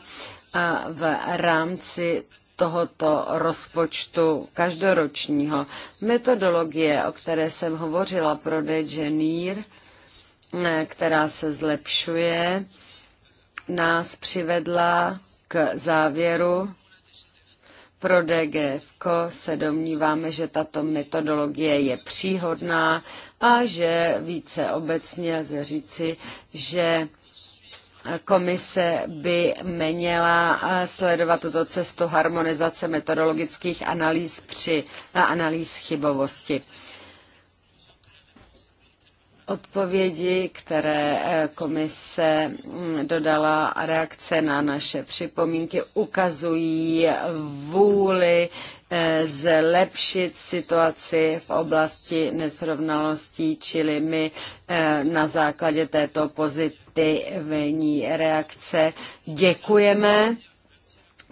v rámci tohoto rozpočtu každoročního. Metodologie, o které jsem hovořila pro Degenír, eh, která se zlepšuje, nás přivedla k závěru, pro DGFK se domníváme, že tato metodologie je příhodná a že více obecně lze říci, že Komise by měla eh, sledovat tuto cestu harmonizace metodologických analýz při eh, analýz chybovosti. Odpovědi, které eh, komise mm, dodala a reakce na naše připomínky, ukazují vůli zlepšit situaci v oblasti nesrovnalostí, čili my na základě této pozitivní negativní reakce. Děkujeme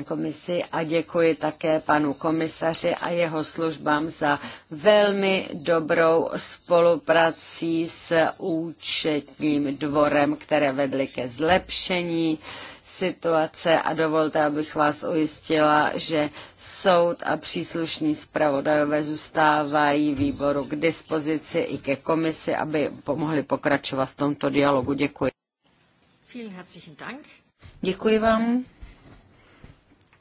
komisi a děkuji také panu komisaři a jeho službám za velmi dobrou spoluprací s účetním dvorem, které vedly ke zlepšení situace a dovolte, abych vás ujistila, že soud a příslušní zpravodajové zůstávají výboru k dispozici i ke komisi, aby pomohli pokračovat v tomto dialogu. Děkuji. Vielen herzlichen Dank. Děkuji vám.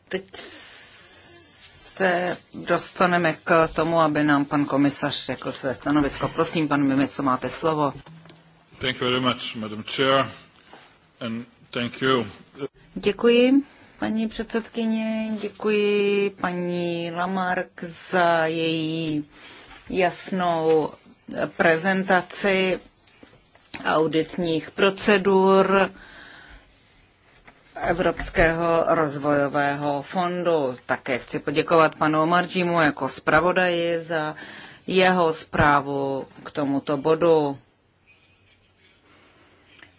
Teď se dostaneme k tomu, aby nám pan komisař řekl své stanovisko. Prosím, pan Mimico, máte slovo. Thank you very much, Madam Chair, and thank you. Děkuji, paní předsedkyně, děkuji paní Lamarck za její jasnou prezentaci auditních procedur Evropského rozvojového fondu. Také chci poděkovat panu Omarjimu jako zpravodaji za jeho zprávu k tomuto bodu.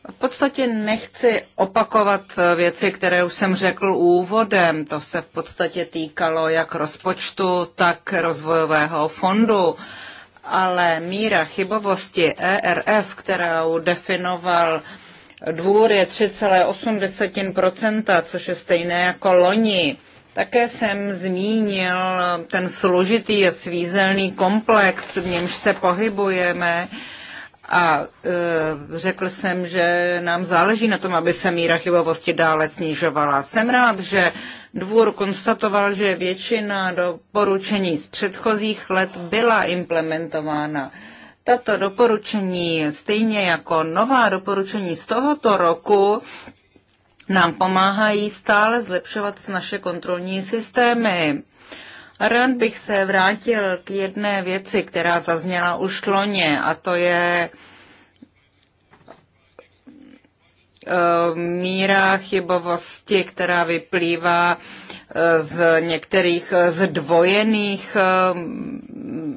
V podstatě nechci opakovat věci, které už jsem řekl úvodem. To se v podstatě týkalo jak rozpočtu, tak rozvojového fondu ale míra chybovosti ERF, kterou definoval dvůr, je 3,8%, což je stejné jako loni. Také jsem zmínil ten složitý a svízelný komplex, v němž se pohybujeme a e, řekl jsem, že nám záleží na tom, aby se míra chybovosti dále snižovala. Jsem rád, že dvůr konstatoval, že většina doporučení z předchozích let byla implementována. Tato doporučení, stejně jako nová doporučení z tohoto roku, nám pomáhají stále zlepšovat naše kontrolní systémy. Rád bych se vrátil k jedné věci, která zazněla už loně, a to je eh, míra chybovosti, která vyplývá eh, z některých eh, zdvojených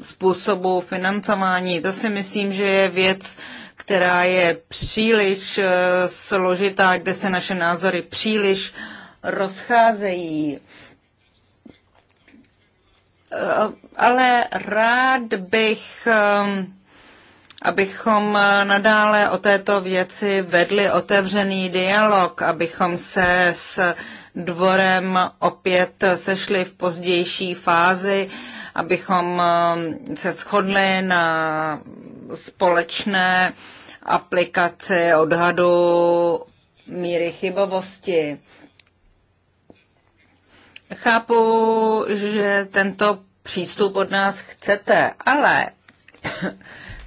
způsobů financování. To si myslím, že je věc, která je příliš složitá, kde se naše názory příliš rozcházejí ale rád bych, um, abychom nadále o této věci vedli otevřený dialog, abychom se s dvorem opět sešli v pozdější fázi, abychom um, se shodli na společné aplikaci odhadu míry chybovosti. Chápu, že tento přístup od nás chcete, ale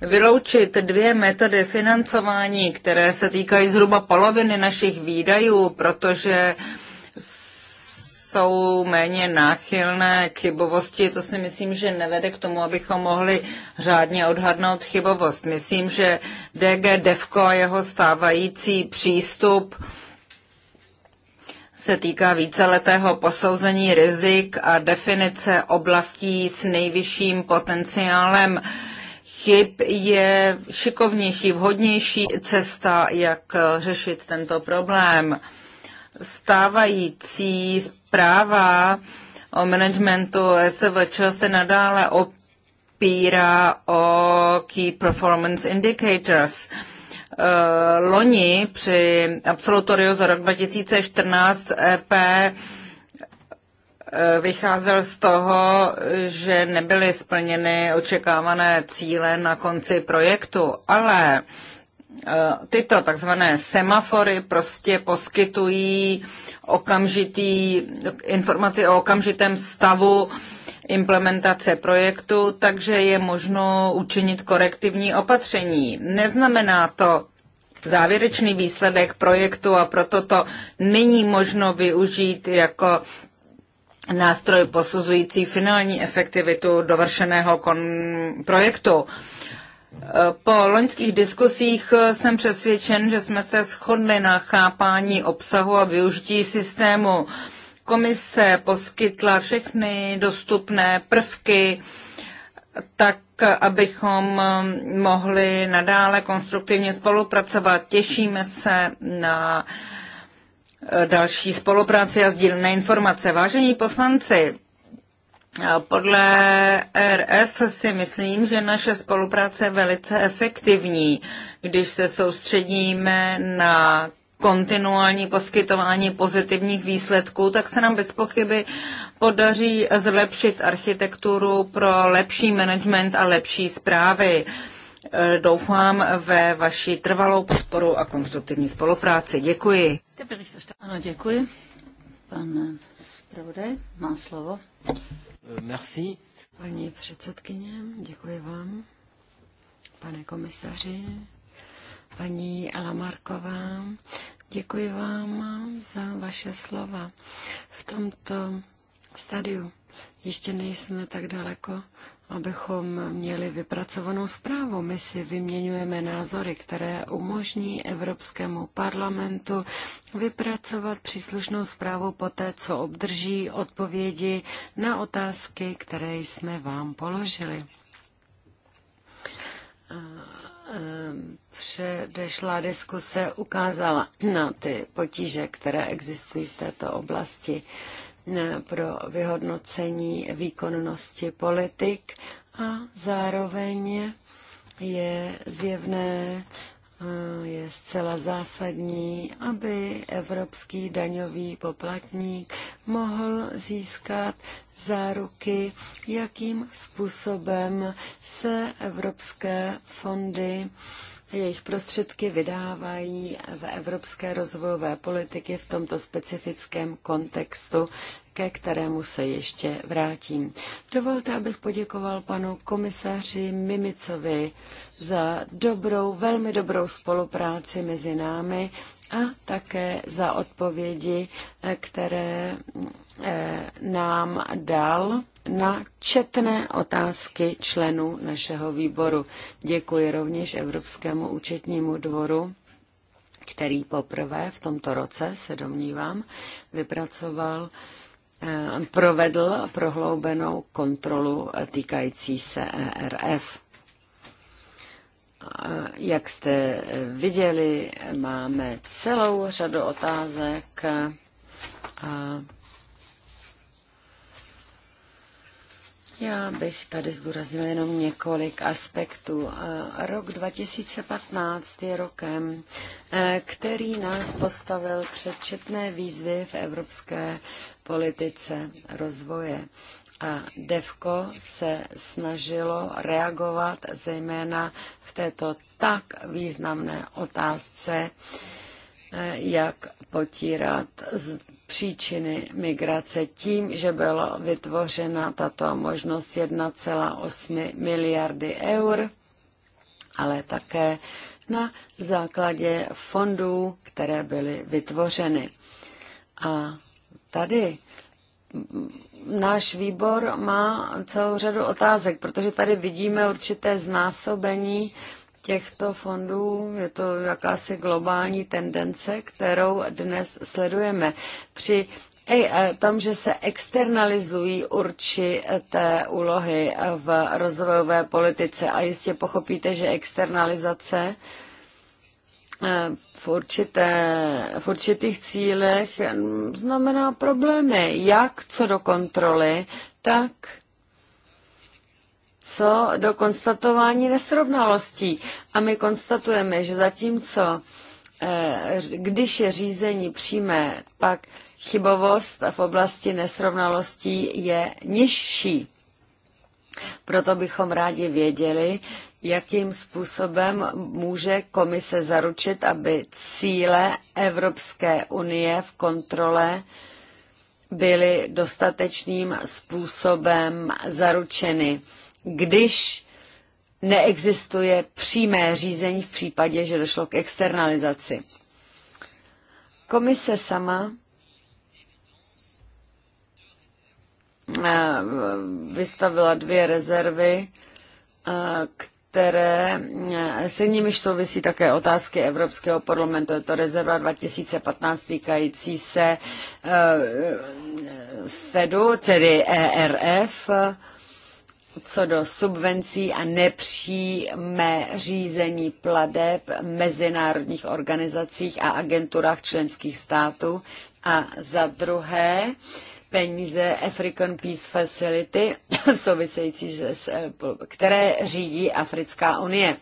vyloučit dvě metody financování, které se týkají zhruba poloviny našich výdajů, protože jsou méně náchylné k chybovosti, to si myslím, že nevede k tomu, abychom mohli řádně odhadnout chybovost. Myslím, že DG Devko a jeho stávající přístup se týká víceletého posouzení rizik a definice oblastí s nejvyšším potenciálem chyb je šikovnější, vhodnější cesta, jak řešit tento problém. Stávající zpráva o managementu SVČ se nadále opírá o Key Performance Indicators – Eh, loni při absolutoriu za rok 2014 EP eh, vycházel z toho, že nebyly splněny očekávané cíle na konci projektu, ale uh, Eh, tyto takzvané semafory prostě poskytují okamžitý, informaci o okamžitém stavu implementace projektu, takže je možno učinit korektivní opatření. Neznamená to závěrečný výsledek projektu a proto to není možno využít jako nástroj posuzující finální efektivitu dovršeného kon- projektu. Uh, po loňských diskusích eh, jsem přesvědčen, že jsme se shodli na chápání obsahu a využití systému. Komise poskytla všechny dostupné prvky, tak abychom eh, mohli nadále konstruktivně spolupracovat. Těšíme se na eh, další spolupráci a sdílené informace. Vážení poslanci, podle RF si myslím, že naše spolupráce je velice efektivní, když se soustředíme na kontinuální poskytování pozitivních výsledků, tak se nám bez pochyby podaří zlepšit architekturu pro lepší management a lepší zprávy. Doufám ve vaši trvalou podporu a konstruktivní spolupráci. Děkuji. Ano, děkuji. Pan zpravodaj má slovo. Eh, merci. Paní předsedkyně, děkuji vám. Pane komisaři, paní Lamarková, děkuji vám za vaše slova. V tomto stadiu ještě nejsme tak daleko abychom měli vypracovanou zprávu. My si vyměňujeme názory, které umožní Evropskému parlamentu vypracovat příslušnou zprávu poté, co obdrží odpovědi na otázky, které jsme vám položili. Předešlá diskuse ukázala na ty potíže, které existují v této oblasti pro vyhodnocení výkonnosti politik a zároveň je zjevné, je zcela zásadní, aby evropský daňový poplatník mohl získat záruky, jakým způsobem se evropské fondy jejich prostředky vydávají v evropské rozvojové politiky v tomto specifickém kontextu, ke kterému se ještě vrátím. Dovolte, abych poděkoval panu komisaři Mimicovi za dobrou, velmi dobrou spolupráci mezi námi a také za odpovědi, které eh, nám dal na četné otázky členů našeho výboru. Děkuji rovněž Evropskému účetnímu dvoru, který poprvé v tomto roce, se domnívám, vypracoval eh, provedl prohloubenou kontrolu týkající se ERF. Jak jste viděli, máme celou řadu otázek a Já bych tady zdůraznil jenom několik aspektů. Rok 2015 je rokem, eh, který nás postavil před četné výzvy v evropské politice rozvoje. A DEVKO se snažilo reagovat zejména v této tak významné otázce, eh, jak potírat příčiny migrace tím, že byla vytvořena tato možnost 1,8 miliardy eur, ale také na základě fondů, které byly vytvořeny. A tady náš výbor má celou řadu otázek, protože tady vidíme určité znásobení těchto fondů je to jakási globální tendence, kterou dnes sledujeme. Při Ej, eh, tom, že se externalizují určité úlohy eh, v rozvojové politice a jistě pochopíte, že externalizace eh, v, určité, v určitých cílech mm, znamená problémy, jak co do kontroly, tak co do konstatování nesrovnalostí. A my konstatujeme, že zatímco, eh, když je řízení přímé, pak chybovost v oblasti nesrovnalostí je nižší. Proto bychom rádi věděli, jakým způsobem může komise zaručit, aby cíle Evropské unie v kontrole byly dostatečným způsobem zaručeny když neexistuje přímé řízení v případě, že došlo k externalizaci. Komise sama eh, vystavila dvě rezervy, eh, které eh, se nimiž souvisí také otázky Evropského parlamentu. Je to rezerva 2015 týkající se Fedu, tedy ERF, co do subvencí a nepříjme řízení pladeb mezinárodních organizacích a agenturách členských států. A za druhé, peníze African Peace Facility, související se, eh, které řídí Africká unie.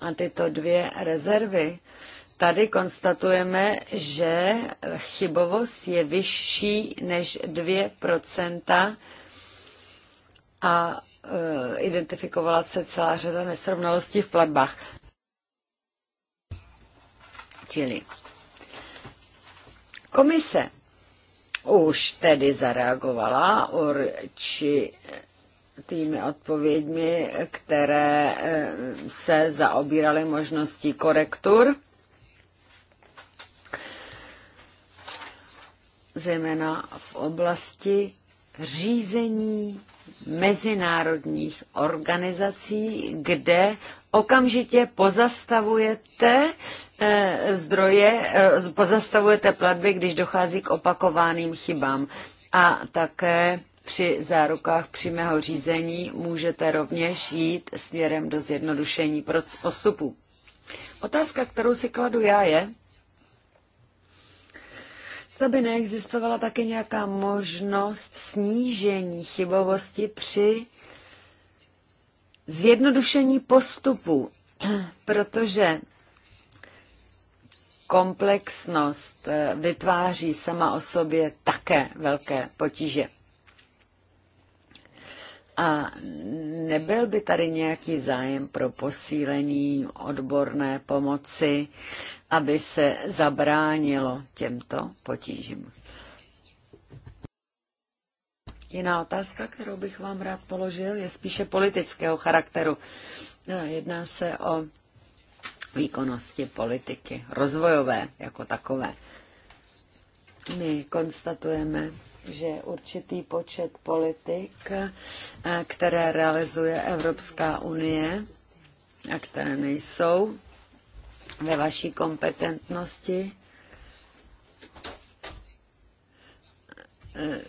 A tyto dvě rezervy, tady konstatujeme, že chybovost je vyšší než 2 a eh, identifikovala se celá řada nesrovnalostí v platbách. Čili komise už tedy zareagovala určitě tými odpověďmi, které eh, se zaobíraly možností korektur, zejména v oblasti řízení mezinárodních organizací, kde okamžitě pozastavujete eh, zdroje, eh, pozastavujete platby, když dochází k opakovaným chybám. A také při zárukách přímého řízení můžete rovněž jít směrem do zjednodušení postupu. Otázka, kterou si kladu já, je, Zda by neexistovala také nějaká možnost snížení chybovosti při zjednodušení postupu, protože komplexnost eh, vytváří sama o sobě také velké potíže. A nebyl by tady nějaký zájem pro posílení odborné pomoci, aby se zabránilo těmto potížím? Jiná otázka, kterou bych vám rád položil, je spíše politického charakteru. No, jedná se o výkonnosti politiky, rozvojové jako takové. My konstatujeme, že určitý počet politik, eh, které realizuje Evropská unie a které nejsou ve vaší kompetentnosti, eh,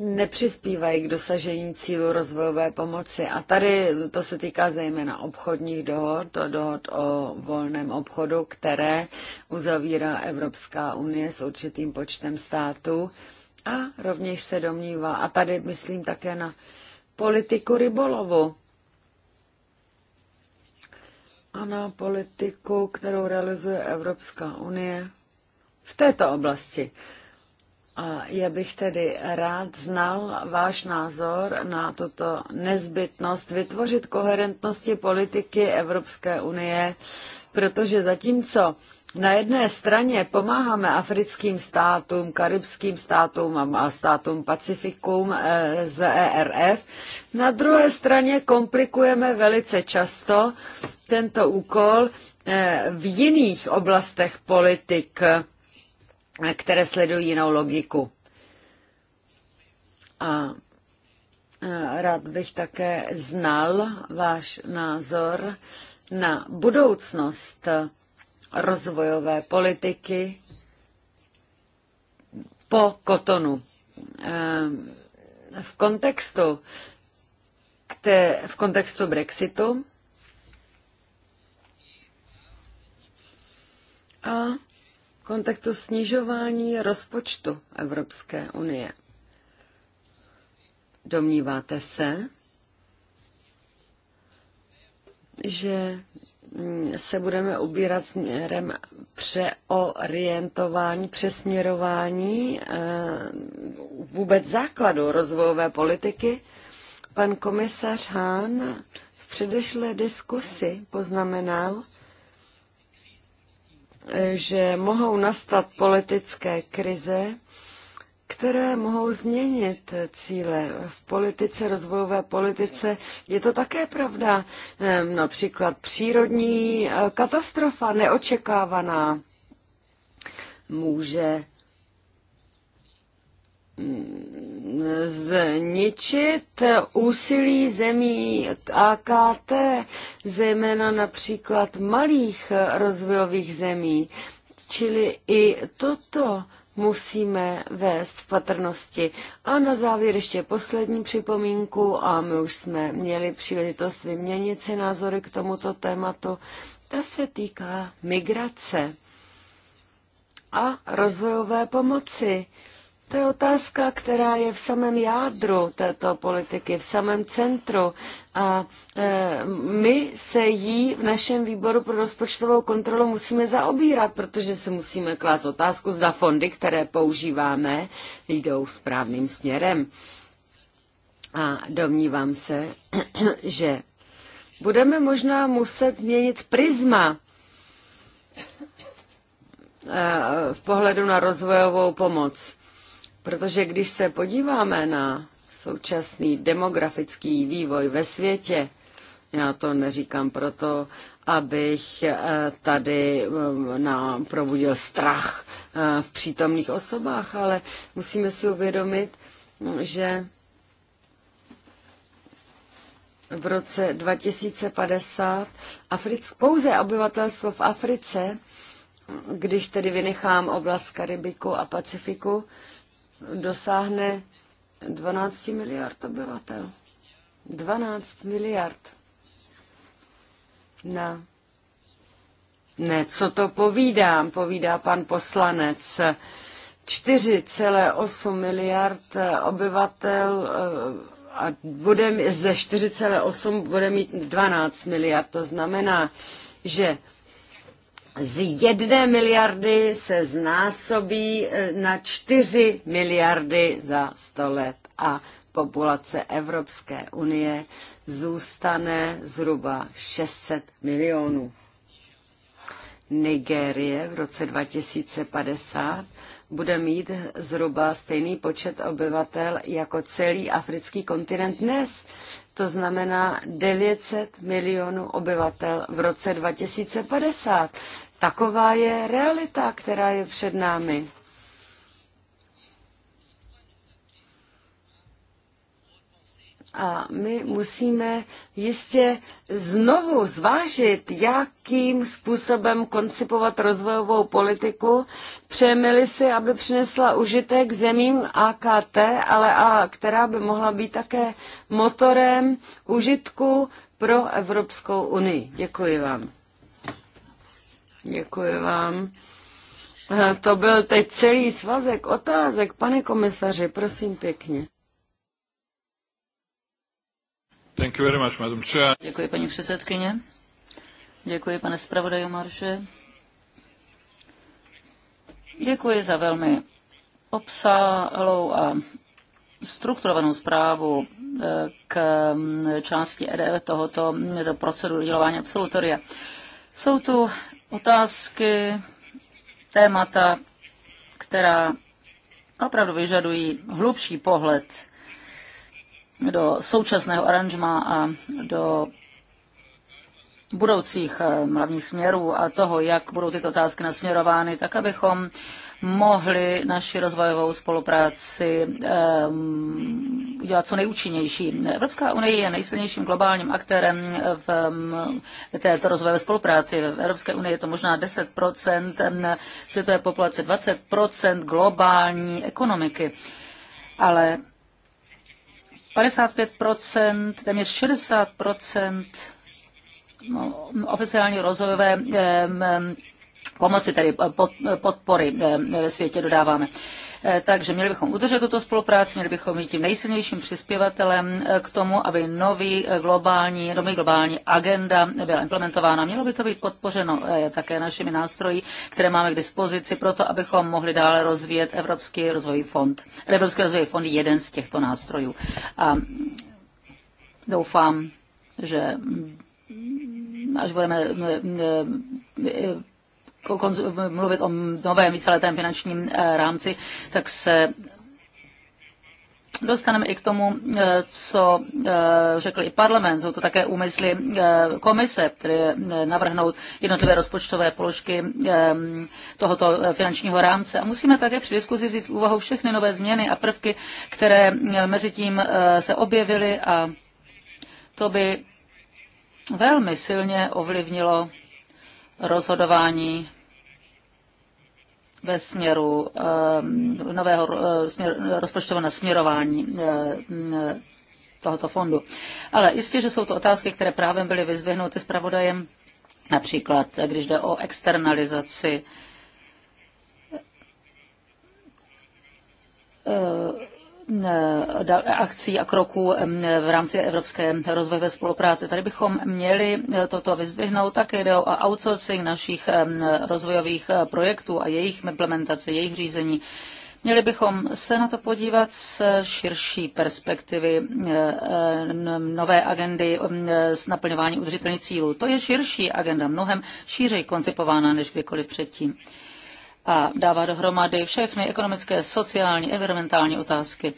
nepřispívají k dosažení cílu rozvojové pomoci. A tady to se týká zejména obchodních dohod, to dohod o volném obchodu, které uzavírá Evropská unie s určitým počtem států. A rovněž se domnívá, a tady myslím také na politiku rybolovu, a na politiku, kterou realizuje Evropská unie v této oblasti já bych tedy rád znal váš názor na tuto nezbytnost vytvořit koherentnosti politiky Evropské unie, protože zatímco na jedné straně pomáháme africkým státům, karibským státům a státům Pacifikum eh, z ERF. Na druhé straně komplikujeme velice často tento úkol eh, v jiných oblastech politik které sledují jinou logiku. A e, rád bych také znal váš názor na budoucnost rozvojové politiky po kotonu. E, v kontextu, v kontextu Brexitu a kontextu snižování rozpočtu Evropské unie. Domníváte se, že mm, se budeme ubírat směrem přeorientování, přesměrování eh, vůbec základu rozvojové politiky. Pan komisař Hán v předešlé diskusi poznamenal, že mohou nastat politické krize, které mohou změnit cíle v politice, rozvojové politice. Je to také pravda. Například přírodní eh, katastrofa neočekávaná může zničit úsilí zemí AKT, zejména například malých rozvojových zemí. Čili i toto musíme vést v patrnosti. A na závěr ještě poslední připomínku, a my už jsme měli příležitost vyměnit si názory k tomuto tématu, ta se týká migrace a rozvojové pomoci. To je otázka, která je v samém jádru této politiky, v samém centru. A e, my se jí v našem výboru pro rozpočtovou kontrolu musíme zaobírat, protože se musíme klást otázku, zda fondy, které používáme, jdou správným směrem. A domnívám se, že budeme možná muset změnit prisma e, v pohledu na rozvojovou pomoc Protože když se podíváme na současný demografický vývoj ve světě, já to neříkám proto, abych eh, tady eh, na probudil strach eh, v přítomných osobách, ale musíme si uvědomit, že v roce 2050 Afric, pouze obyvatelstvo v Africe, když tedy vynechám oblast Karibiku a Pacifiku, dosáhne 12 miliard obyvatel. 12 miliard. Na. Ne, co to povídám, povídá pan poslanec. 4,8 miliard obyvatel eh, a bude, ze 4,8 bude mít 12 miliard. To znamená, že z jedné miliardy se znásobí eh, na čtyři miliardy za sto let a populace Evropské unie zůstane zhruba 600 milionů. Nigérie v roce 2050 bude mít zhruba stejný počet obyvatel jako celý africký kontinent dnes. To znamená 900 milionů obyvatel v roce 2050. Taková je realita, která je před námi. A my musíme jistě znovu zvážit, jakým způsobem koncipovat rozvojovou politiku. Přejeme-li si, aby přinesla užitek zemím AKT, ale a, která by mohla být také motorem užitku pro Evropskou unii. Děkuji vám. Děkuji vám. Eh, to byl teď celý svazek otázek. Pane komisaři, prosím pěkně. Thank you very much, madam chair. Děkuji, paní předsedkyně. Děkuji, pane zpravodaju Marše. Děkuji za velmi obsáhlou a strukturovanou zprávu eh, k mm, části EDF tohoto do mm, procedury udělování absolutoria. Jsou tu otázky, témata, která opravdu vyžadují hlubší pohled do současného aranžma a do budoucích eh, hlavních směrů a toho, jak budou tyto otázky nasměrovány, tak abychom mohli naši rozvojovou spolupráci um, udělat co nejúčinnější. Evropská unie je nejsilnějším globálním aktérem v um, této rozvojové spolupráci. V Evropské unii je to možná 10 ehm, světové populace, 20 globální ekonomiky. Ale 55%, téměř 60% no, oficiální rozvojové pomoci, tedy eh, eh, podpory eh, ve světě dodáváme. Takže měli bychom udržet tuto spolupráci, měli bychom být tím nejsilnějším přispěvatelem k tomu, aby nový globální, nový globální agenda byla implementována. Mělo by to být podpořeno také našimi nástroji, které máme k dispozici, proto abychom mohli dále rozvíjet Evropský rozvojový fond. Evropský rozvojový fond je jeden z těchto nástrojů. A doufám, že mm, až budeme mm, mm, mluvit o novém víceletém finančním eh, rámci, tak se Dostaneme i k tomu, eh, co eh, řekl i parlament. Jsou to také úmysly komise, které navrhnout jednotlivé rozpočtové položky ehm, tohoto finančního rámce. A musíme také při diskuzi vzít v úvahu všechny nové změny a prvky, které mezi tím se objevily a to by velmi silně ovlivnilo rozhodování ve směru eh, nového eh, směr, rozpočtovaného směrování eh, tohoto fondu. Ale jistě, že jsou to otázky, které právě byly vyzdvihnuty zpravodajem, například když jde o externalizaci Eh, akcí a kroků v rámci Evropské rozvojové spolupráce. Tady bychom měli eh, toto vyzdvihnout, také jde o outsourcing našich rozvojových eh, projektů a jejich implementace, jejich řízení. Měli bychom se na to podívat z širší perspektivy nové agendy s naplňování udržitelných cílů. To je širší agenda, mnohem šířej koncipována než kdykoliv předtím a dává dohromady všechny ekonomické, sociální, environmentální otázky.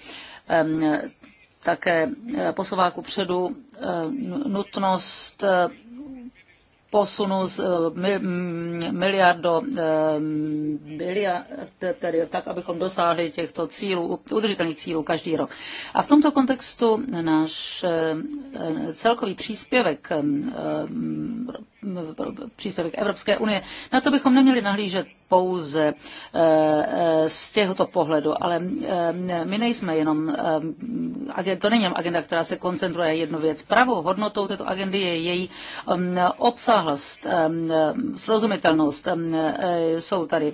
Také eh, posouvá ku předu eh, nutnost eh, posunu z miliard do miliard, tedy tak, abychom dosáhli těchto cílů, udržitelných cílů každý rok. A v tomto kontextu náš celkový příspěvek příspěvek Evropské unie. Na to bychom neměli nahlížet pouze eh, eh, z těchto pohledu, ale eh, my nejsme jenom, to není agenda, která se koncentruje jednu věc. Pravou hodnotou této agendy je její mm, obsáhlost, mm, srozumitelnost. Mm, jsou tady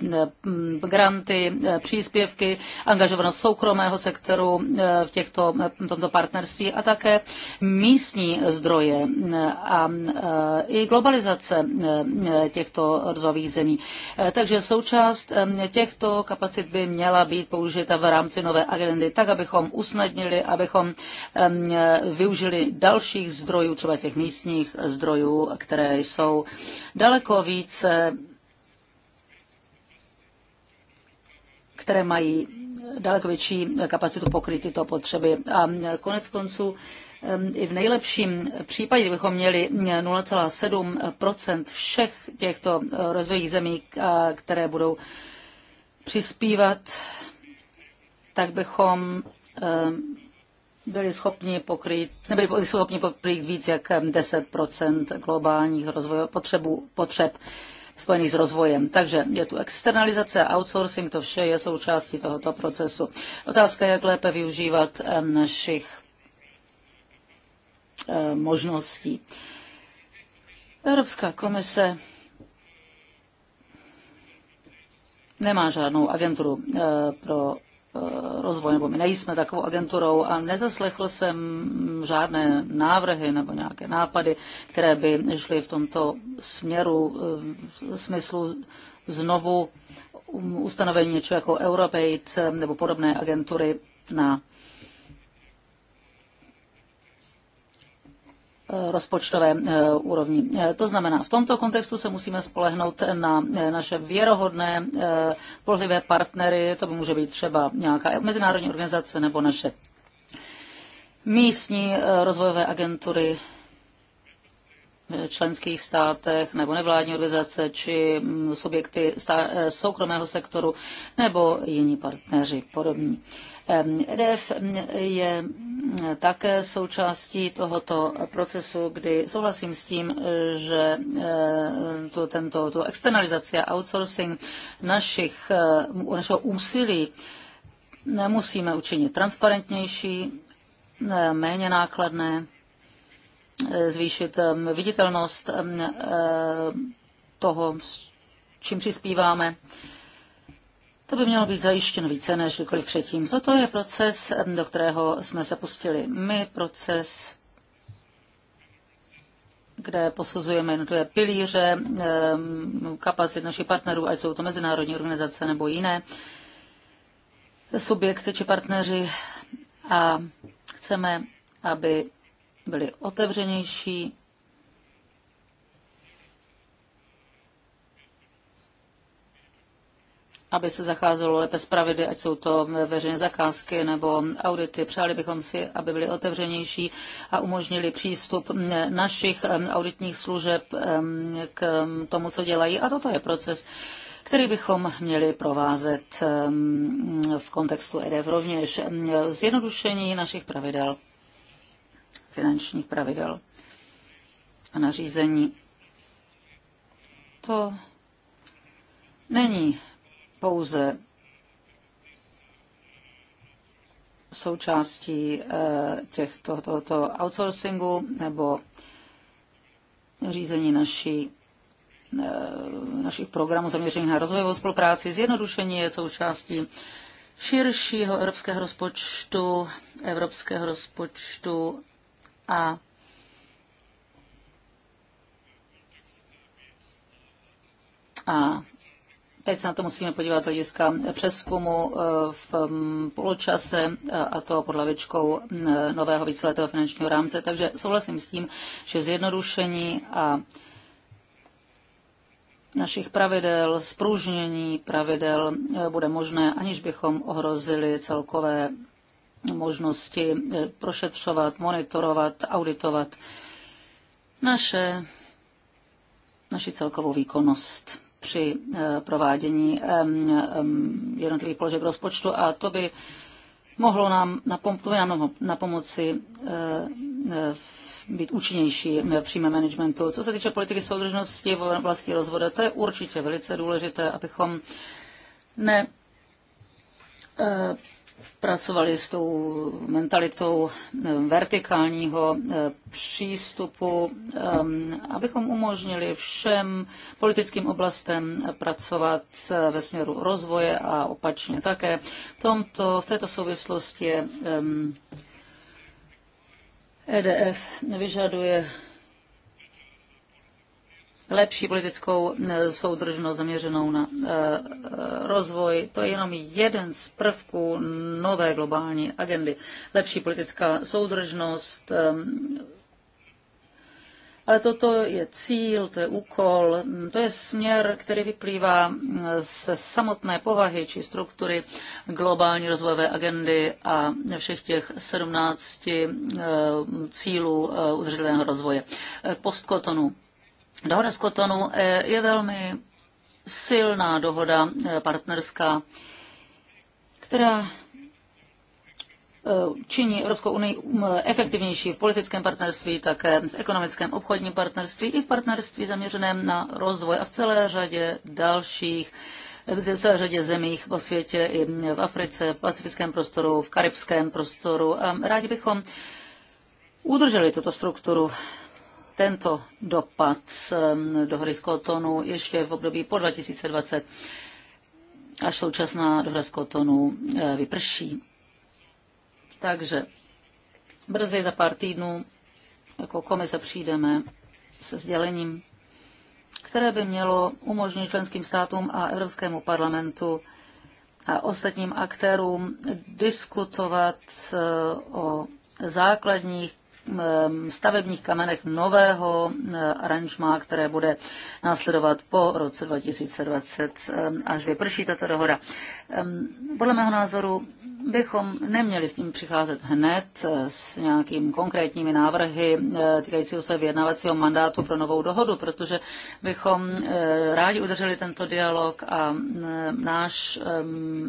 granty, příspěvky, angažovanost soukromého sektoru v těchto, v tomto partnerství a také místní zdroje a i globální normalizace eh, eh, těchto rozvojových zemí. Eh, takže součást těchto kapacit by měla být použita v rámci nové agendy tak, abychom usnadnili, abychom využili dalších zdrojů, třeba těch místních zdrojů, které jsou daleko více které mají daleko větší kapacitu pokryt tyto potřeby. A konec konců Ehm, i v nejlepším případě, bychom měli 0,7 všech těchto eh, rozvojových zemí, které budou přispívat, tak bychom ehm, byli schopni pokrýt, nebyli schopni pokrýt víc jak 10 ehm, globálních rozvoj, potřebu, potřeb spojených s rozvojem. Takže je tu externalizace a outsourcing, to vše je součástí tohoto procesu. Otázka je, jak lépe využívat našich Eh, možností. Evropská komise nemá žádnou agenturu eh, pro eh, rozvoj, nebo my nejsme takovou agenturou a nezaslechl jsem žádné návrhy nebo nějaké nápady, které by šly v tomto směru, v smyslu znovu ustanovení něčeho jako Europaid nebo podobné agentury na Eh, rozpočtové eh, úrovni. Eh, to znamená, v tomto kontextu se musíme spolehnout na naše věrohodné, pohlivé partnery, to by může být třeba nějaká mezinárodní organizace nebo naše místní rozvojové agentury v členských státech nebo nevládní organizace či mm, subjekty soukromého sektoru nebo jiní partneři podobní. EDF je také součástí tohoto procesu, kdy souhlasím s tím, že eh, to, tento, tu externalizaci a outsourcing našich, eh, našeho úsilí nemusíme učinit transparentnější, eh, méně nákladné, zvýšit viditelnost toho, s čím přispíváme. To by mělo být zajištěno více než kdykoliv předtím. Toto je proces, do kterého jsme se pustili my, proces, kde posuzujeme jednotlivé pilíře kapacit našich partnerů, ať jsou to mezinárodní organizace nebo jiné subjekty či partneři a chceme, aby byli otevřenější aby se zacházelo lépe s pravidly, ať jsou to veřejné zakázky nebo audity. Přáli bychom si, aby byly otevřenější a umožnili přístup našich auditních služeb k tomu, co dělají. A toto je proces, který bychom měli provázet v kontextu EDF rovněž zjednodušení našich pravidel, finančních pravidel a nařízení. To není pouze součástí eh, těchto, tohoto outsourcingu nebo řízení naší eh, našich programů zaměřených na rozvojovou spolupráci. Zjednodušení je součástí širšího evropského rozpočtu, evropského rozpočtu a a Teď se na to musíme podívat z hlediska přeskumu eh, v mm, poločase eh, a to pod lavičkou eh, nového víceletého finančního rámce. Takže souhlasím s tím, že zjednodušení a našich pravidel, spružnění pravidel bude možné, aniž bychom ohrozili celkové možnosti prošetřovat, monitorovat, auditovat naše, naši celkovou výkonnost při eh, provádění jednotlivých položek rozpočtu a to by mohlo nám, pom- to by nám na pomoci eh, eh, být účinnější v přímém managementu. Co se týče politiky soudržnosti v vlastní rozvode, to je určitě velice důležité, abychom ne pracovali s tou mentalitou eh, vertikálního eh, přístupu, eh, abychom umožnili všem politickým oblastem pracovat ve směru rozvoje a opačně také. V, tomto, v této souvislosti EDF e nevyžaduje lepší politickou eh, soudržnost zaměřenou na eh, eh, rozvoj. To je jenom jeden z prvků nové globální agendy. Lepší politická soudržnost. Ehm, ale toto je cíl, to je úkol, mm, to je směr, který vyplývá mm, z samotné povahy či struktury globální rozvojové agendy a všech těch 17 cílů udržitelného rozvoje. K postkotonu Dohoda z Kotonu eh, je velmi silná dohoda eh, partnerská, která eh, činí Evropskou unii mm, efektivnější v politickém partnerství, také v ekonomickém obchodním partnerství i v partnerství zaměřeném na rozvoj a v celé řadě dalších v celé řadě zemích po světě, i v Africe, v pacifickém prostoru, v karibském prostoru. Rádi bychom udrželi tuto strukturu tento dopad dohody z Kotonu ještě v období po 2020, až současná dohoda z Kotonu eh, vyprší. Takže brzy za pár týdnů jako komise přijdeme se sdělením, které by mělo umožnit členským státům a Evropskému parlamentu a ostatním aktérům diskutovat eh, o základních Eh, stavebních kamenech nového eh, aranžma, které bude následovat po roce 2020, eh, až vyprší tato dohoda. Podle mého názoru bychom neměli s tím přicházet hned eh, s nějakými konkrétními návrhy eh, týkajícího se vyjednávacího mandátu pro novou dohodu, protože bychom eh, rádi udrželi tento dialog a náš,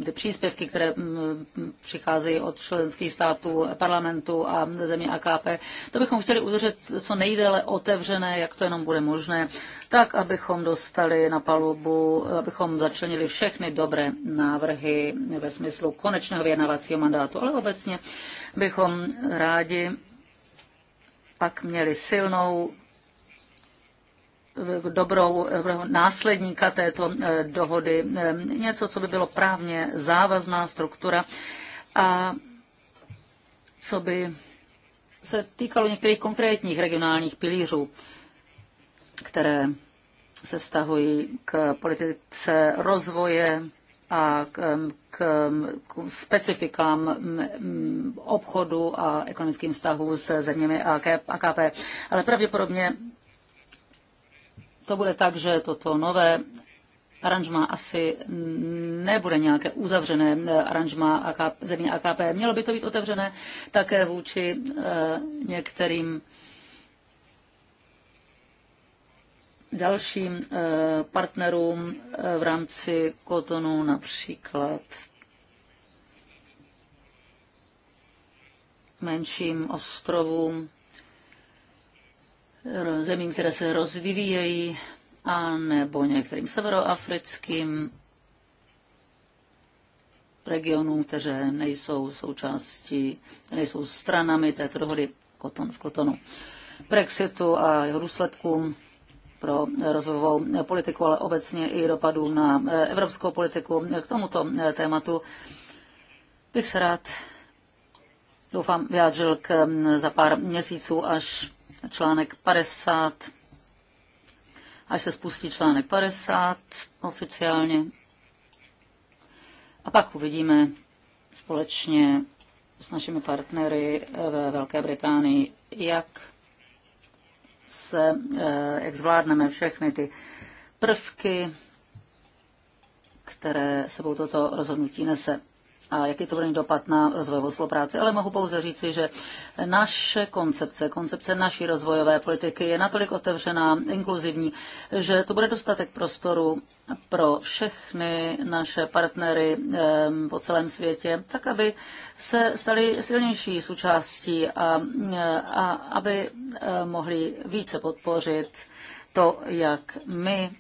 ty příspěvky, které mm, přicházejí od členských států, parlamentu a zemí AKP, to bychom chtěli udržet co nejdéle otevřené, jak to jenom bude možné, tak, abychom dostali na palubu, abychom začlenili všechny dobré návrhy ve smyslu konečného vyjednávání vykonávacího mandátu, ale obecně bychom rádi pak měli silnou dobrou, dobrou následníka této eh, dohody, eh, něco, co by bylo právně závazná struktura a co by se týkalo některých konkrétních regionálních pilířů, které se vztahují k politice rozvoje, a k, k, k specifikám obchodu a ekonomickým vztahů s zeměmi AKP. Ale pravděpodobně to bude tak, že toto nové aranžma asi nebude nějaké uzavřené aranžma AKP, země AKP. Mělo by to být otevřené také vůči eh, některým dalším eh, partnerům eh, v rámci Kotonu, například menším ostrovům, zemím, které se rozvíjejí, a nebo některým severoafrickým regionům, které nejsou součástí, nejsou stranami této dohody Koton v Kotonu. Brexitu a jeho důsledkům pro rozvojovou politiku, ale obecně i dopadů na evropskou politiku. K tomuto tématu bych se rád, doufám, vyjádřil k, za pár měsíců, až článek 50, až se spustí článek 50 oficiálně. A pak uvidíme společně s našimi partnery ve Velké Británii, jak se, eh, jak zvládneme všechny ty prvky, které sebou toto rozhodnutí nese a jaký to bude mít dopad na rozvojovou spolupráci. Ale mohu pouze říci, že naše koncepce, koncepce naší rozvojové politiky je natolik otevřená, inkluzivní, že to bude dostatek prostoru pro všechny naše partnery po celém světě, tak aby se stali silnější součástí a, a aby eh, mohli více podpořit to, jak my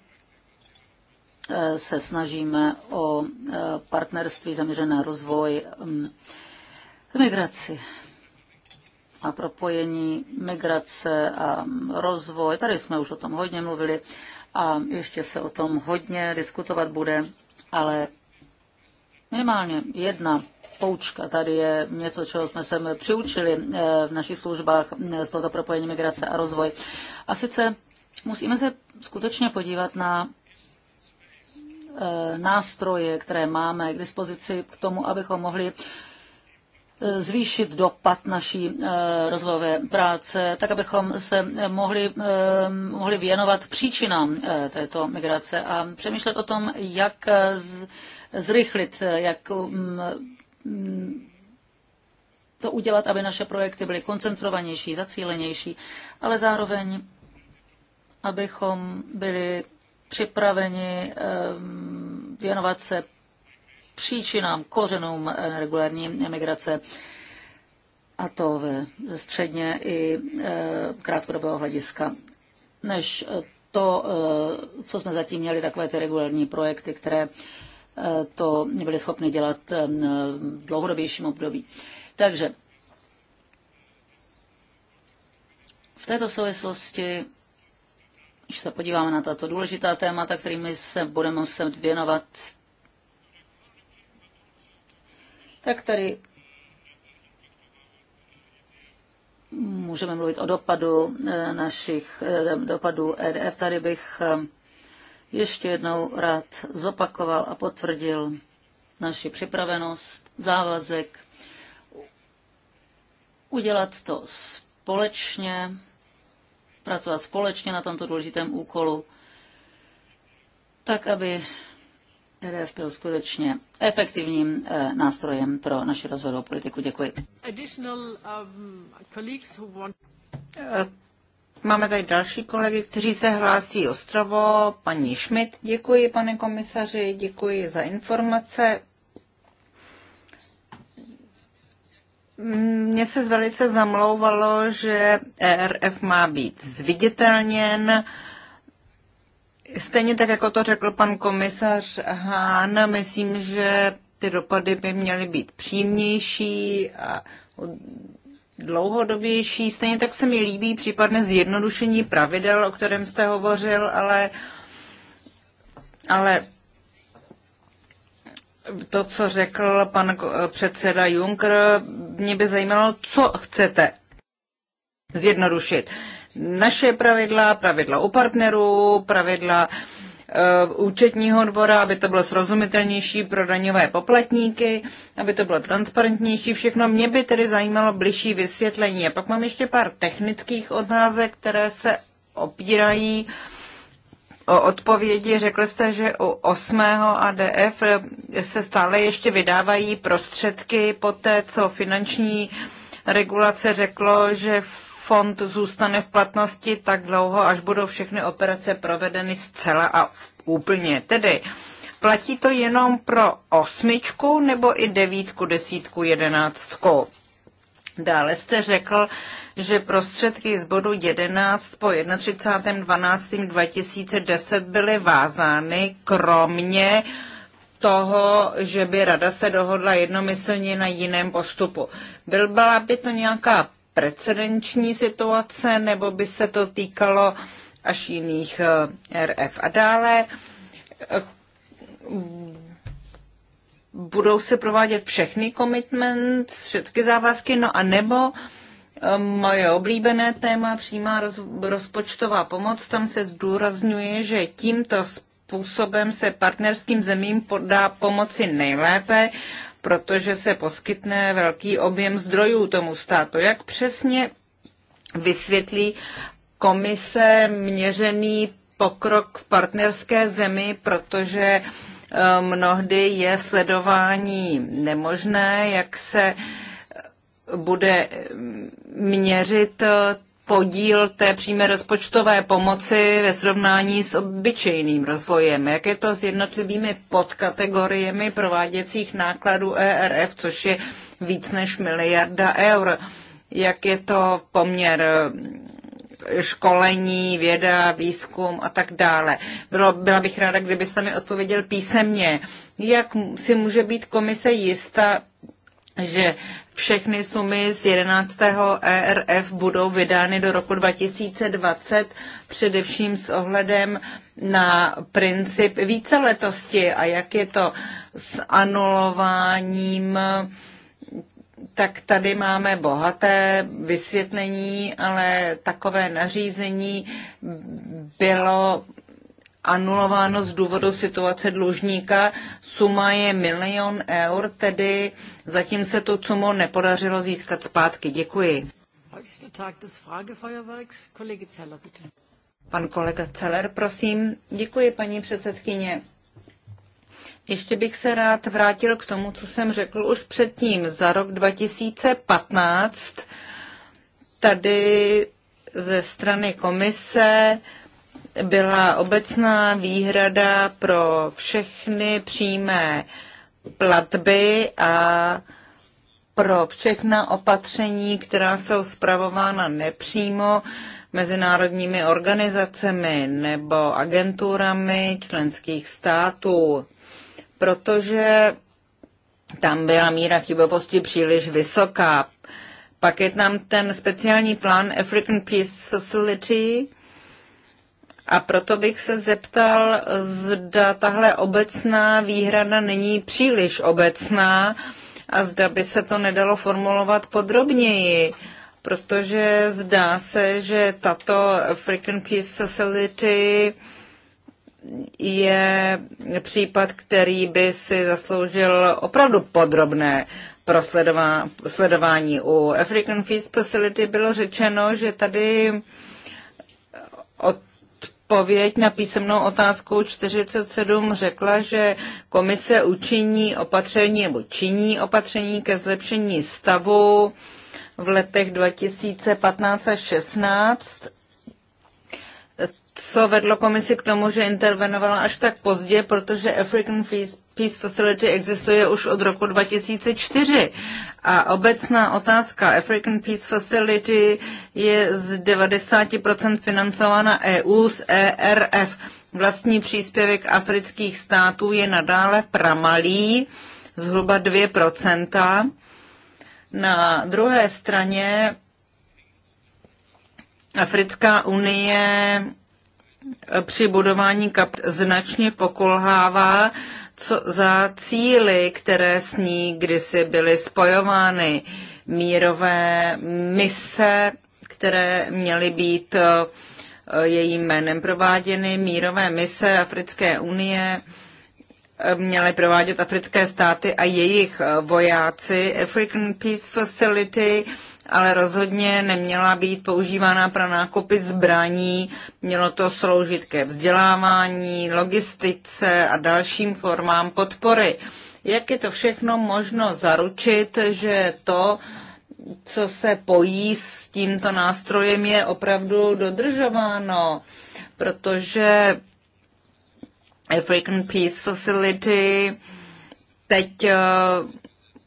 Eh, se snažíme o eh, partnerství zaměřené na rozvoj mm, migraci a propojení migrace a mm, rozvoj. Tady jsme už o tom hodně mluvili a ještě se o tom hodně diskutovat bude, ale minimálně jedna poučka. Tady je něco, čeho jsme se přiučili eh, v našich službách z tohoto propojení migrace a rozvoj. A sice musíme se skutečně podívat na Eh, nástroje, které máme k dispozici k tomu, abychom mohli eh, zvýšit dopad naší eh, rozvojové práce, tak abychom se mohli, mohli věnovat příčinám této migrace a přemýšlet o tom, jak zrychlit, jak mm, mm, to udělat, aby naše projekty byly koncentrovanější, zacílenější, ale zároveň abychom byli připraveni ehm, věnovat se příčinám, kořenům eh, regulární emigrace a to ve středně i eh, krátkodobého hlediska, než eh, to, co jsme zatím měli, takové ty regulární projekty, které to nebyly schopny dělat ehm, v dlouhodobějším období. Takže v této souvislosti když se podíváme na tato důležitá témata, kterými se budeme muset věnovat, tak tady můžeme mluvit o dopadu eh, našich eh, dopadů EDF. Tady bych eh, ještě jednou rád zopakoval a potvrdil naši připravenost, závazek udělat to společně pracovat společně na tomto důležitém úkolu, tak aby EDF byl skutečně efektivním eh, nástrojem pro naši rozvojovou politiku. Děkuji. Um, eh, máme tady další kolegy, kteří se hlásí. Ostrovo, paní Schmidt, děkuji, pane komisaři, děkuji za informace. Mm, mně se velice zamlouvalo, že ERF má být zviditelněn. Stejně tak, jako to řekl pan komisař Hán, myslím, že ty dopady by měly být přímější a dlouhodobější. Stejně tak se mi líbí případné zjednodušení pravidel, o kterém jste hovořil, ale, ale to, co řekl pan eh, předseda Juncker, mě by zajímalo, co chcete zjednodušit. Naše pravidla, pravidla u partnerů, pravidla uh, účetního dvora, aby to bylo srozumitelnější pro daňové poplatníky, aby to bylo transparentnější, všechno. Mě by tedy zajímalo bližší vysvětlení. A pak mám ještě pár technických otázek, které se opírají uh, o odpovědi. Řekl jste, že u 8. ADF se stále ještě vydávají prostředky po té, co finanční regulace řeklo, že fond zůstane v platnosti tak dlouho, až budou všechny operace provedeny zcela a úplně. Tedy platí to jenom pro osmičku nebo i devítku, desítku, jedenáctku? Dále jste řekl, že prostředky z bodu 11 po 31.12.2010 byly vázány, kromě toho, že by rada se dohodla jednomyslně na jiném postupu. Byl byla by to nějaká precedenční situace, nebo by se to týkalo až jiných eh, RF. A dále eh, budou se provádět všechny commitments, všechny závazky, no a nebo um, moje oblíbené téma, přímá roz, rozpočtová pomoc, tam se zdůrazňuje, že tímto způsobem se partnerským zemím podá pomoci nejlépe, protože se poskytne velký objem zdrojů tomu státu. Jak přesně vysvětlí komise měřený pokrok v partnerské zemi, protože uh, Mnohdy je sledování nemožné, jak se bude měřit podíl té přímé rozpočtové pomoci ve srovnání s obyčejným rozvojem? Jak je to s jednotlivými podkategoriemi prováděcích nákladů ERF, což je víc než miliarda eur? Jak je to poměr školení, věda, výzkum a tak dále. Bylo, byla bych ráda, kdybyste mi odpověděl písemně, jak si může být komise jistá, že všechny sumy z 11. ERF budou vydány do roku 2020, především s ohledem na princip víceletosti a jak je to s anulováním uh, tak tady máme bohaté vysvětlení, ale takové nařízení bylo anulováno z důvodu situace dlužníka. Suma je milion eur, tedy zatím se to sumu nepodařilo získat zpátky. Děkuji. Pan kolega Celer, prosím. Děkuji, paní předsedkyně. Ještě bych se rád vrátil k tomu, co jsem řekl už předtím. Za rok 2015 tady ze strany komise byla obecná výhrada pro všechny přímé platby a pro všechna opatření, která jsou zpravována nepřímo mezinárodními organizacemi nebo agenturami členských států protože tam byla míra chybovosti příliš vysoká. Pak je tam ten speciální plán African Peace Facility a proto bych se zeptal, zda tahle obecná výhrada není příliš obecná a zda by se to nedalo formulovat podrobněji, protože zdá se, že tato African Peace Facility uh, je případ, který by si zasloužil opravdu podrobné prosledování. U African Feeds Facility bylo řečeno, že tady odpověď na písemnou otázku 47 řekla, že komise učiní opatření nebo činí opatření ke zlepšení stavu v letech 2015 a 16 co vedlo komisi k tomu, že intervenovala až tak pozdě, protože African Peace Facility existuje už od roku 2004. A obecná otázka African Peace Facility je z 90% financována EU z ERF. Vlastní příspěvek afrických států je nadále pramalý, zhruba 2%. Na druhé straně Africká unie při budování kap značně pokulhává co za cíly, které s ní kdysi byly spojovány. Mírové mise, které měly být eh, jejím jménem prováděny, mírové mise Africké unie, eh, měly provádět africké státy a jejich eh, vojáci. African Peace Facility ale rozhodně neměla být používána pro nákupy zbraní. Mělo to sloužit ke vzdělávání, logistice a dalším formám podpory. Jak je to všechno možno zaručit, že to, co se pojí s tímto nástrojem, je opravdu dodržováno? Protože African Peace Facility teď eh,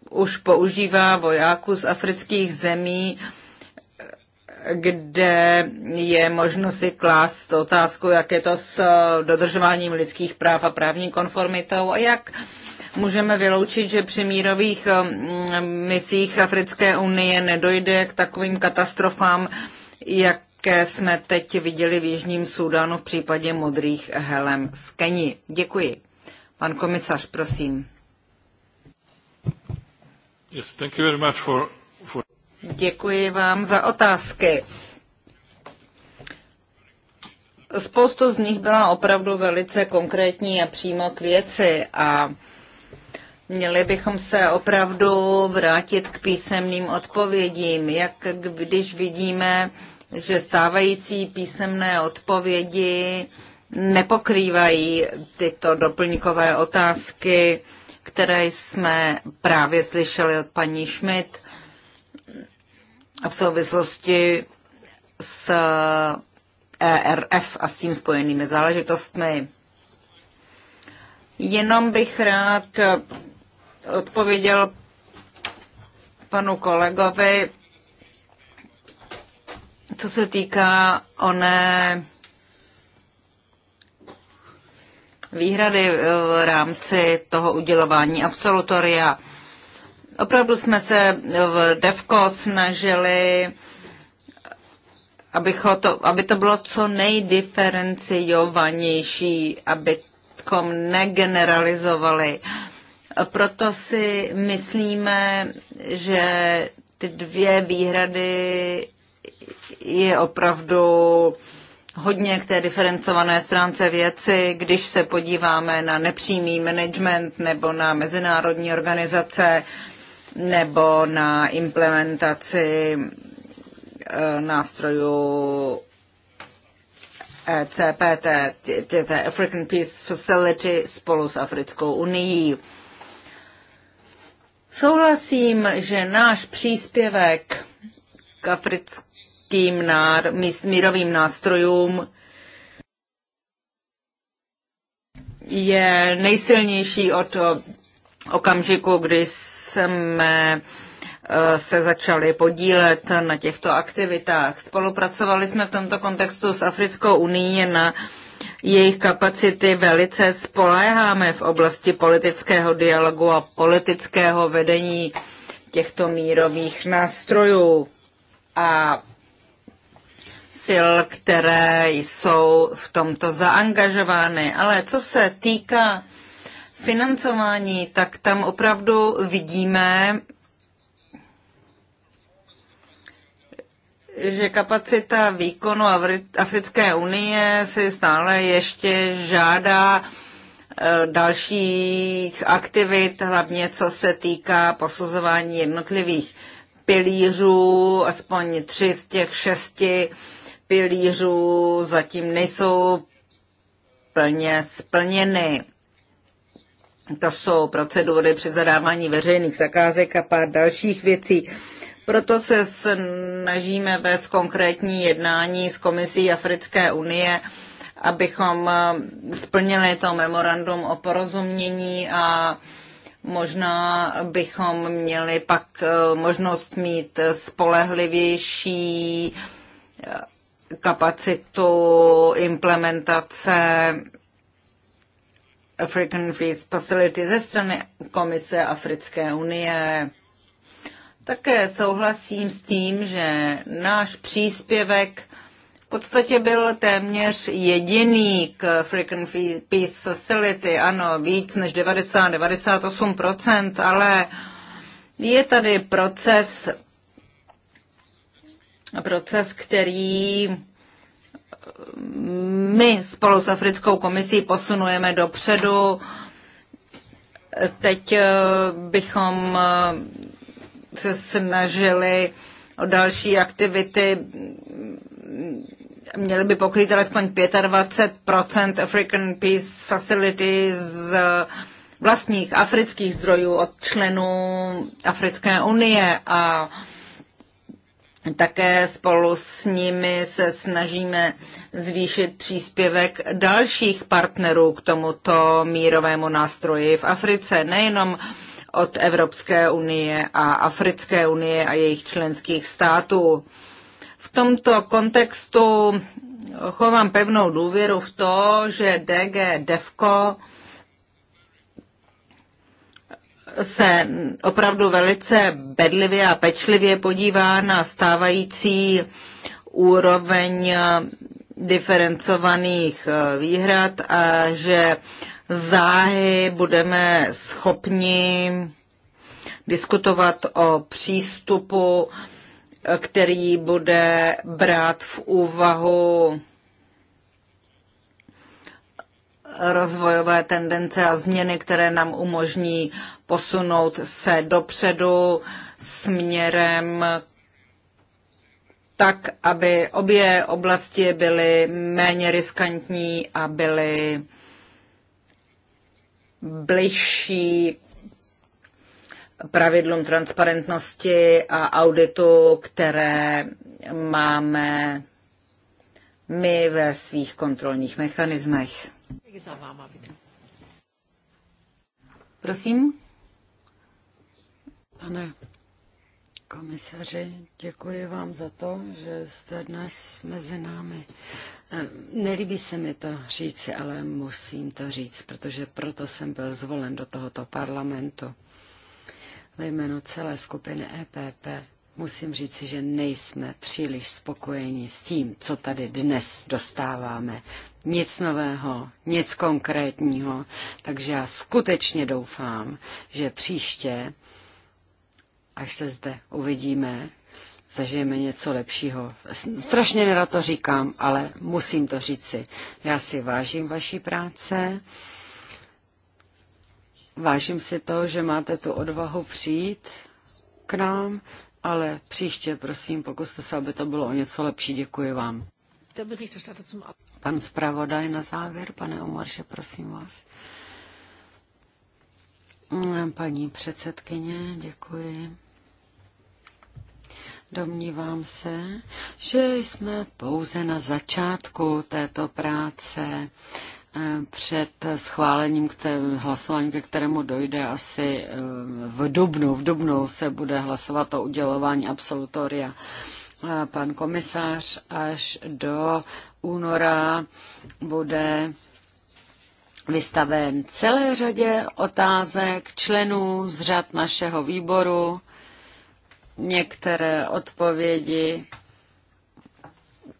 už používá vojáků z afrických zemí, kde je možno si klást otázku, jak je to s dodržováním lidských práv a právní konformitou a jak můžeme vyloučit, že při mírových mm, misích Africké unie nedojde k takovým katastrofám, jaké jsme teď viděli v Jižním Súdánu v případě modrých helem z Keni. Děkuji. Pan komisař, prosím. Děkuji vám za otázky. Spoustu z nich byla opravdu velice konkrétní a přímo k věci a Měli bychom se opravdu vrátit k písemným odpovědím, jak když vidíme, že stávající písemné odpovědi nepokrývají tyto doplňkové otázky které jsme právě slyšeli od paní Schmidt v souvislosti s ERF a s tím spojenými záležitostmi. Jenom bych rád odpověděl panu kolegovi, co se týká oné výhrady eh, v rámci toho udělování absolutoria. Opravdu jsme se v DEVKO snažili, to, aby to bylo co nejdiferenciovanější, abychom negeneralizovali. Proto si myslíme, že ty dvě výhrady je opravdu uh, hodně k té diferencované stránce věci, když se podíváme na nepřímý management nebo na mezinárodní organizace nebo na implementaci eh, nástrojů e CPT, té, African Peace Facility spolu s Africkou unii. Souhlasím, že náš příspěvek k africké mírovým, ná, mírovým nástrojům je nejsilnější od okamžiku, kdy jsme eh, se začali podílet na těchto aktivitách. Spolupracovali jsme v tomto kontextu s Africkou unii na jejich kapacity velice spoléháme v oblasti politického dialogu a politického vedení těchto mírových nástrojů. A sil, které jsou v tomto zaangažovány. Ale co se týká financování, tak tam opravdu vidíme, že kapacita výkonu Africké unie se stále ještě žádá eh, dalších aktivit, hlavně co se týká posuzování jednotlivých pilířů, aspoň tři z těch šesti pilířů zatím nejsou plně splněny. To jsou procedury při zadávání veřejných zakázek a pár dalších věcí. Proto se snažíme vést konkrétní jednání s Komisí Africké unie, abychom eh, splnili to memorandum o porozumění a možná bychom měli pak eh, možnost mít spolehlivější eh, kapacitu implementace African Peace Facility ze strany Komise Africké unie. Také souhlasím s tím, že náš příspěvek v podstatě byl téměř jediný k African Peace Facility, ano, víc než 90-98%, ale je tady proces proces, který my spolu s Africkou komisí posunujeme dopředu. Teď eh, bychom eh, se snažili o další aktivity. Měli by pokrýt alespoň 25 African Peace Facility z vlastních afrických zdrojů od členů Africké unie a také spolu s nimi se snažíme zvýšit příspěvek dalších partnerů k tomuto mírovému nástroji v Africe, nejenom od Evropské unie a Africké unie a jejich členských států. V tomto kontextu chovám pevnou důvěru v to, že DG DEFCO se opravdu velice bedlivě a pečlivě podívá na stávající úroveň diferencovaných eh, výhrad a že záhy budeme schopni diskutovat o přístupu, eh, který bude brát v úvahu rozvojové tendence a změny, které nám umožní posunout se dopředu směrem tak, aby obě oblasti byly méně riskantní a byly bližší pravidlům transparentnosti a auditu, které máme my ve svých kontrolních mechanismech. Prosím. Pane komisaři, děkuji vám za to, že jste dnes mezi námi. Ehm, nelíbí se mi to říci, ale musím to říct, protože proto jsem byl zvolen do tohoto parlamentu. Ve jménu celé skupiny EPP musím říci, že nejsme příliš spokojeni s tím, co tady dnes dostáváme nic nového, nic konkrétního. Takže já skutečně doufám, že příště, až se zde uvidíme, zažijeme něco lepšího. Strašně nerad to říkám, ale musím to říci. Já si vážím vaší práce, vážím si to, že máte tu odvahu přijít k nám, ale příště, prosím, pokuste se, aby to bylo o něco lepší. Děkuji vám. Pan zpravodaj na závěr, pane Omarše, prosím vás. Mm, paní předsedkyně, děkuji. Domnívám se, že jsme pouze na začátku této práce eh, před schválením k té, hlasování, ke kterému dojde asi eh, v dubnu. V dubnu se bude hlasovat o udělování absolutoria pan komisař, až do února bude vystaven celé řadě otázek členů z řad našeho výboru. Některé odpovědi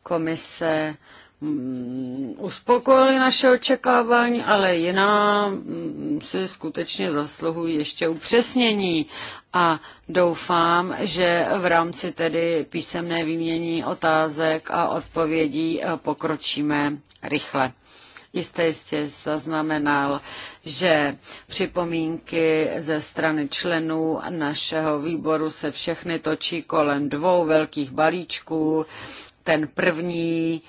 komise Mm, uspokojili naše očekávání, ale jiná mm, si skutečně zasluhují ještě upřesnění a doufám, že v rámci tedy písemné výmění otázek a odpovědí eh, pokročíme rychle. Jistě jistě zaznamenal, že připomínky ze strany členů našeho výboru se všechny točí kolem dvou velkých balíčků. Ten první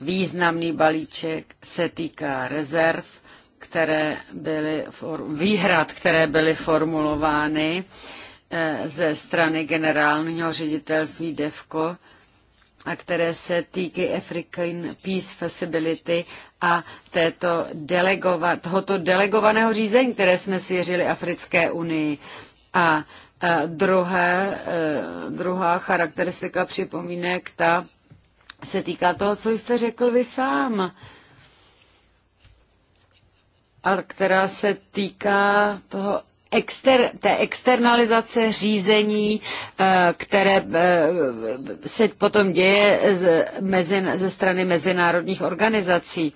Významný balíček se týká rezerv, které byly, výhrad, které byly formulovány eh, ze strany generálního ředitelství DEVCO a které se týkají African Peace Facility a této delegova, tohoto delegovaného řízení, které jsme svěřili Africké unii. A eh, druhé, eh, druhá charakteristika připomínek, ta se týká toho, co jste řekl vy sám, a která se týká toho exter, té externalizace řízení, eh, které eh, se potom děje z, mezi, ze strany mezinárodních organizací.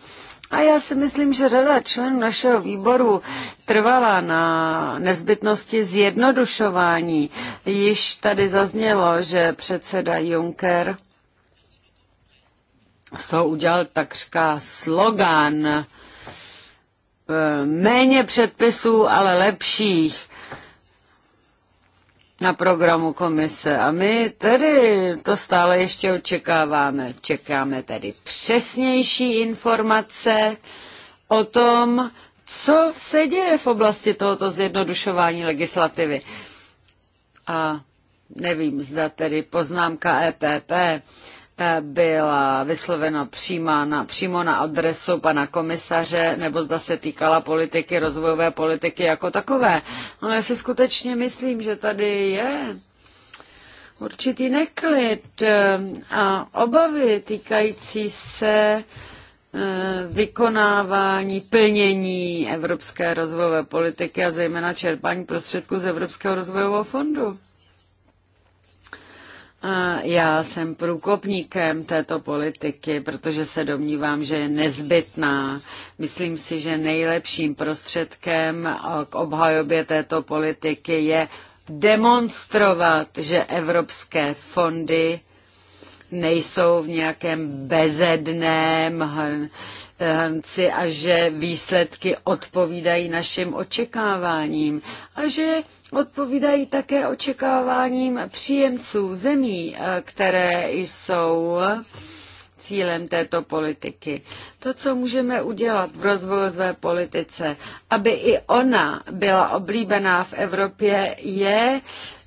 A já si myslím, že řada členů našeho výboru trvala na nezbytnosti zjednodušování. Již tady zaznělo, že předseda Juncker z toho udělal takřka slogan eh, méně předpisů, ale lepších na programu komise. A my tedy to stále ještě očekáváme. Čekáme tedy přesnější informace o tom, co se děje v oblasti tohoto zjednodušování legislativy. A nevím, zda tedy poznámka EPP, byla vysloveno přímo na, přímo na adresu pana komisaře, nebo zda se týkala politiky, rozvojové politiky jako takové. Ale já si skutečně myslím, že tady je určitý neklid eh, a obavy týkající se eh, vykonávání, plnění evropské rozvojové politiky a zejména čerpání prostředků z Evropského rozvojového fondu. Já jsem průkopníkem této politiky, protože se domnívám, že je nezbytná. Myslím si, že nejlepším prostředkem k obhajobě této politiky je demonstrovat, že evropské fondy nejsou v nějakém bezedném Hanci a že výsledky odpovídají našim očekáváním a že odpovídají také očekáváním příjemců zemí, eh, které jsou cílem této politiky. To, co můžeme udělat v rozvojové politice, aby i ona byla oblíbená v Evropě, je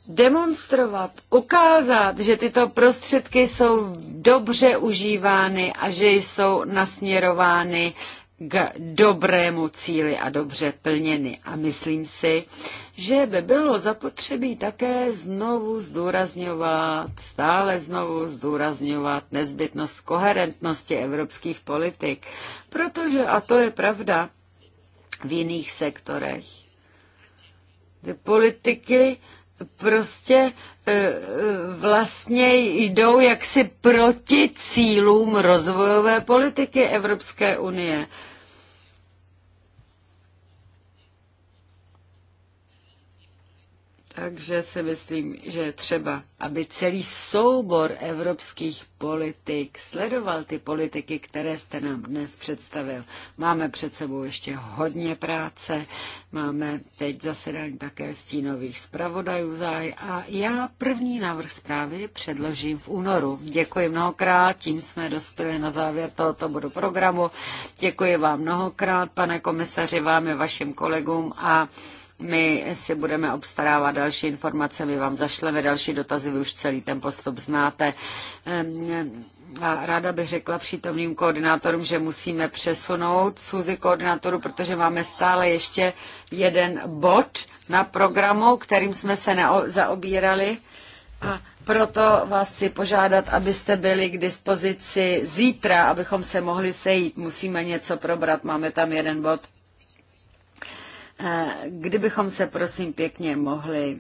demonstrovat, ukázat, že tyto prostředky jsou dobře užívány a že jsou nasměrovány k dobrému cíli a dobře plněny. A myslím si, že by bylo zapotřebí také znovu zdůrazňovat, stále znovu zdůrazňovat nezbytnost koherentnosti evropských politik. Protože, a to je pravda, v jiných sektorech ty politiky prostě e, e, vlastně jdou jaksi proti cílům rozvojové politiky Evropské unie. Takže si myslím, že je třeba, aby celý soubor evropských politik sledoval ty politiky, které jste nám dnes představil. Máme před sebou ještě hodně práce, máme teď zasedání také stínových zpravodajů záj a já první návrh zprávy předložím v únoru. Děkuji mnohokrát, tím jsme dospěli na závěr tohoto bodu programu. Děkuji vám mnohokrát, pane komisaři, vám i vašim kolegům a my si budeme obstarávat další informace, my vám zašleme další dotazy, vy už celý ten postup znáte. A ráda bych řekla přítomným koordinátorům, že musíme přesunout sluzy koordinátorů, protože máme stále ještě jeden bod na programu, kterým jsme se zaobírali. A proto vás chci požádat, abyste byli k dispozici zítra, abychom se mohli sejít. Musíme něco probrat, máme tam jeden bod. Kdybychom se prosím pěkně mohli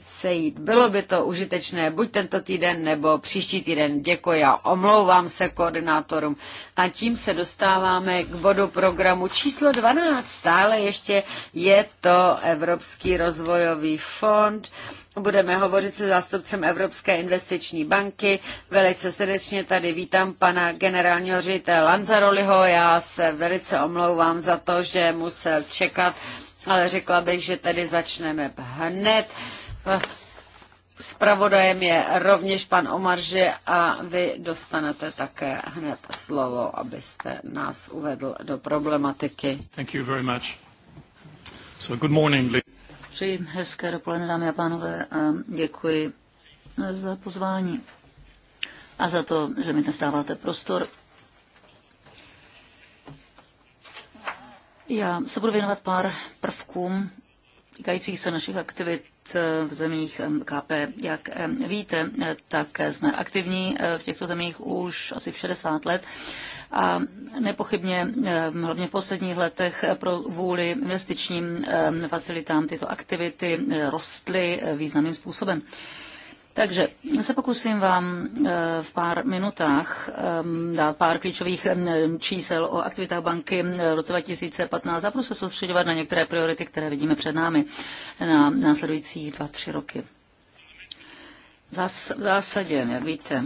sejít. Bylo by to užitečné buď tento týden nebo příští týden. Děkuji a omlouvám se koordinátorům. A tím se dostáváme k bodu programu číslo 12. Stále ještě je to Evropský rozvojový fond. Budeme hovořit se zástupcem Evropské investiční banky. Velice srdečně tady vítám pana generálního ředitele Lanzaroliho. Já se velice omlouvám za to, že musel čekat ale řekla bych, že tady začneme hned. Spravodajem je rovněž pan Omarže a vy dostanete také hned slovo, abyste nás uvedl do problematiky. Thank you very much. So good morning. Přeji hezké dopoledne, dámy a pánové, a děkuji za pozvání a za to, že mi dnes dáváte prostor Já se budu věnovat pár prvkům týkajících se našich aktivit eh, v zemích eh, KP. Jak eh, víte, tak jsme aktivní v těchto zemích už asi v 60 let a nepochybně hlavně v posledních letech pro vůli investičním facilitám tyto aktivity rostly významným způsobem. Takže se pokusím vám eh, v pár minutách ehm, dát pár klíčových ehm, čísel o aktivitách banky eh, v roce 2015 a budu se soustředovat na některé priority, které vidíme před námi na následující dva, tři roky. V zásadě, jak víte,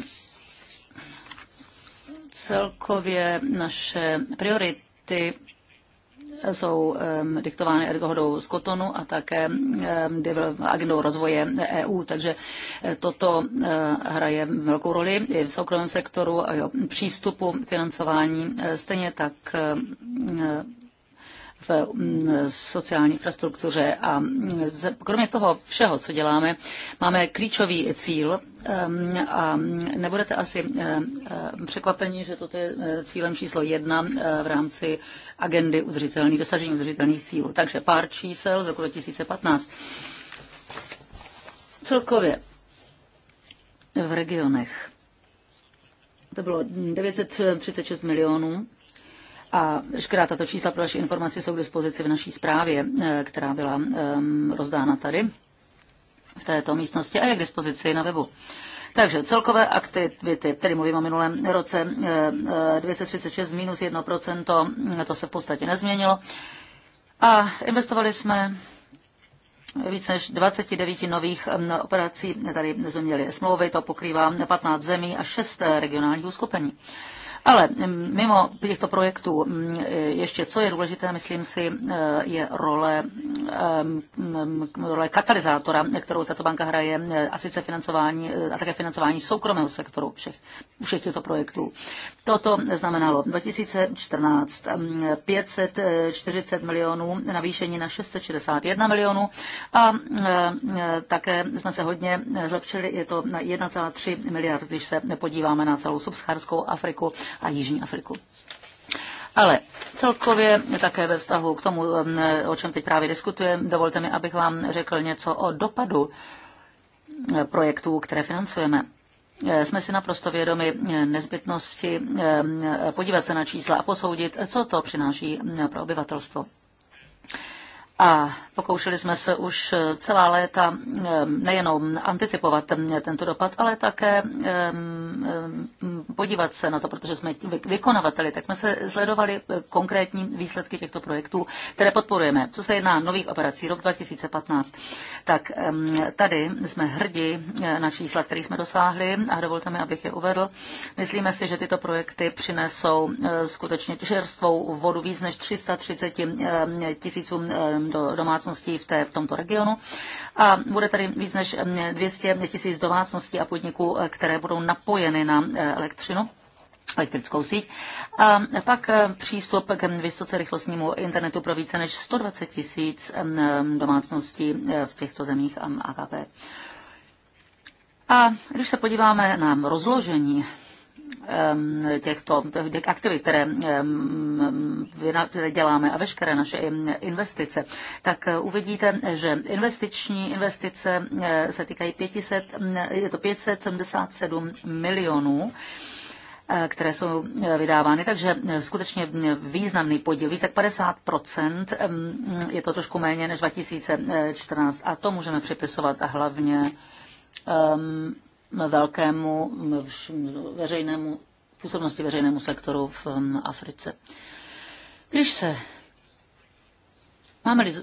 celkově naše priority jsou diktovány dohodou z Kotonu a také agendou rozvoje EU, takže eh, toto eh, hraje velkou roli i v soukromém sektoru a jo, přístupu k financování. Eh, stejně tak v mm, sociální infrastruktuře. A kromě toho všeho, co děláme, máme klíčový cíl a nebudete asi překvapeni, že toto je eh, cílem číslo jedna eh, v rámci agendy udržitelných, dosažení udržitelných cílů. Takže pár čísel z roku 2015. Celkově v regionech to bylo 936 milionů a veškerá tato čísla pro vaši informaci jsou k dispozici v naší zprávě, eh, která byla ehm, rozdána tady v této místnosti a je k dispozici na webu. Takže celkové aktivity, tedy mluvím o minulém roce, 236 eh, eh, minus 1%, to se v podstatě nezměnilo. A investovali jsme více než 29 nových ehm, operací, tady jsme měli smlouvy, to pokrývá 15 zemí a 6 regionálních uskupení. Ale mm, mimo těchto projektů mm, e, ještě co je důležité, myslím si, e, je role, e, role katalyzátora, kterou tato banka hraje, a sice financování a také financování soukromého sektoru všech, všech těchto projektů. Toto znamenalo 2014 540 milionů, navýšení na 661 milionů a také jsme se hodně zlepšili, je to na 1,3 miliard, když se podíváme na celou subsaharskou Afriku, a Jižní Afriku. Ale celkově také ve vztahu k tomu, o čem teď právě diskutujeme, dovolte mi, abych vám řekl něco o dopadu e, projektů, které financujeme e, jsme si naprosto vědomi e, nezbytnosti podívat se na čísla a posoudit, co to přináší pro obyvatelstvo. A pokoušeli jsme se už celá léta ehm, nejenom anticipovat ehm, tento dopad, ale také ehm, podívat se na to, protože jsme vykonavateli, tak jsme se sledovali eh, konkrétní výsledky těchto projektů, které podporujeme. Co se jedná nových operací rok 2015, tak tady jsme hrdí eh, na čísla, které jsme dosáhli a dovolte mi, abych je uvedl. Myslíme si, že tyto projekty přinesou eh, skutečně čerstvou vodu víc než 330 tisícům do domácností v, té, v tomto regionu. A bude tady víc než 200 eh, tisíc domácností a podniků, eh, které budou napojeny na eh, elektřinu elektrickou síť. A pak přístup k vysoce rychlostnímu internetu pro více než 120 tisíc domácností v těchto zemích AKP. A když se podíváme na rozložení těchto těch aktivit, které, které děláme a veškeré naše investice, tak eh, uvidíte, že investiční investice eh, se týkají 500, je to 577 milionů eh, které jsou vydávány, takže skutečně významný podíl, více jak 50%, je to trošku méně než 2014 a to můžeme připisovat a hlavně velkému veřejnému, působnosti veřejnému sektoru v Africe. Když se Máme-li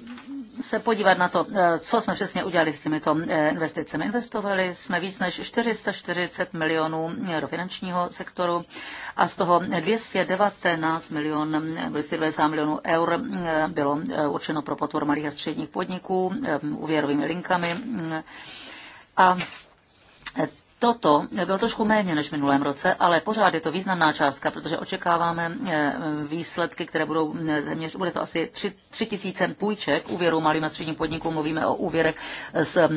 se podívat na to, e, co jsme přesně udělali s těmito e, investicemi. Investovali jsme víc než 440 milionů do finančního sektoru a z toho 219 milion, 290 milionů eur e, bylo určeno pro podporu malých a středních podniků úvěrovými linkami. A Toto bylo trošku méně než v minulém roce, ale pořád je to významná částka, protože očekáváme eh, výsledky, které budou eh, téměř, bude to asi 3, 3 tisíce půjček úvěru malým a středním podnikům. Mluvíme o úvěrech s eh,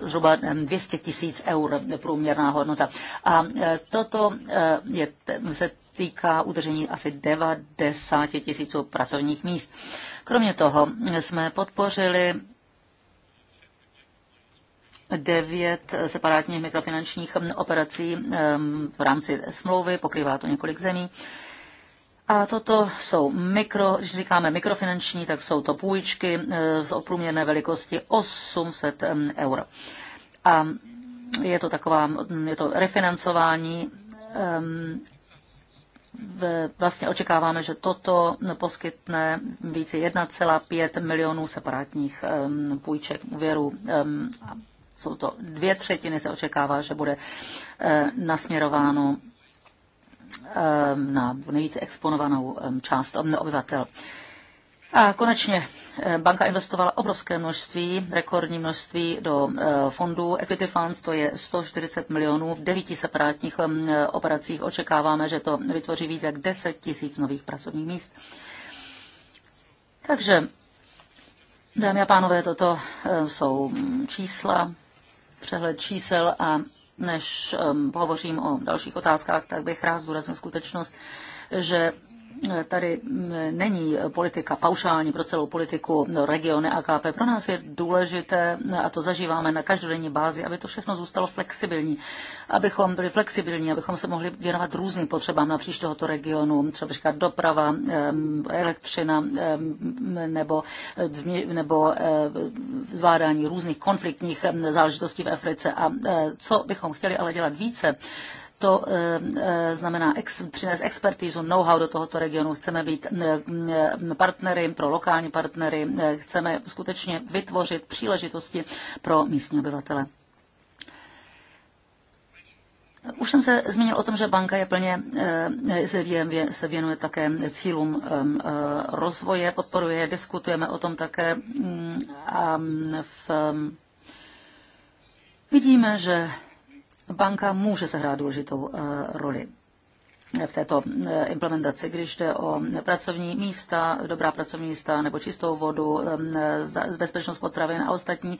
zhruba 200 tisíc eur průměrná hodnota. A toto je, se týká udržení asi 90 tisíců pracovních míst. Kromě toho jsme podpořili devět separátních mikrofinančních hm, operací hm, v rámci smlouvy, pokrývá to několik zemí. A toto jsou mikro, když říkáme mikrofinanční, tak jsou to půjčky hm, z průměrné velikosti 800 eur. A je to taková, je to refinancování vlastně očekáváme, že toto poskytne více 1,5 milionů separátních půjček úvěrů jsou to dvě třetiny, se očekává, že bude eh, nasměrováno eh, na nejvíce exponovanou eh, část obyvatel. A konečně banka investovala obrovské množství, rekordní množství do fondů Equity Funds, to je 140 milionů. V devíti separátních operacích očekáváme, že to vytvoří více jak 10 tisíc nových pracovních míst. Takže, dámy a pánové, toto jsou mm, čísla, přehled čísel a než um, hovořím o dalších otázkách, tak bych rád zúraznil skutečnost, že tady mm, není politika paušální pro celou politiku no, regiony AKP. Pro nás je důležité, a to zažíváme na každodenní bázi, aby to všechno zůstalo flexibilní, abychom byli flexibilní, abychom se mohli věnovat různým potřebám napříč tohoto regionu, třeba doprava, elektřina nebo, nebo eh, zvládání různých konfliktních záležitostí v Africe. A eh, co bychom chtěli ale dělat více, to eh, eh, znamená ex, přinést expertízu, know-how do tohoto regionu. Chceme být eh, partnery pro lokální partnery, chceme skutečně vytvořit příležitosti pro místní obyvatele. Už jsem se zmínil o tom, že banka je plně, se věnuje také cílům rozvoje, podporuje, diskutujeme o tom také mm, a v, mm, vidíme, že banka může sehrát důležitou eh, roli v této eh, implementaci, když jde o pracovní místa, dobrá pracovní místa nebo čistou vodu, eh, bezpečnost potravin a ostatní,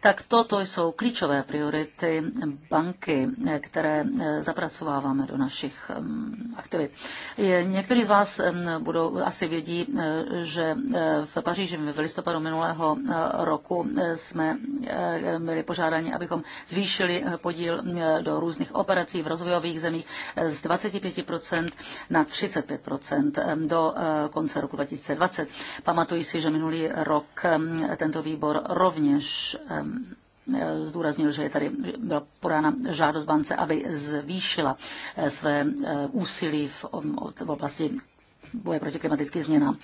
tak toto jsou klíčové priority banky, eh, které zapracováváme do našich mm, aktivit. Někteří z vás mm, budou, asi vědí, že v Paříži v listopadu minulého roku jsme byli požádáni, abychom zvýšili podíl do různých operací v rozvojových zemích z 25 25% na 35% do eh, konce roku 2020. Pamatuji si, že minulý rok tento výbor rovněž eh, zdůraznil, že je tady byla podána žádost bance, aby zvýšila eh, své úsilí v oblasti boje proti klimatickým změnám.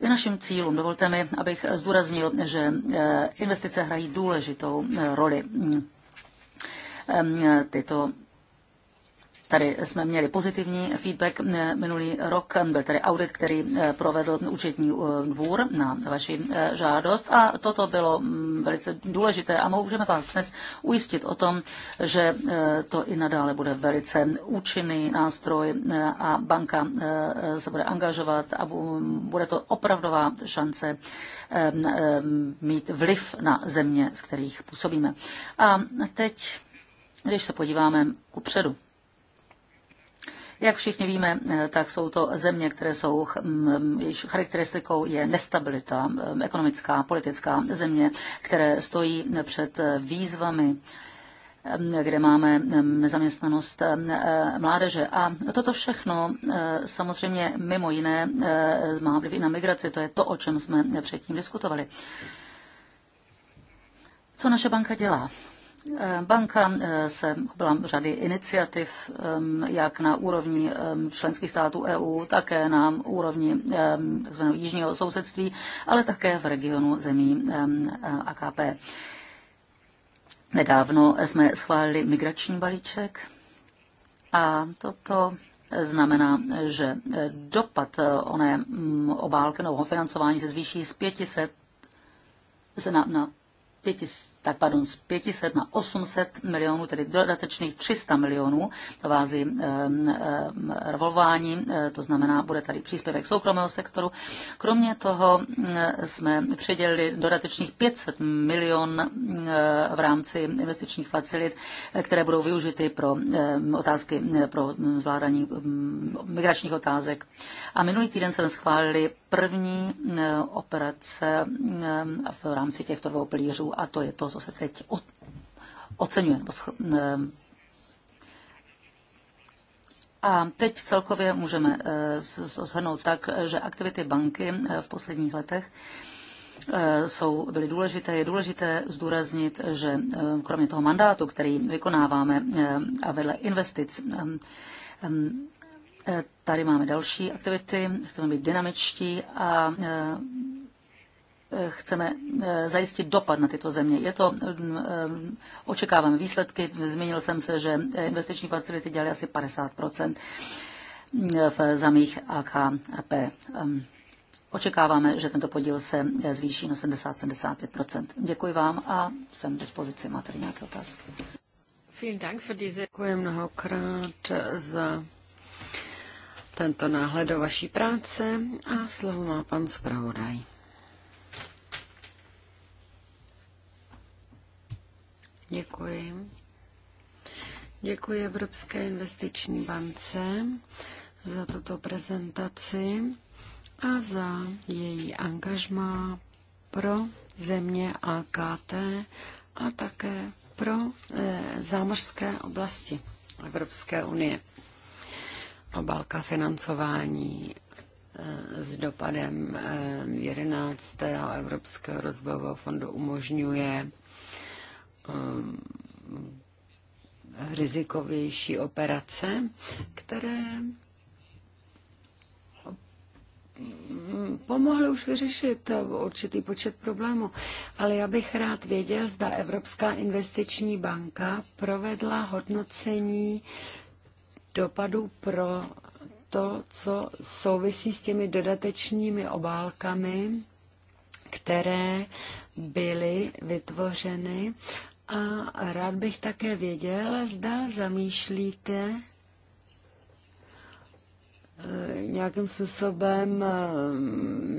Je naším cílům. Dovolte mi, abych zdůraznil, že investice hrají důležitou roli. Tyto Tady jsme měli pozitivní feedback eh, minulý rok, byl tady audit, který eh, provedl účetní eh, dvůr na vaši žádost a toto bylo mm, velice důležité a můžeme vás dnes ujistit o tom, že to i nadále bude velice účinný nástroj a banka se bude angažovat a bude to opravdová šance mít vliv na země, v kterých působíme. A teď, když se podíváme kupředu, jak všichni víme, eh, tak jsou to země, které jsou, jejich charakteristikou je nestabilita ekonomická, politická země, které stojí před výzvami kde máme nezaměstnanost e, mládeže. A toto všechno e, samozřejmě mimo jiné e, má vliv i na migraci, to je to, o čem jsme předtím diskutovali. Co naše banka dělá Eh, banka eh, se chopila řady iniciativ, eh, jak na úrovni členských států EU, také na úrovni jižního sousedství, ale také v regionu zemí AKP. Nedávno jsme schválili migrační balíček a toto znamená, že dopad oné mm, obálky nového financování se zvýší z 500 se na, na 500 tak pardon, z 500 na 800 milionů, tedy dodatečných 300 milionů v vází revolvání, e, to znamená, bude tady příspěvek soukromého sektoru. Kromě toho e, jsme předělili dodatečných 500 milion e, v rámci investičních facilit, které budou využity pro otázky pro zvládání migračních otázek. A minulý týden jsme schválili první eh, operace eh, v rámci těchto dvou pilířů a to je to, co se teď oceňuje. Eh. A teď celkově můžeme zhrnout tak, že aktivity banky v posledních letech jsou, byly důležité. Je důležité zdůraznit, že kromě toho mandátu, který vykonáváme a vedle investic, Eh, tady máme další aktivity, chceme být dynamičtí a eh, eh, chceme zajistit dopad na tyto země. Je to, mm, očekávám výsledky, zmínil jsem se, že investiční facility dělali asi 50 mm, v zemích AKP. Ehm, očekáváme, že tento podíl se zvýší na 70-75 Děkuji vám a jsem k dispozici. Máte nějaké otázky? Vielen Dank für diese... Děkuji mnohokrát za tento náhled do vaší práce a slovo má pan zpravodaj. Děkuji. Děkuji Evropské investiční bance za tuto prezentaci a za její angažmá pro země AKT a také pro eh, zámořské oblasti Evropské unie obalka financování eh, s dopadem 11. Eh, Evropského rozvojového fondu umožňuje eh, rizikovější operace, které pomohly už vyřešit určitý počet problémů. Ale já bych rád věděl, zda Evropská investiční banka provedla hodnocení dopadů pro to, co souvisí s těmi dodatečnými obálkami, které byly vytvořeny. A rád bych také věděl, zda zamýšlíte eh, nějakým způsobem eh,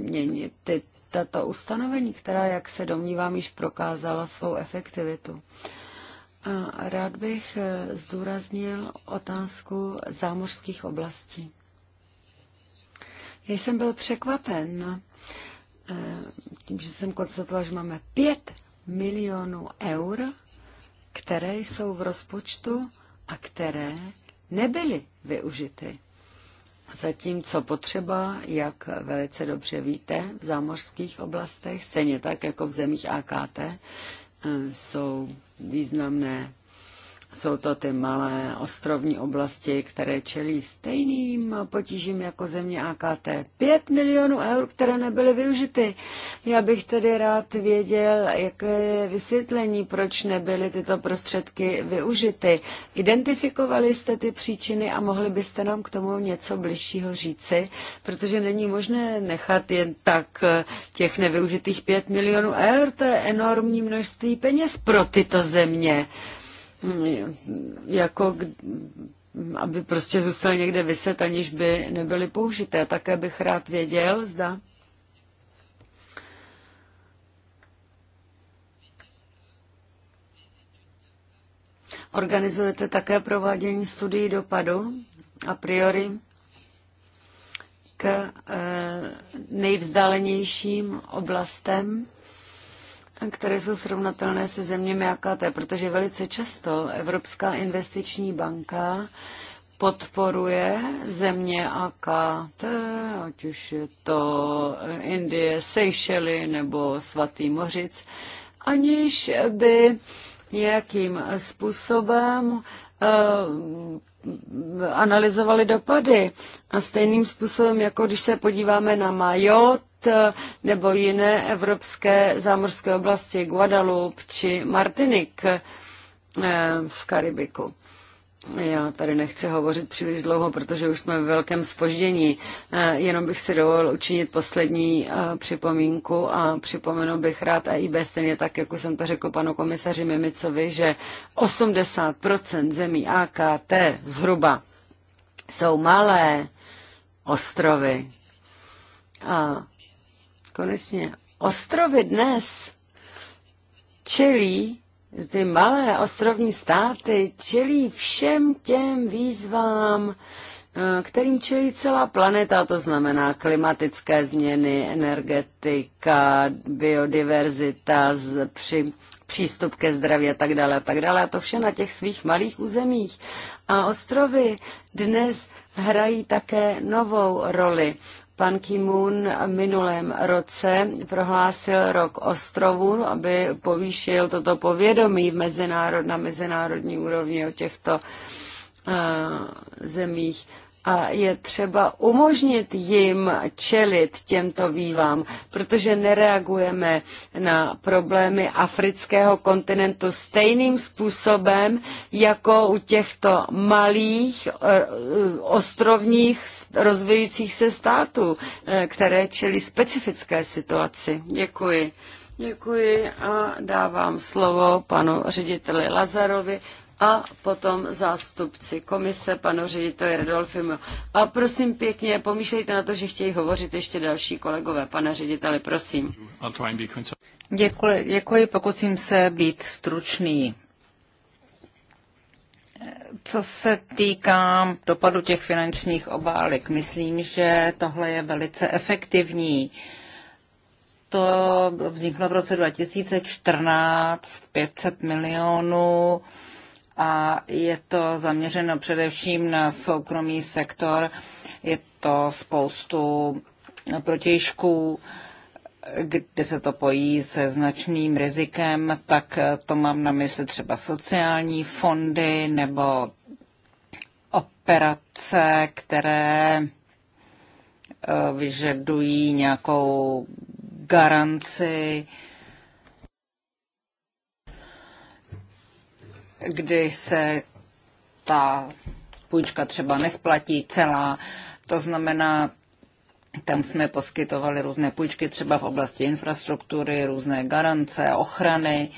měnit ty, tato ustanovení, která, jak se domnívám, již prokázala svou efektivitu. Uh, Rád bych eh, zdůraznil otázku zámořských oblastí. Já jsem byl překvapen eh, tím, že jsem konstatoval, že máme 5 milionů eur, které jsou v rozpočtu a které nebyly využity. Zatímco potřeba, jak velice dobře víte, v zámořských oblastech, stejně tak jako v zemích AKT, Eh, jsou významné jsou to ty malé ostrovní oblasti, které čelí stejným potížím jako země AKT. Pět milionů eur, které nebyly využity. Já bych tedy rád věděl, jaké je vysvětlení, proč nebyly tyto prostředky využity. Identifikovali jste ty příčiny a mohli byste nám k tomu něco bližšího říci, protože není možné nechat jen tak eh, těch nevyužitých pět milionů eur, to je enormní množství peněz pro tyto země jako aby prostě zůstal někde vyset, aniž by nebyly použité. Také bych rád věděl, zda Organizujete také provádění studií dopadu a priori k eh, nejvzdálenějším oblastem které jsou srovnatelné se zeměmi AKT, protože velice často Evropská investiční banka podporuje země AKT, ať už je to Indie, Seychely nebo Svatý Mořic, aniž by jakým způsobem eh, analyzovali dopady. A stejným způsobem, jako když se podíváme na Majot, Eh, nebo jiné evropské zámořské oblasti, Guadalupe či Martinik eh, v Karibiku. Já tady nechci hovořit příliš dlouho, protože už jsme ve velkém spoždění. Eh, jenom bych si dovolil učinit poslední připomínku a připomenu bych rád a i stejně tak, jako jsem to řekl panu komisaři Mimicovi, že 80% zemí AKT zhruba jsou malé ostrovy. A konečně ostrovy dnes čelí, ty malé ostrovní státy čelí všem těm výzvám, eh, kterým čelí celá planeta, to znamená klimatické změny, energetika, biodiverzita, při, přístup ke zdraví a tak dále a tak dále. A to vše na těch svých malých územích. A ostrovy dnes hrají také novou roli. Pan Kimun v minulém roce prohlásil rok ostrovů, aby povýšil toto povědomí v mezinárod, na mezinárodní úrovni o těchto uh, zemích a je třeba umožnit jim čelit těmto výzvám, protože nereagujeme na problémy afrického kontinentu stejným způsobem jako u těchto malých eh, ostrovních rozvíjících se států, eh, které čelí specifické situaci. Děkuji. Děkuji a dávám slovo panu řediteli Lazarovi, a potom zástupci komise, panu řediteli Redolfimu. A prosím pěkně, pomýšlejte na to, že chtějí hovořit ještě další kolegové. Pane řediteli, prosím. Děkuji, děkuji pokusím se být stručný. Co se týká dopadu těch finančních obálek, myslím, že tohle je velice efektivní. To vzniklo v roce 2014, 500 milionů a je to zaměřeno především na soukromý sektor. Je to spoustu protěžků, kde se to pojí se značným rizikem, tak to mám na mysli třeba sociální fondy nebo operace, které eh, vyžadují nějakou garanci kdy se ta půjčka třeba nesplatí celá. To znamená, tam jsme poskytovali různé půjčky třeba v oblasti infrastruktury, různé garance, ochrany.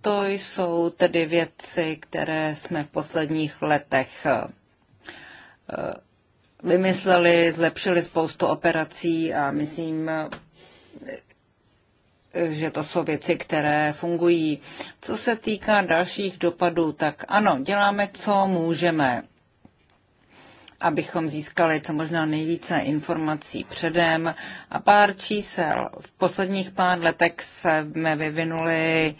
To jsou tedy věci, které jsme v posledních letech eh, vymysleli, zlepšili spoustu operací a myslím, že to jsou věci, které fungují. Co se týká dalších dopadů, tak ano, děláme, co můžeme, abychom získali co možná nejvíce informací předem. A pár čísel. V posledních pár letech jsme vyvinuli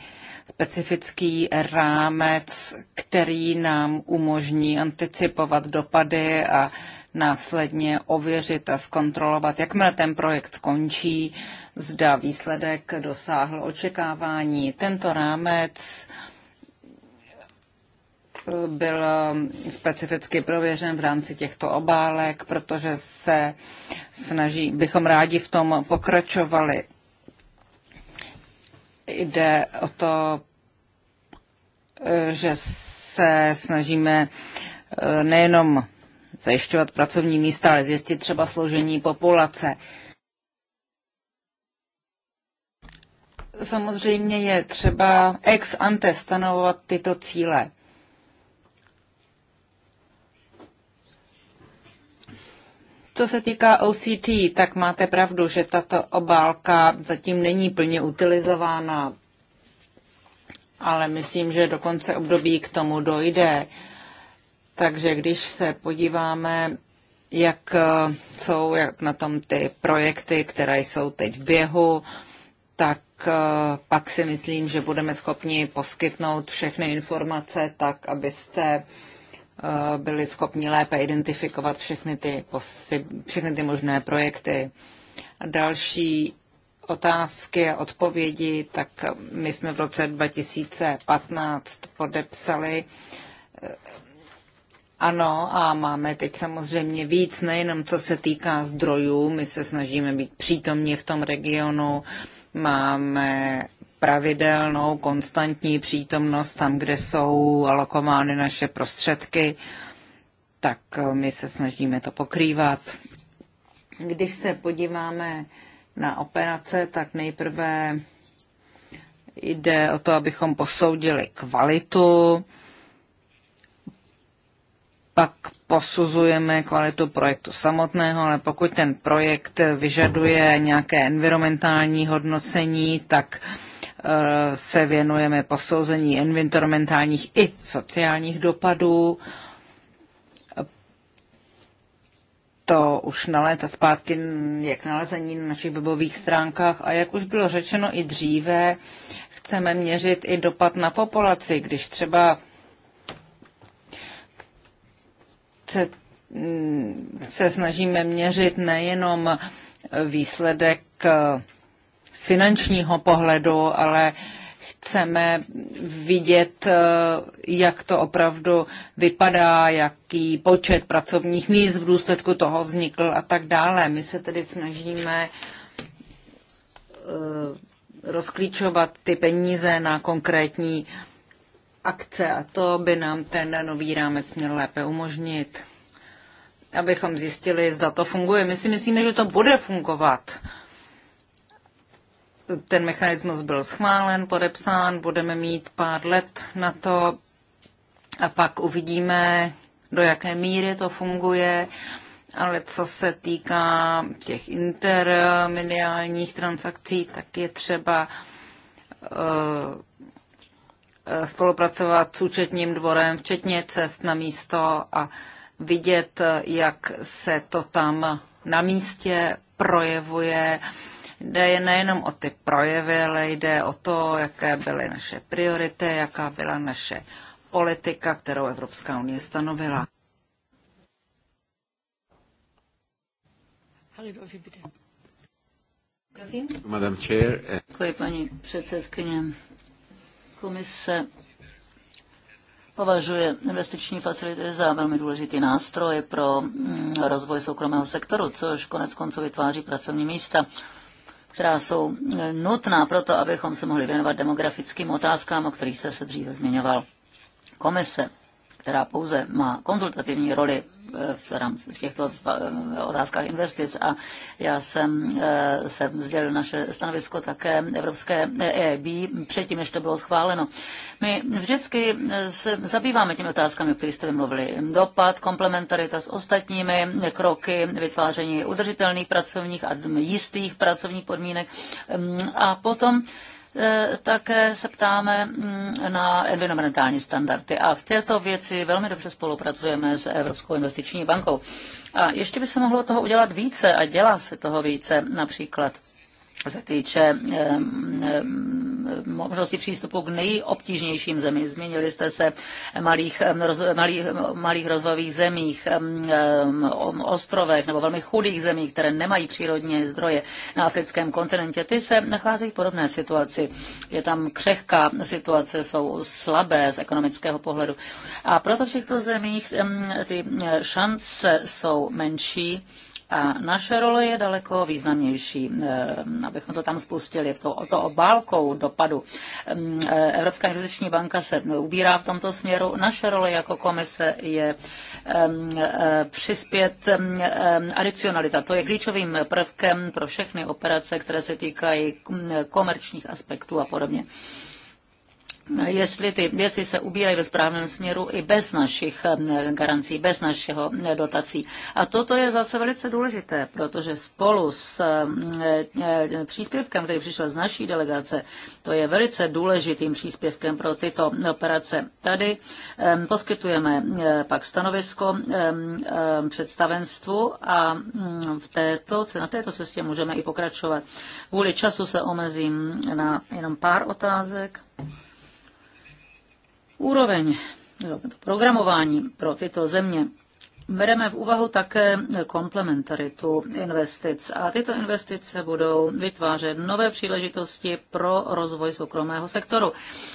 specifický rámec, který nám umožní anticipovat dopady a následně ověřit a zkontrolovat, jakmile ten projekt skončí, zda výsledek dosáhl očekávání. Tento rámec byl specificky prověřen v rámci těchto obálek, protože se snaží, bychom rádi v tom pokračovali. Jde o to, že se snažíme eh, nejenom zajišťovat pracovní místa, ale zjistit třeba složení populace. samozřejmě je třeba ex ante stanovovat tyto cíle. Co se týká OCT, tak máte pravdu, že tato obálka zatím není plně utilizována, ale myslím, že do konce období k tomu dojde. Takže když se podíváme, jak jsou jak na tom ty projekty, které jsou teď v běhu, tak tak eh, pak si myslím, že budeme schopni poskytnout všechny informace tak, abyste eh, byli schopni lépe identifikovat všechny ty, všechny ty možné projekty. další otázky a odpovědi, tak my jsme v roce 2015 podepsali eh, ano, a máme teď samozřejmě víc, nejenom co se týká zdrojů, my se snažíme být přítomní v tom regionu, Máme pravidelnou, konstantní přítomnost tam, kde jsou alokovány naše prostředky, tak my se snažíme to pokrývat. Když se podíváme na operace, tak nejprve jde o to, abychom posoudili kvalitu, pak posuzujeme kvalitu projektu samotného, ale pokud ten projekt vyžaduje nějaké environmentální hodnocení, tak eh, se věnujeme posouzení environmentálních i sociálních dopadů. To už na léta zpátky je k nalezení na našich webových stránkách a jak už bylo řečeno i dříve, chceme měřit i dopad na populaci, když třeba se mm, se snažíme měřit nejenom výsledek eh, z finančního pohledu, ale chceme vidět, eh, jak to opravdu vypadá, jaký počet pracovních míst v důsledku toho vznikl a tak dále. My se tedy snažíme eh, rozklíčovat ty peníze na konkrétní akce a to by nám ten nový rámec měl lépe umožnit, abychom zjistili, zda to funguje. My si myslíme, že to bude fungovat. Ten mechanismus byl schválen, podepsán, budeme mít pár let na to a pak uvidíme, do jaké míry to funguje. Ale co se týká těch intermediálních transakcí, tak je třeba uh, Eh, spolupracovat s účetním dvorem, včetně cest na místo a vidět, eh, jak se to tam na místě projevuje. Jde nejenom o ty projevy, ale jde o to, jaké byly naše priority, jaká byla naše politika, kterou Evropská unie stanovila. Prosím. Eh, Děkuji, paní předsedkyně. Komise považuje investiční facility za velmi důležitý nástroj pro mm, rozvoj soukromého sektoru, což konec konců vytváří pracovní místa která jsou mm, nutná pro to, abychom se mohli věnovat demografickým otázkám, o kterých jste se dříve zmiňoval. Komise která pouze má konzultativní roli eh, v těchto eh, otázkách investic a já jsem, jsem eh, sdělil naše stanovisko také Evropské EIB e předtím, než to bylo schváleno. My vždycky se zabýváme těmi otázkami, o kterých jste mluvili. Dopad, komplementarita s ostatními kroky, vytváření udržitelných pracovních a jistých pracovních podmínek mm, a potom Eh, také se ptáme mm, na environmentální standardy a v této věci velmi dobře spolupracujeme s Evropskou investiční bankou. A ještě by se mohlo toho udělat více a dělá se toho více například se týče možnosti přístupu k nejobtížnějším zemím. změnili jste se malých, malých, malých rozvojových zemích, ostrovech nebo velmi chudých zemích, které nemají přírodní zdroje na africkém kontinentě. Ty se nacházejí v podobné situaci. Je tam křehká situace, jsou slabé z ekonomického pohledu. A proto v těchto zemích ty šance jsou menší a naše role je daleko významnější, eh, abychom to tam spustili. To, to obálkou dopadu mm, eh, Evropská investiční banka se ubírá v tomto směru. Naše role jako komise je ehm, eh, přispět ehm, ehm, adicionalita. To je klíčovým prvkem pro všechny operace, které se týkají mm, komerčních aspektů a podobně jestli ty věci se ubírají ve správném směru i bez našich eh, garancí, bez našeho eh, dotací. A toto je zase velice důležité, protože spolu s eh, příspěvkem, který přišel z naší delegace, to je velice důležitým příspěvkem pro tyto operace. Tady poskytujeme pak stanovisko představenstvu a mm, v této, na této cestě můžeme i pokračovat. Vůli času se omezím na jenom pár otázek úroveň programování pro tyto země Bereme v úvahu také komplementaritu investic a tyto investice budou vytvářet nové příležitosti pro rozvoj soukromého sektoru.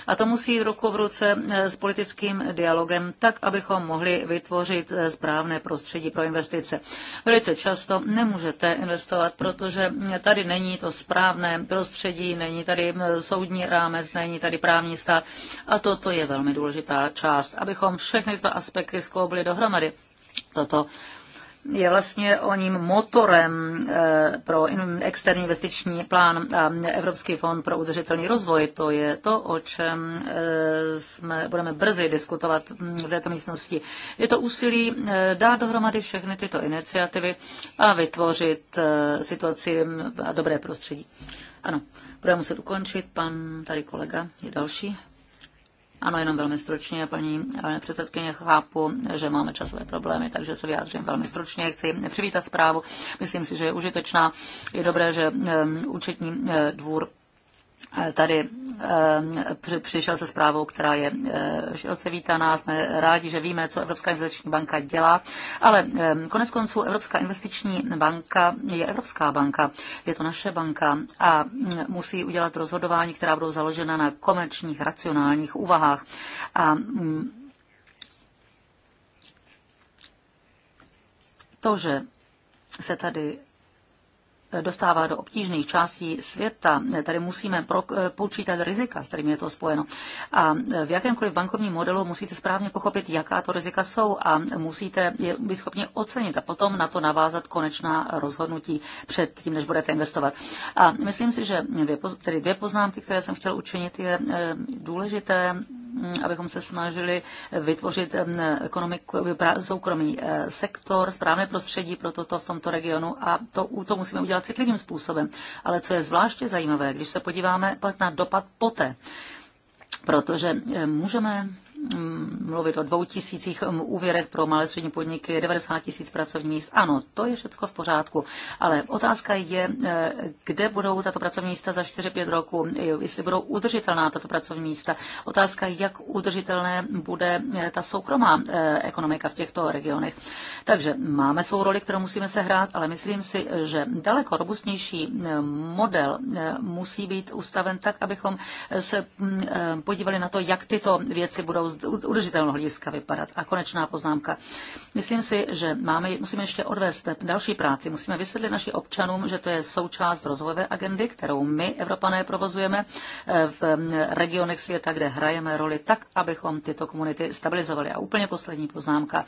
A to musí jít ruku v ruce s politickým dialogem, tak abychom mohli vytvořit správné prostředí pro investice. Velice často nemůžete investovat, protože tady není to správné prostředí, není tady soudní rámec, není tady právní stát. A toto je velmi důležitá část, abychom všechny tyto aspekty skloubili dohromady Toto je vlastně o ním motorem eh, pro externí investiční plán a Evropský fond pro udržitelný rozvoj. To je to, o čem eh, jsme, budeme brzy diskutovat v této místnosti. Je to úsilí eh, dát dohromady všechny tyto iniciativy a vytvořit situaci a dobré prostředí. Ano, budeme muset ukončit. Pan tady kolega je další ano, jenom velmi stručně, paní předsedkyně, chápu, že máme časové problémy, takže se vyjádřím velmi stručně. Chci přivítat zprávu. Myslím si, že je užitečná. Je dobré, že um, účetní eh, dvůr Eh, tady eh, přišel se zprávou, která je eh, široce vítaná. Jsme rádi, že víme, co Evropská investiční banka dělá, ale konec konců Evropská investiční banka je Evropská banka, je to naše banka a hm, musí udělat rozhodování, která budou založena na komerčních, racionálních úvahách. A hm, to, že se tady dostává do obtížných částí světa, tady musíme eh, počítat rizika, s kterými je to spojeno. A eh, v jakémkoliv bankovním modelu musíte správně pochopit, jaká to rizika jsou a musíte je být schopni ocenit a potom na to navázat konečná rozhodnutí před tím, než budete investovat. A myslím si, že dvě, tedy dvě poznámky, které jsem chtěl učinit, je eh, důležité Mm, abychom se snažili vytvořit mm, ekonomiku, eh, soukromý eh, sektor, správné prostředí pro toto v tomto regionu a to, to musíme udělat citlivým způsobem. Ale co je zvláště zajímavé, když se podíváme pak na dopad poté, protože eh, můžeme Mm, mluvit o dvou tisících mm, úvěrech pro malé střední podniky, 90 tisíc pracovních míst. Ano, to je všechno v pořádku, ale otázka je, eh, kde budou tato pracovní místa za 4-5 roku, jestli budou udržitelná tato pracovní místa. Otázka je, jak udržitelné bude eh, ta soukromá eh, ekonomika v těchto regionech. Takže máme svou roli, kterou musíme sehrát, ale myslím si, že daleko robustnější model musí být ustaven tak, abychom se mm, podívali na to, jak tyto věci budou udržitelného hlediska vypadat. A konečná poznámka. Myslím si, že máme, musíme ještě odvést další práci. Musíme vysvětlit našim občanům, že to je součást rozvojové agendy, kterou my, Evropané, provozujeme eh, v mm, regionech světa, kde hrajeme roli tak, abychom tyto komunity stabilizovali. A úplně poslední poznámka.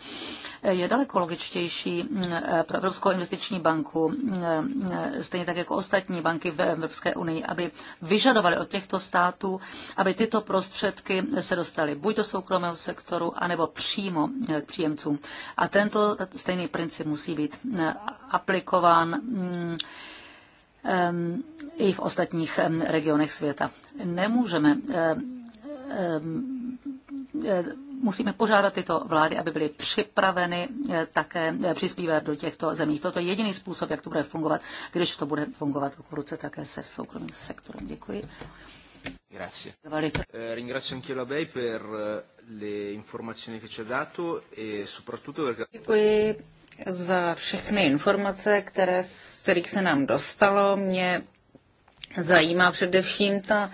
Eh, je daleko logičtější mm, eh, pro Evropskou investiční banku, mm, stejně tak jako ostatní banky v Evropské unii, aby vyžadovali od těchto států, aby tyto prostředky se dostaly buď do soukromého sektoru anebo přímo eh, k příjemcům. A tento stejný princip musí být eh, aplikován mm, eh, i v ostatních regionech světa. Nemůžeme musíme požádat tyto vlády, aby byly připraveny také přispívat do těchto zemí. Toto je jediný způsob, jak to bude fungovat, když to bude fungovat v ruce také se soukromým sektorem. Děkuji. Grazie. Eh, ringrazio anche la BEI per eh, le informazioni che ci ha dato e soprattutto perché... Děkuji za všechny informace, které, z kterých se nám dostalo. Mě zajímá především ta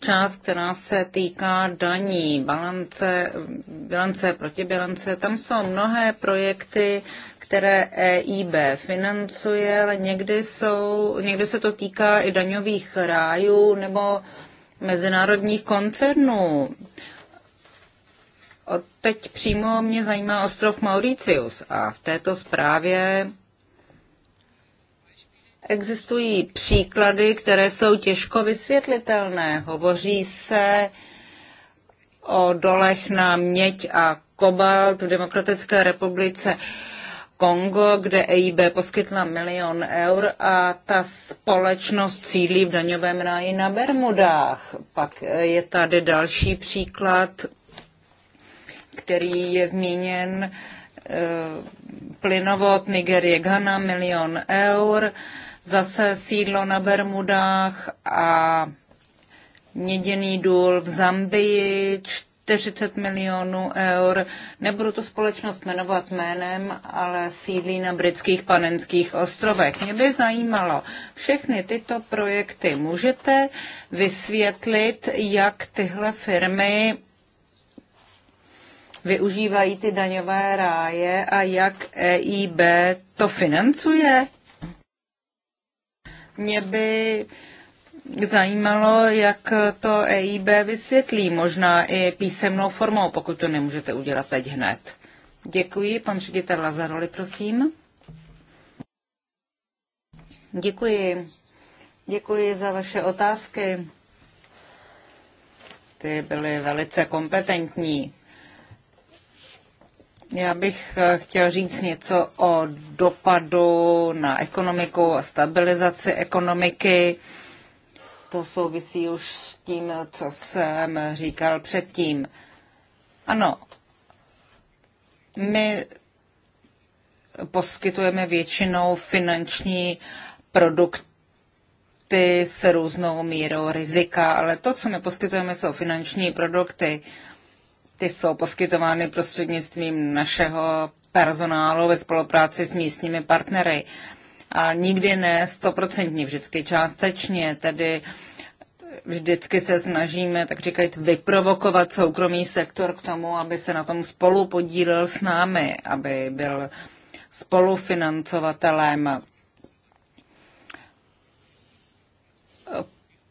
část, která se týká daní, balance, bilance, protibilance. Tam jsou mnohé projekty, které EIB financuje, ale někdy, jsou, někdy se to týká i daňových rájů nebo mezinárodních koncernů. Od teď přímo mě zajímá ostrov Mauricius a v této zprávě existují příklady, které jsou těžko vysvětlitelné. Hovoří se o dolech na měď a kobalt v Demokratické republice Kongo, kde EIB poskytla milion eur a ta společnost cílí v daňovém ráji na Bermudách. Pak je tady další příklad, který je zmíněn eh, plynovod Nigerie Ghana milion eur, zase sídlo na Bermudách a měděný důl v Zambii 40 milionů eur. Nebudu tu společnost jmenovat jménem, ale sídlí na britských panenských ostrovech. Mě by zajímalo, všechny tyto projekty můžete vysvětlit, jak tyhle firmy využívají ty daňové ráje a jak EIB to financuje? Mě by zajímalo, jak to EIB vysvětlí, možná i písemnou formou, pokud to nemůžete udělat teď hned. Děkuji. Pan ředitel Lazaroli, prosím. Děkuji. Děkuji za vaše otázky. Ty byly velice kompetentní. Já bych eh, chtěl říct něco o dopadu na ekonomiku a stabilizaci ekonomiky. To souvisí už s tím, co jsem říkal předtím. Ano, my poskytujeme většinou finanční produkty s různou mírou rizika, ale to, co my poskytujeme, jsou finanční produkty. Ty jsou poskytovány prostřednictvím našeho personálu ve spolupráci s místními partnery a nikdy ne stoprocentně, vždycky částečně, tedy vždycky se snažíme, tak říkajíc, vyprovokovat soukromý sektor k tomu, aby se na tom spolu podílel s námi, aby byl spolufinancovatelem.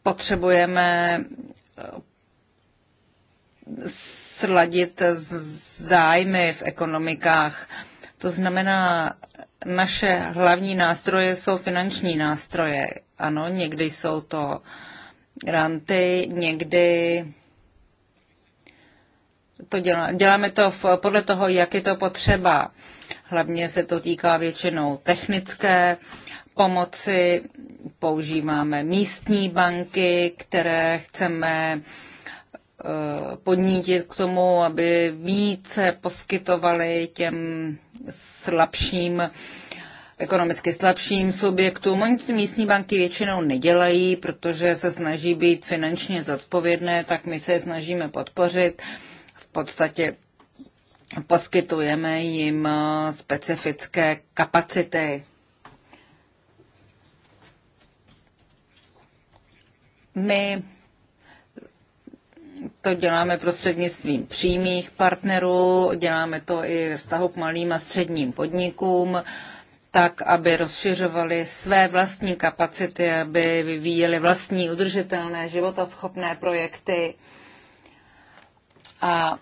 Potřebujeme sladit zájmy v ekonomikách. To znamená, naše hlavní nástroje jsou finanční nástroje. Ano, někdy jsou to granty, někdy to děláme, děláme to v, podle toho, jak je to potřeba. Hlavně se to týká většinou technické pomoci, používáme místní banky, které chceme eh, podnítit k tomu, aby více poskytovali těm slabším ekonomicky slabším subjektům. Oni místní banky většinou nedělají, protože se snaží být finančně zodpovědné, tak my se je snažíme podpořit. V podstatě poskytujeme jim eh, specifické kapacity. My to děláme prostřednictvím přímých partnerů, děláme to i ve vztahu k malým a středním podnikům, tak, aby rozšiřovali své vlastní kapacity, aby vyvíjeli vlastní udržitelné životaschopné projekty. A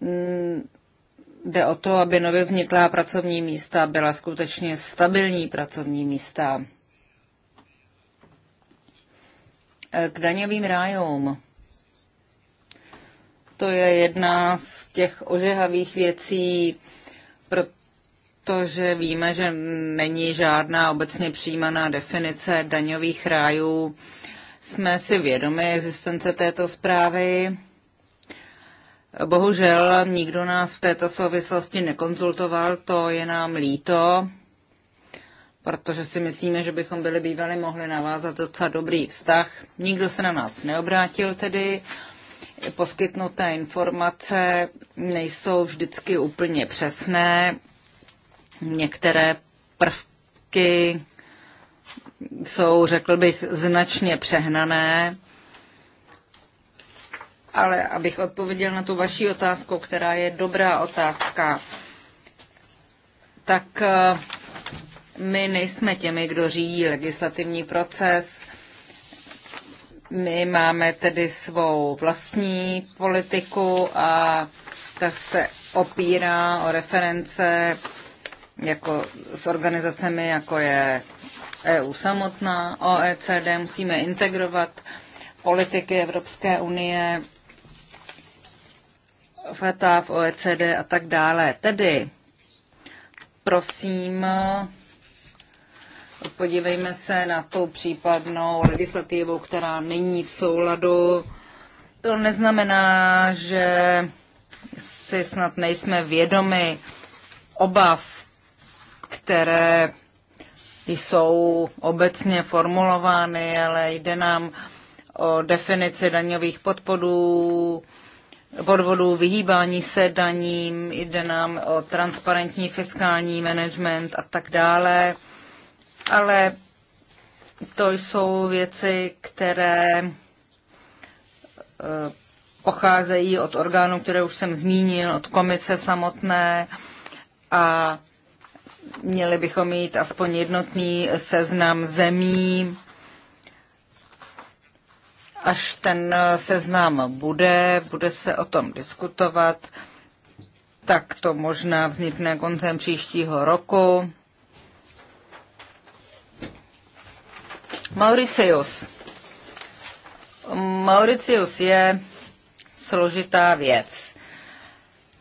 mm, jde o to, aby nově vzniklá pracovní místa byla skutečně stabilní pracovní místa. Eh, k daňovým rájům. To je jedna z těch ožehavých věcí, protože víme, že není žádná obecně přijímaná definice daňových rájů. Jsme si vědomi existence této zprávy. Bohužel nikdo nás v této souvislosti nekonzultoval, to je nám líto protože si myslíme, že bychom byli bývali mohli navázat docela dobrý vztah. Nikdo se na nás neobrátil tedy. Poskytnuté informace nejsou vždycky úplně přesné. Některé prvky jsou, řekl bych, značně přehnané. Ale abych odpověděl na tu vaši otázku, která je dobrá otázka, tak eh, my nejsme těmi, kdo řídí legislativní proces. My máme tedy svou vlastní politiku a ta se opírá o reference jako s organizacemi, jako je EU samotná, OECD, musíme integrovat politiky Evropské unie, FATA, v e OECD a tak dále. Tedy prosím, Podívejme se na tu případnou legislativu, která není v souladu. To neznamená, že si snad nejsme vědomi obav, které jsou obecně formulovány, ale jde nám o definici daňových podpodů, podvodů, vyhýbání se daním, jde nám o transparentní fiskální management a tak dále ale to jsou věci, které eh, pocházejí od orgánů, které už jsem zmínil, od komise samotné a měli bychom mít aspoň jednotný seznam zemí, až ten seznam bude, bude se o tom diskutovat, tak to možná vznikne koncem příštího roku. Mauricius. Mauricius je složitá věc.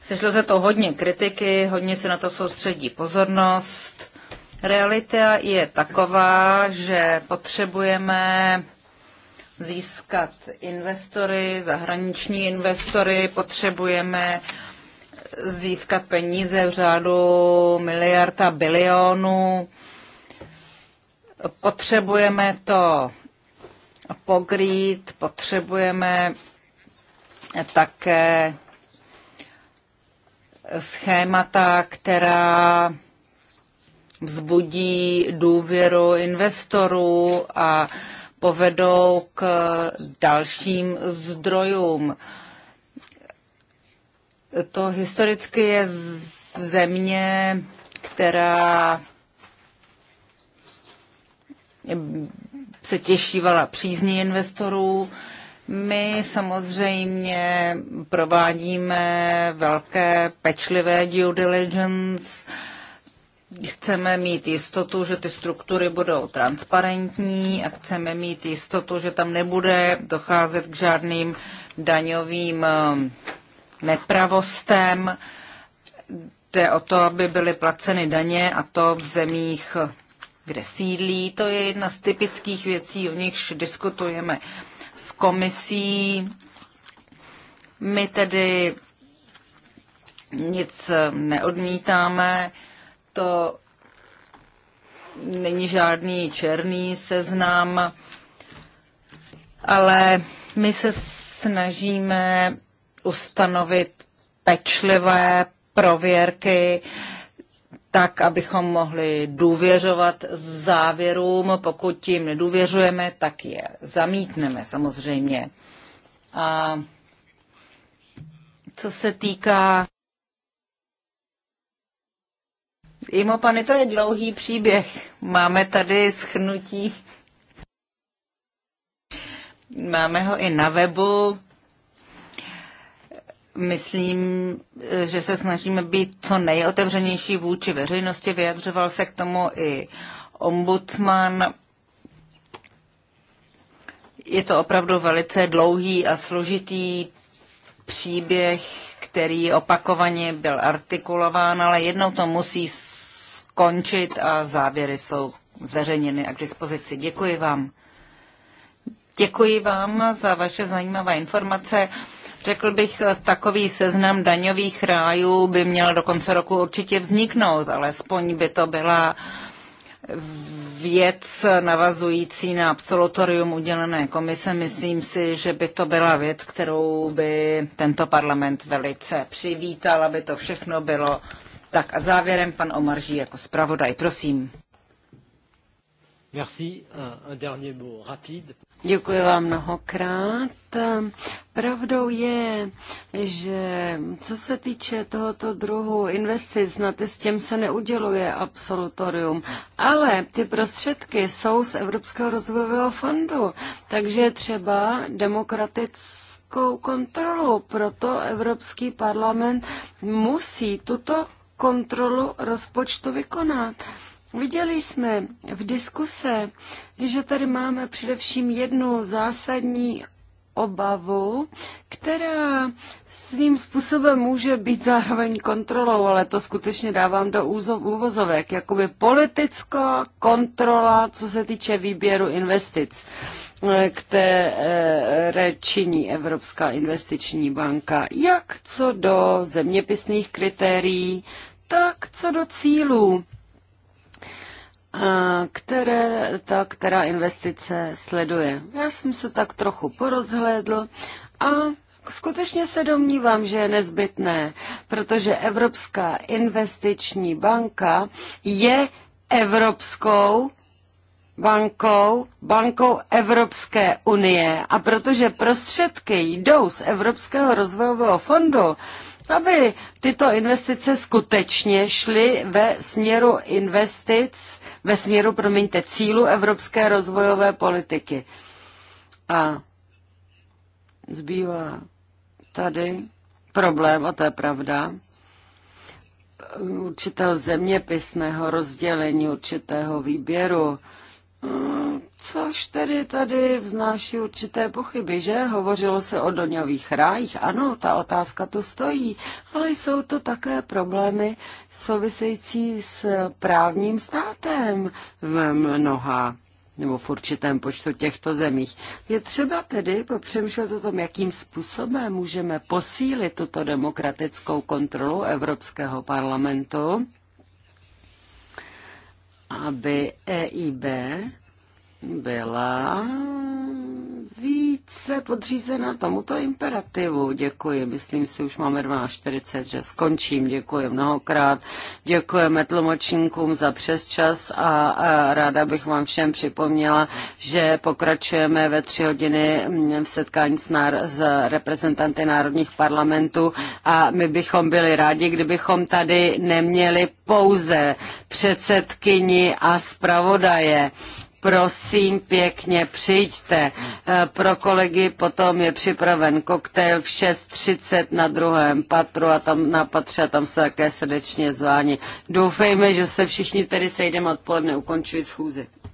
Sešlo se to hodně kritiky, hodně se na to soustředí pozornost. Realita je taková, že potřebujeme získat investory, zahraniční investory, potřebujeme získat peníze v řádu miliarda bilionů. Potřebujeme to pokrýt, potřebujeme také schémata, která vzbudí důvěru investorů a povedou k dalším zdrojům. To historicky je země, která se těšívala přízní investorů. My samozřejmě provádíme velké pečlivé due diligence, chceme mít jistotu, že ty struktury budou transparentní a chceme mít jistotu, že tam nebude docházet k žádným daňovým um, nepravostem. Jde o to, aby byly placeny daně a to v zemích kde sídlí. To je jedna z typických věcí, o nichž diskutujeme s komisí. My tedy nic neodmítáme. To není žádný černý seznam, ale my se snažíme ustanovit pečlivé prověrky, tak, abychom mohli důvěřovat závěrům. Pokud tím nedůvěřujeme, tak je zamítneme samozřejmě. A co se týká pane, to je dlouhý příběh. Máme tady schnutí. Máme ho i na webu myslím, že se snažíme být co nejotevřenější vůči veřejnosti. Vyjadřoval se k tomu i ombudsman. Je to opravdu velice dlouhý a složitý příběh, který opakovaně byl artikulován, ale jednou to musí skončit a závěry jsou zveřejněny a k dispozici. Děkuji vám. Děkuji vám za vaše zajímavé informace. Řekl bych, takový seznam daňových rájů by měl do konce roku určitě vzniknout, alespoň by to byla věc navazující na absolutorium udělené komise. Myslím si, že by to byla věc, kterou by tento parlament velice přivítal, aby to všechno bylo. Tak a závěrem pan Omarží jako zpravodaj, prosím. Merci. Un, un dernier mot rapide. Děkuji vám mnohokrát. Pravdou je, že co se týče tohoto druhu investic, na ty s tím se neuděluje absolutorium, ale ty prostředky jsou z Evropského rozvojového fondu, takže třeba demokratickou kontrolu. Proto Evropský parlament musí tuto kontrolu rozpočtu vykonat. Viděli jsme v diskuse, že tady máme především jednu zásadní obavu, která svým způsobem může být zároveň kontrolou, ale to skutečně dávám do úvozovek, jakoby politická kontrola, co se týče výběru investic, které činí Evropská investiční banka, jak co do zeměpisných kritérií, tak co do cílů které ta, která investice sleduje. Já jsem se tak trochu porozhlédl a skutečně se domnívám, že je nezbytné, protože Evropská investiční banka je evropskou bankou, bankou Evropské unie. A protože prostředky jdou z Evropského rozvojového fondu, aby tyto investice skutečně šly ve směru investic, ve směru, promiňte, cílu evropské rozvojové politiky. A zbývá tady problém, a to je pravda, určitého zeměpisného rozdělení, určitého výběru Což tedy tady vznáší určité pochyby, že? Hovořilo se o doňových rájích, ano, ta otázka tu stojí, ale jsou to také problémy související s právním státem v mnoha nebo v určitém počtu těchto zemích. Je třeba tedy popřemýšlet o tom, jakým způsobem můžeme posílit tuto demokratickou kontrolu Evropského parlamentu aby EIB byla více podřízena tomuto imperativu. Děkuji, myslím si, už máme 12.40, že skončím. Děkuji mnohokrát. Děkujeme tlumočníkům za přesčas a, a ráda bych vám všem připomněla, že pokračujeme ve tři hodiny v setkání s, nár- s reprezentanty národních parlamentů a my bychom byli rádi, kdybychom tady neměli pouze předsedkyni a zpravodaje prosím pěkně přijďte. Eh, pro kolegy potom je připraven koktejl v 6.30 na druhém patru a tam na patře a tam se také srdečně zvání. Doufejme, že se všichni tedy sejdeme odpoledne, ukončuji schůzi.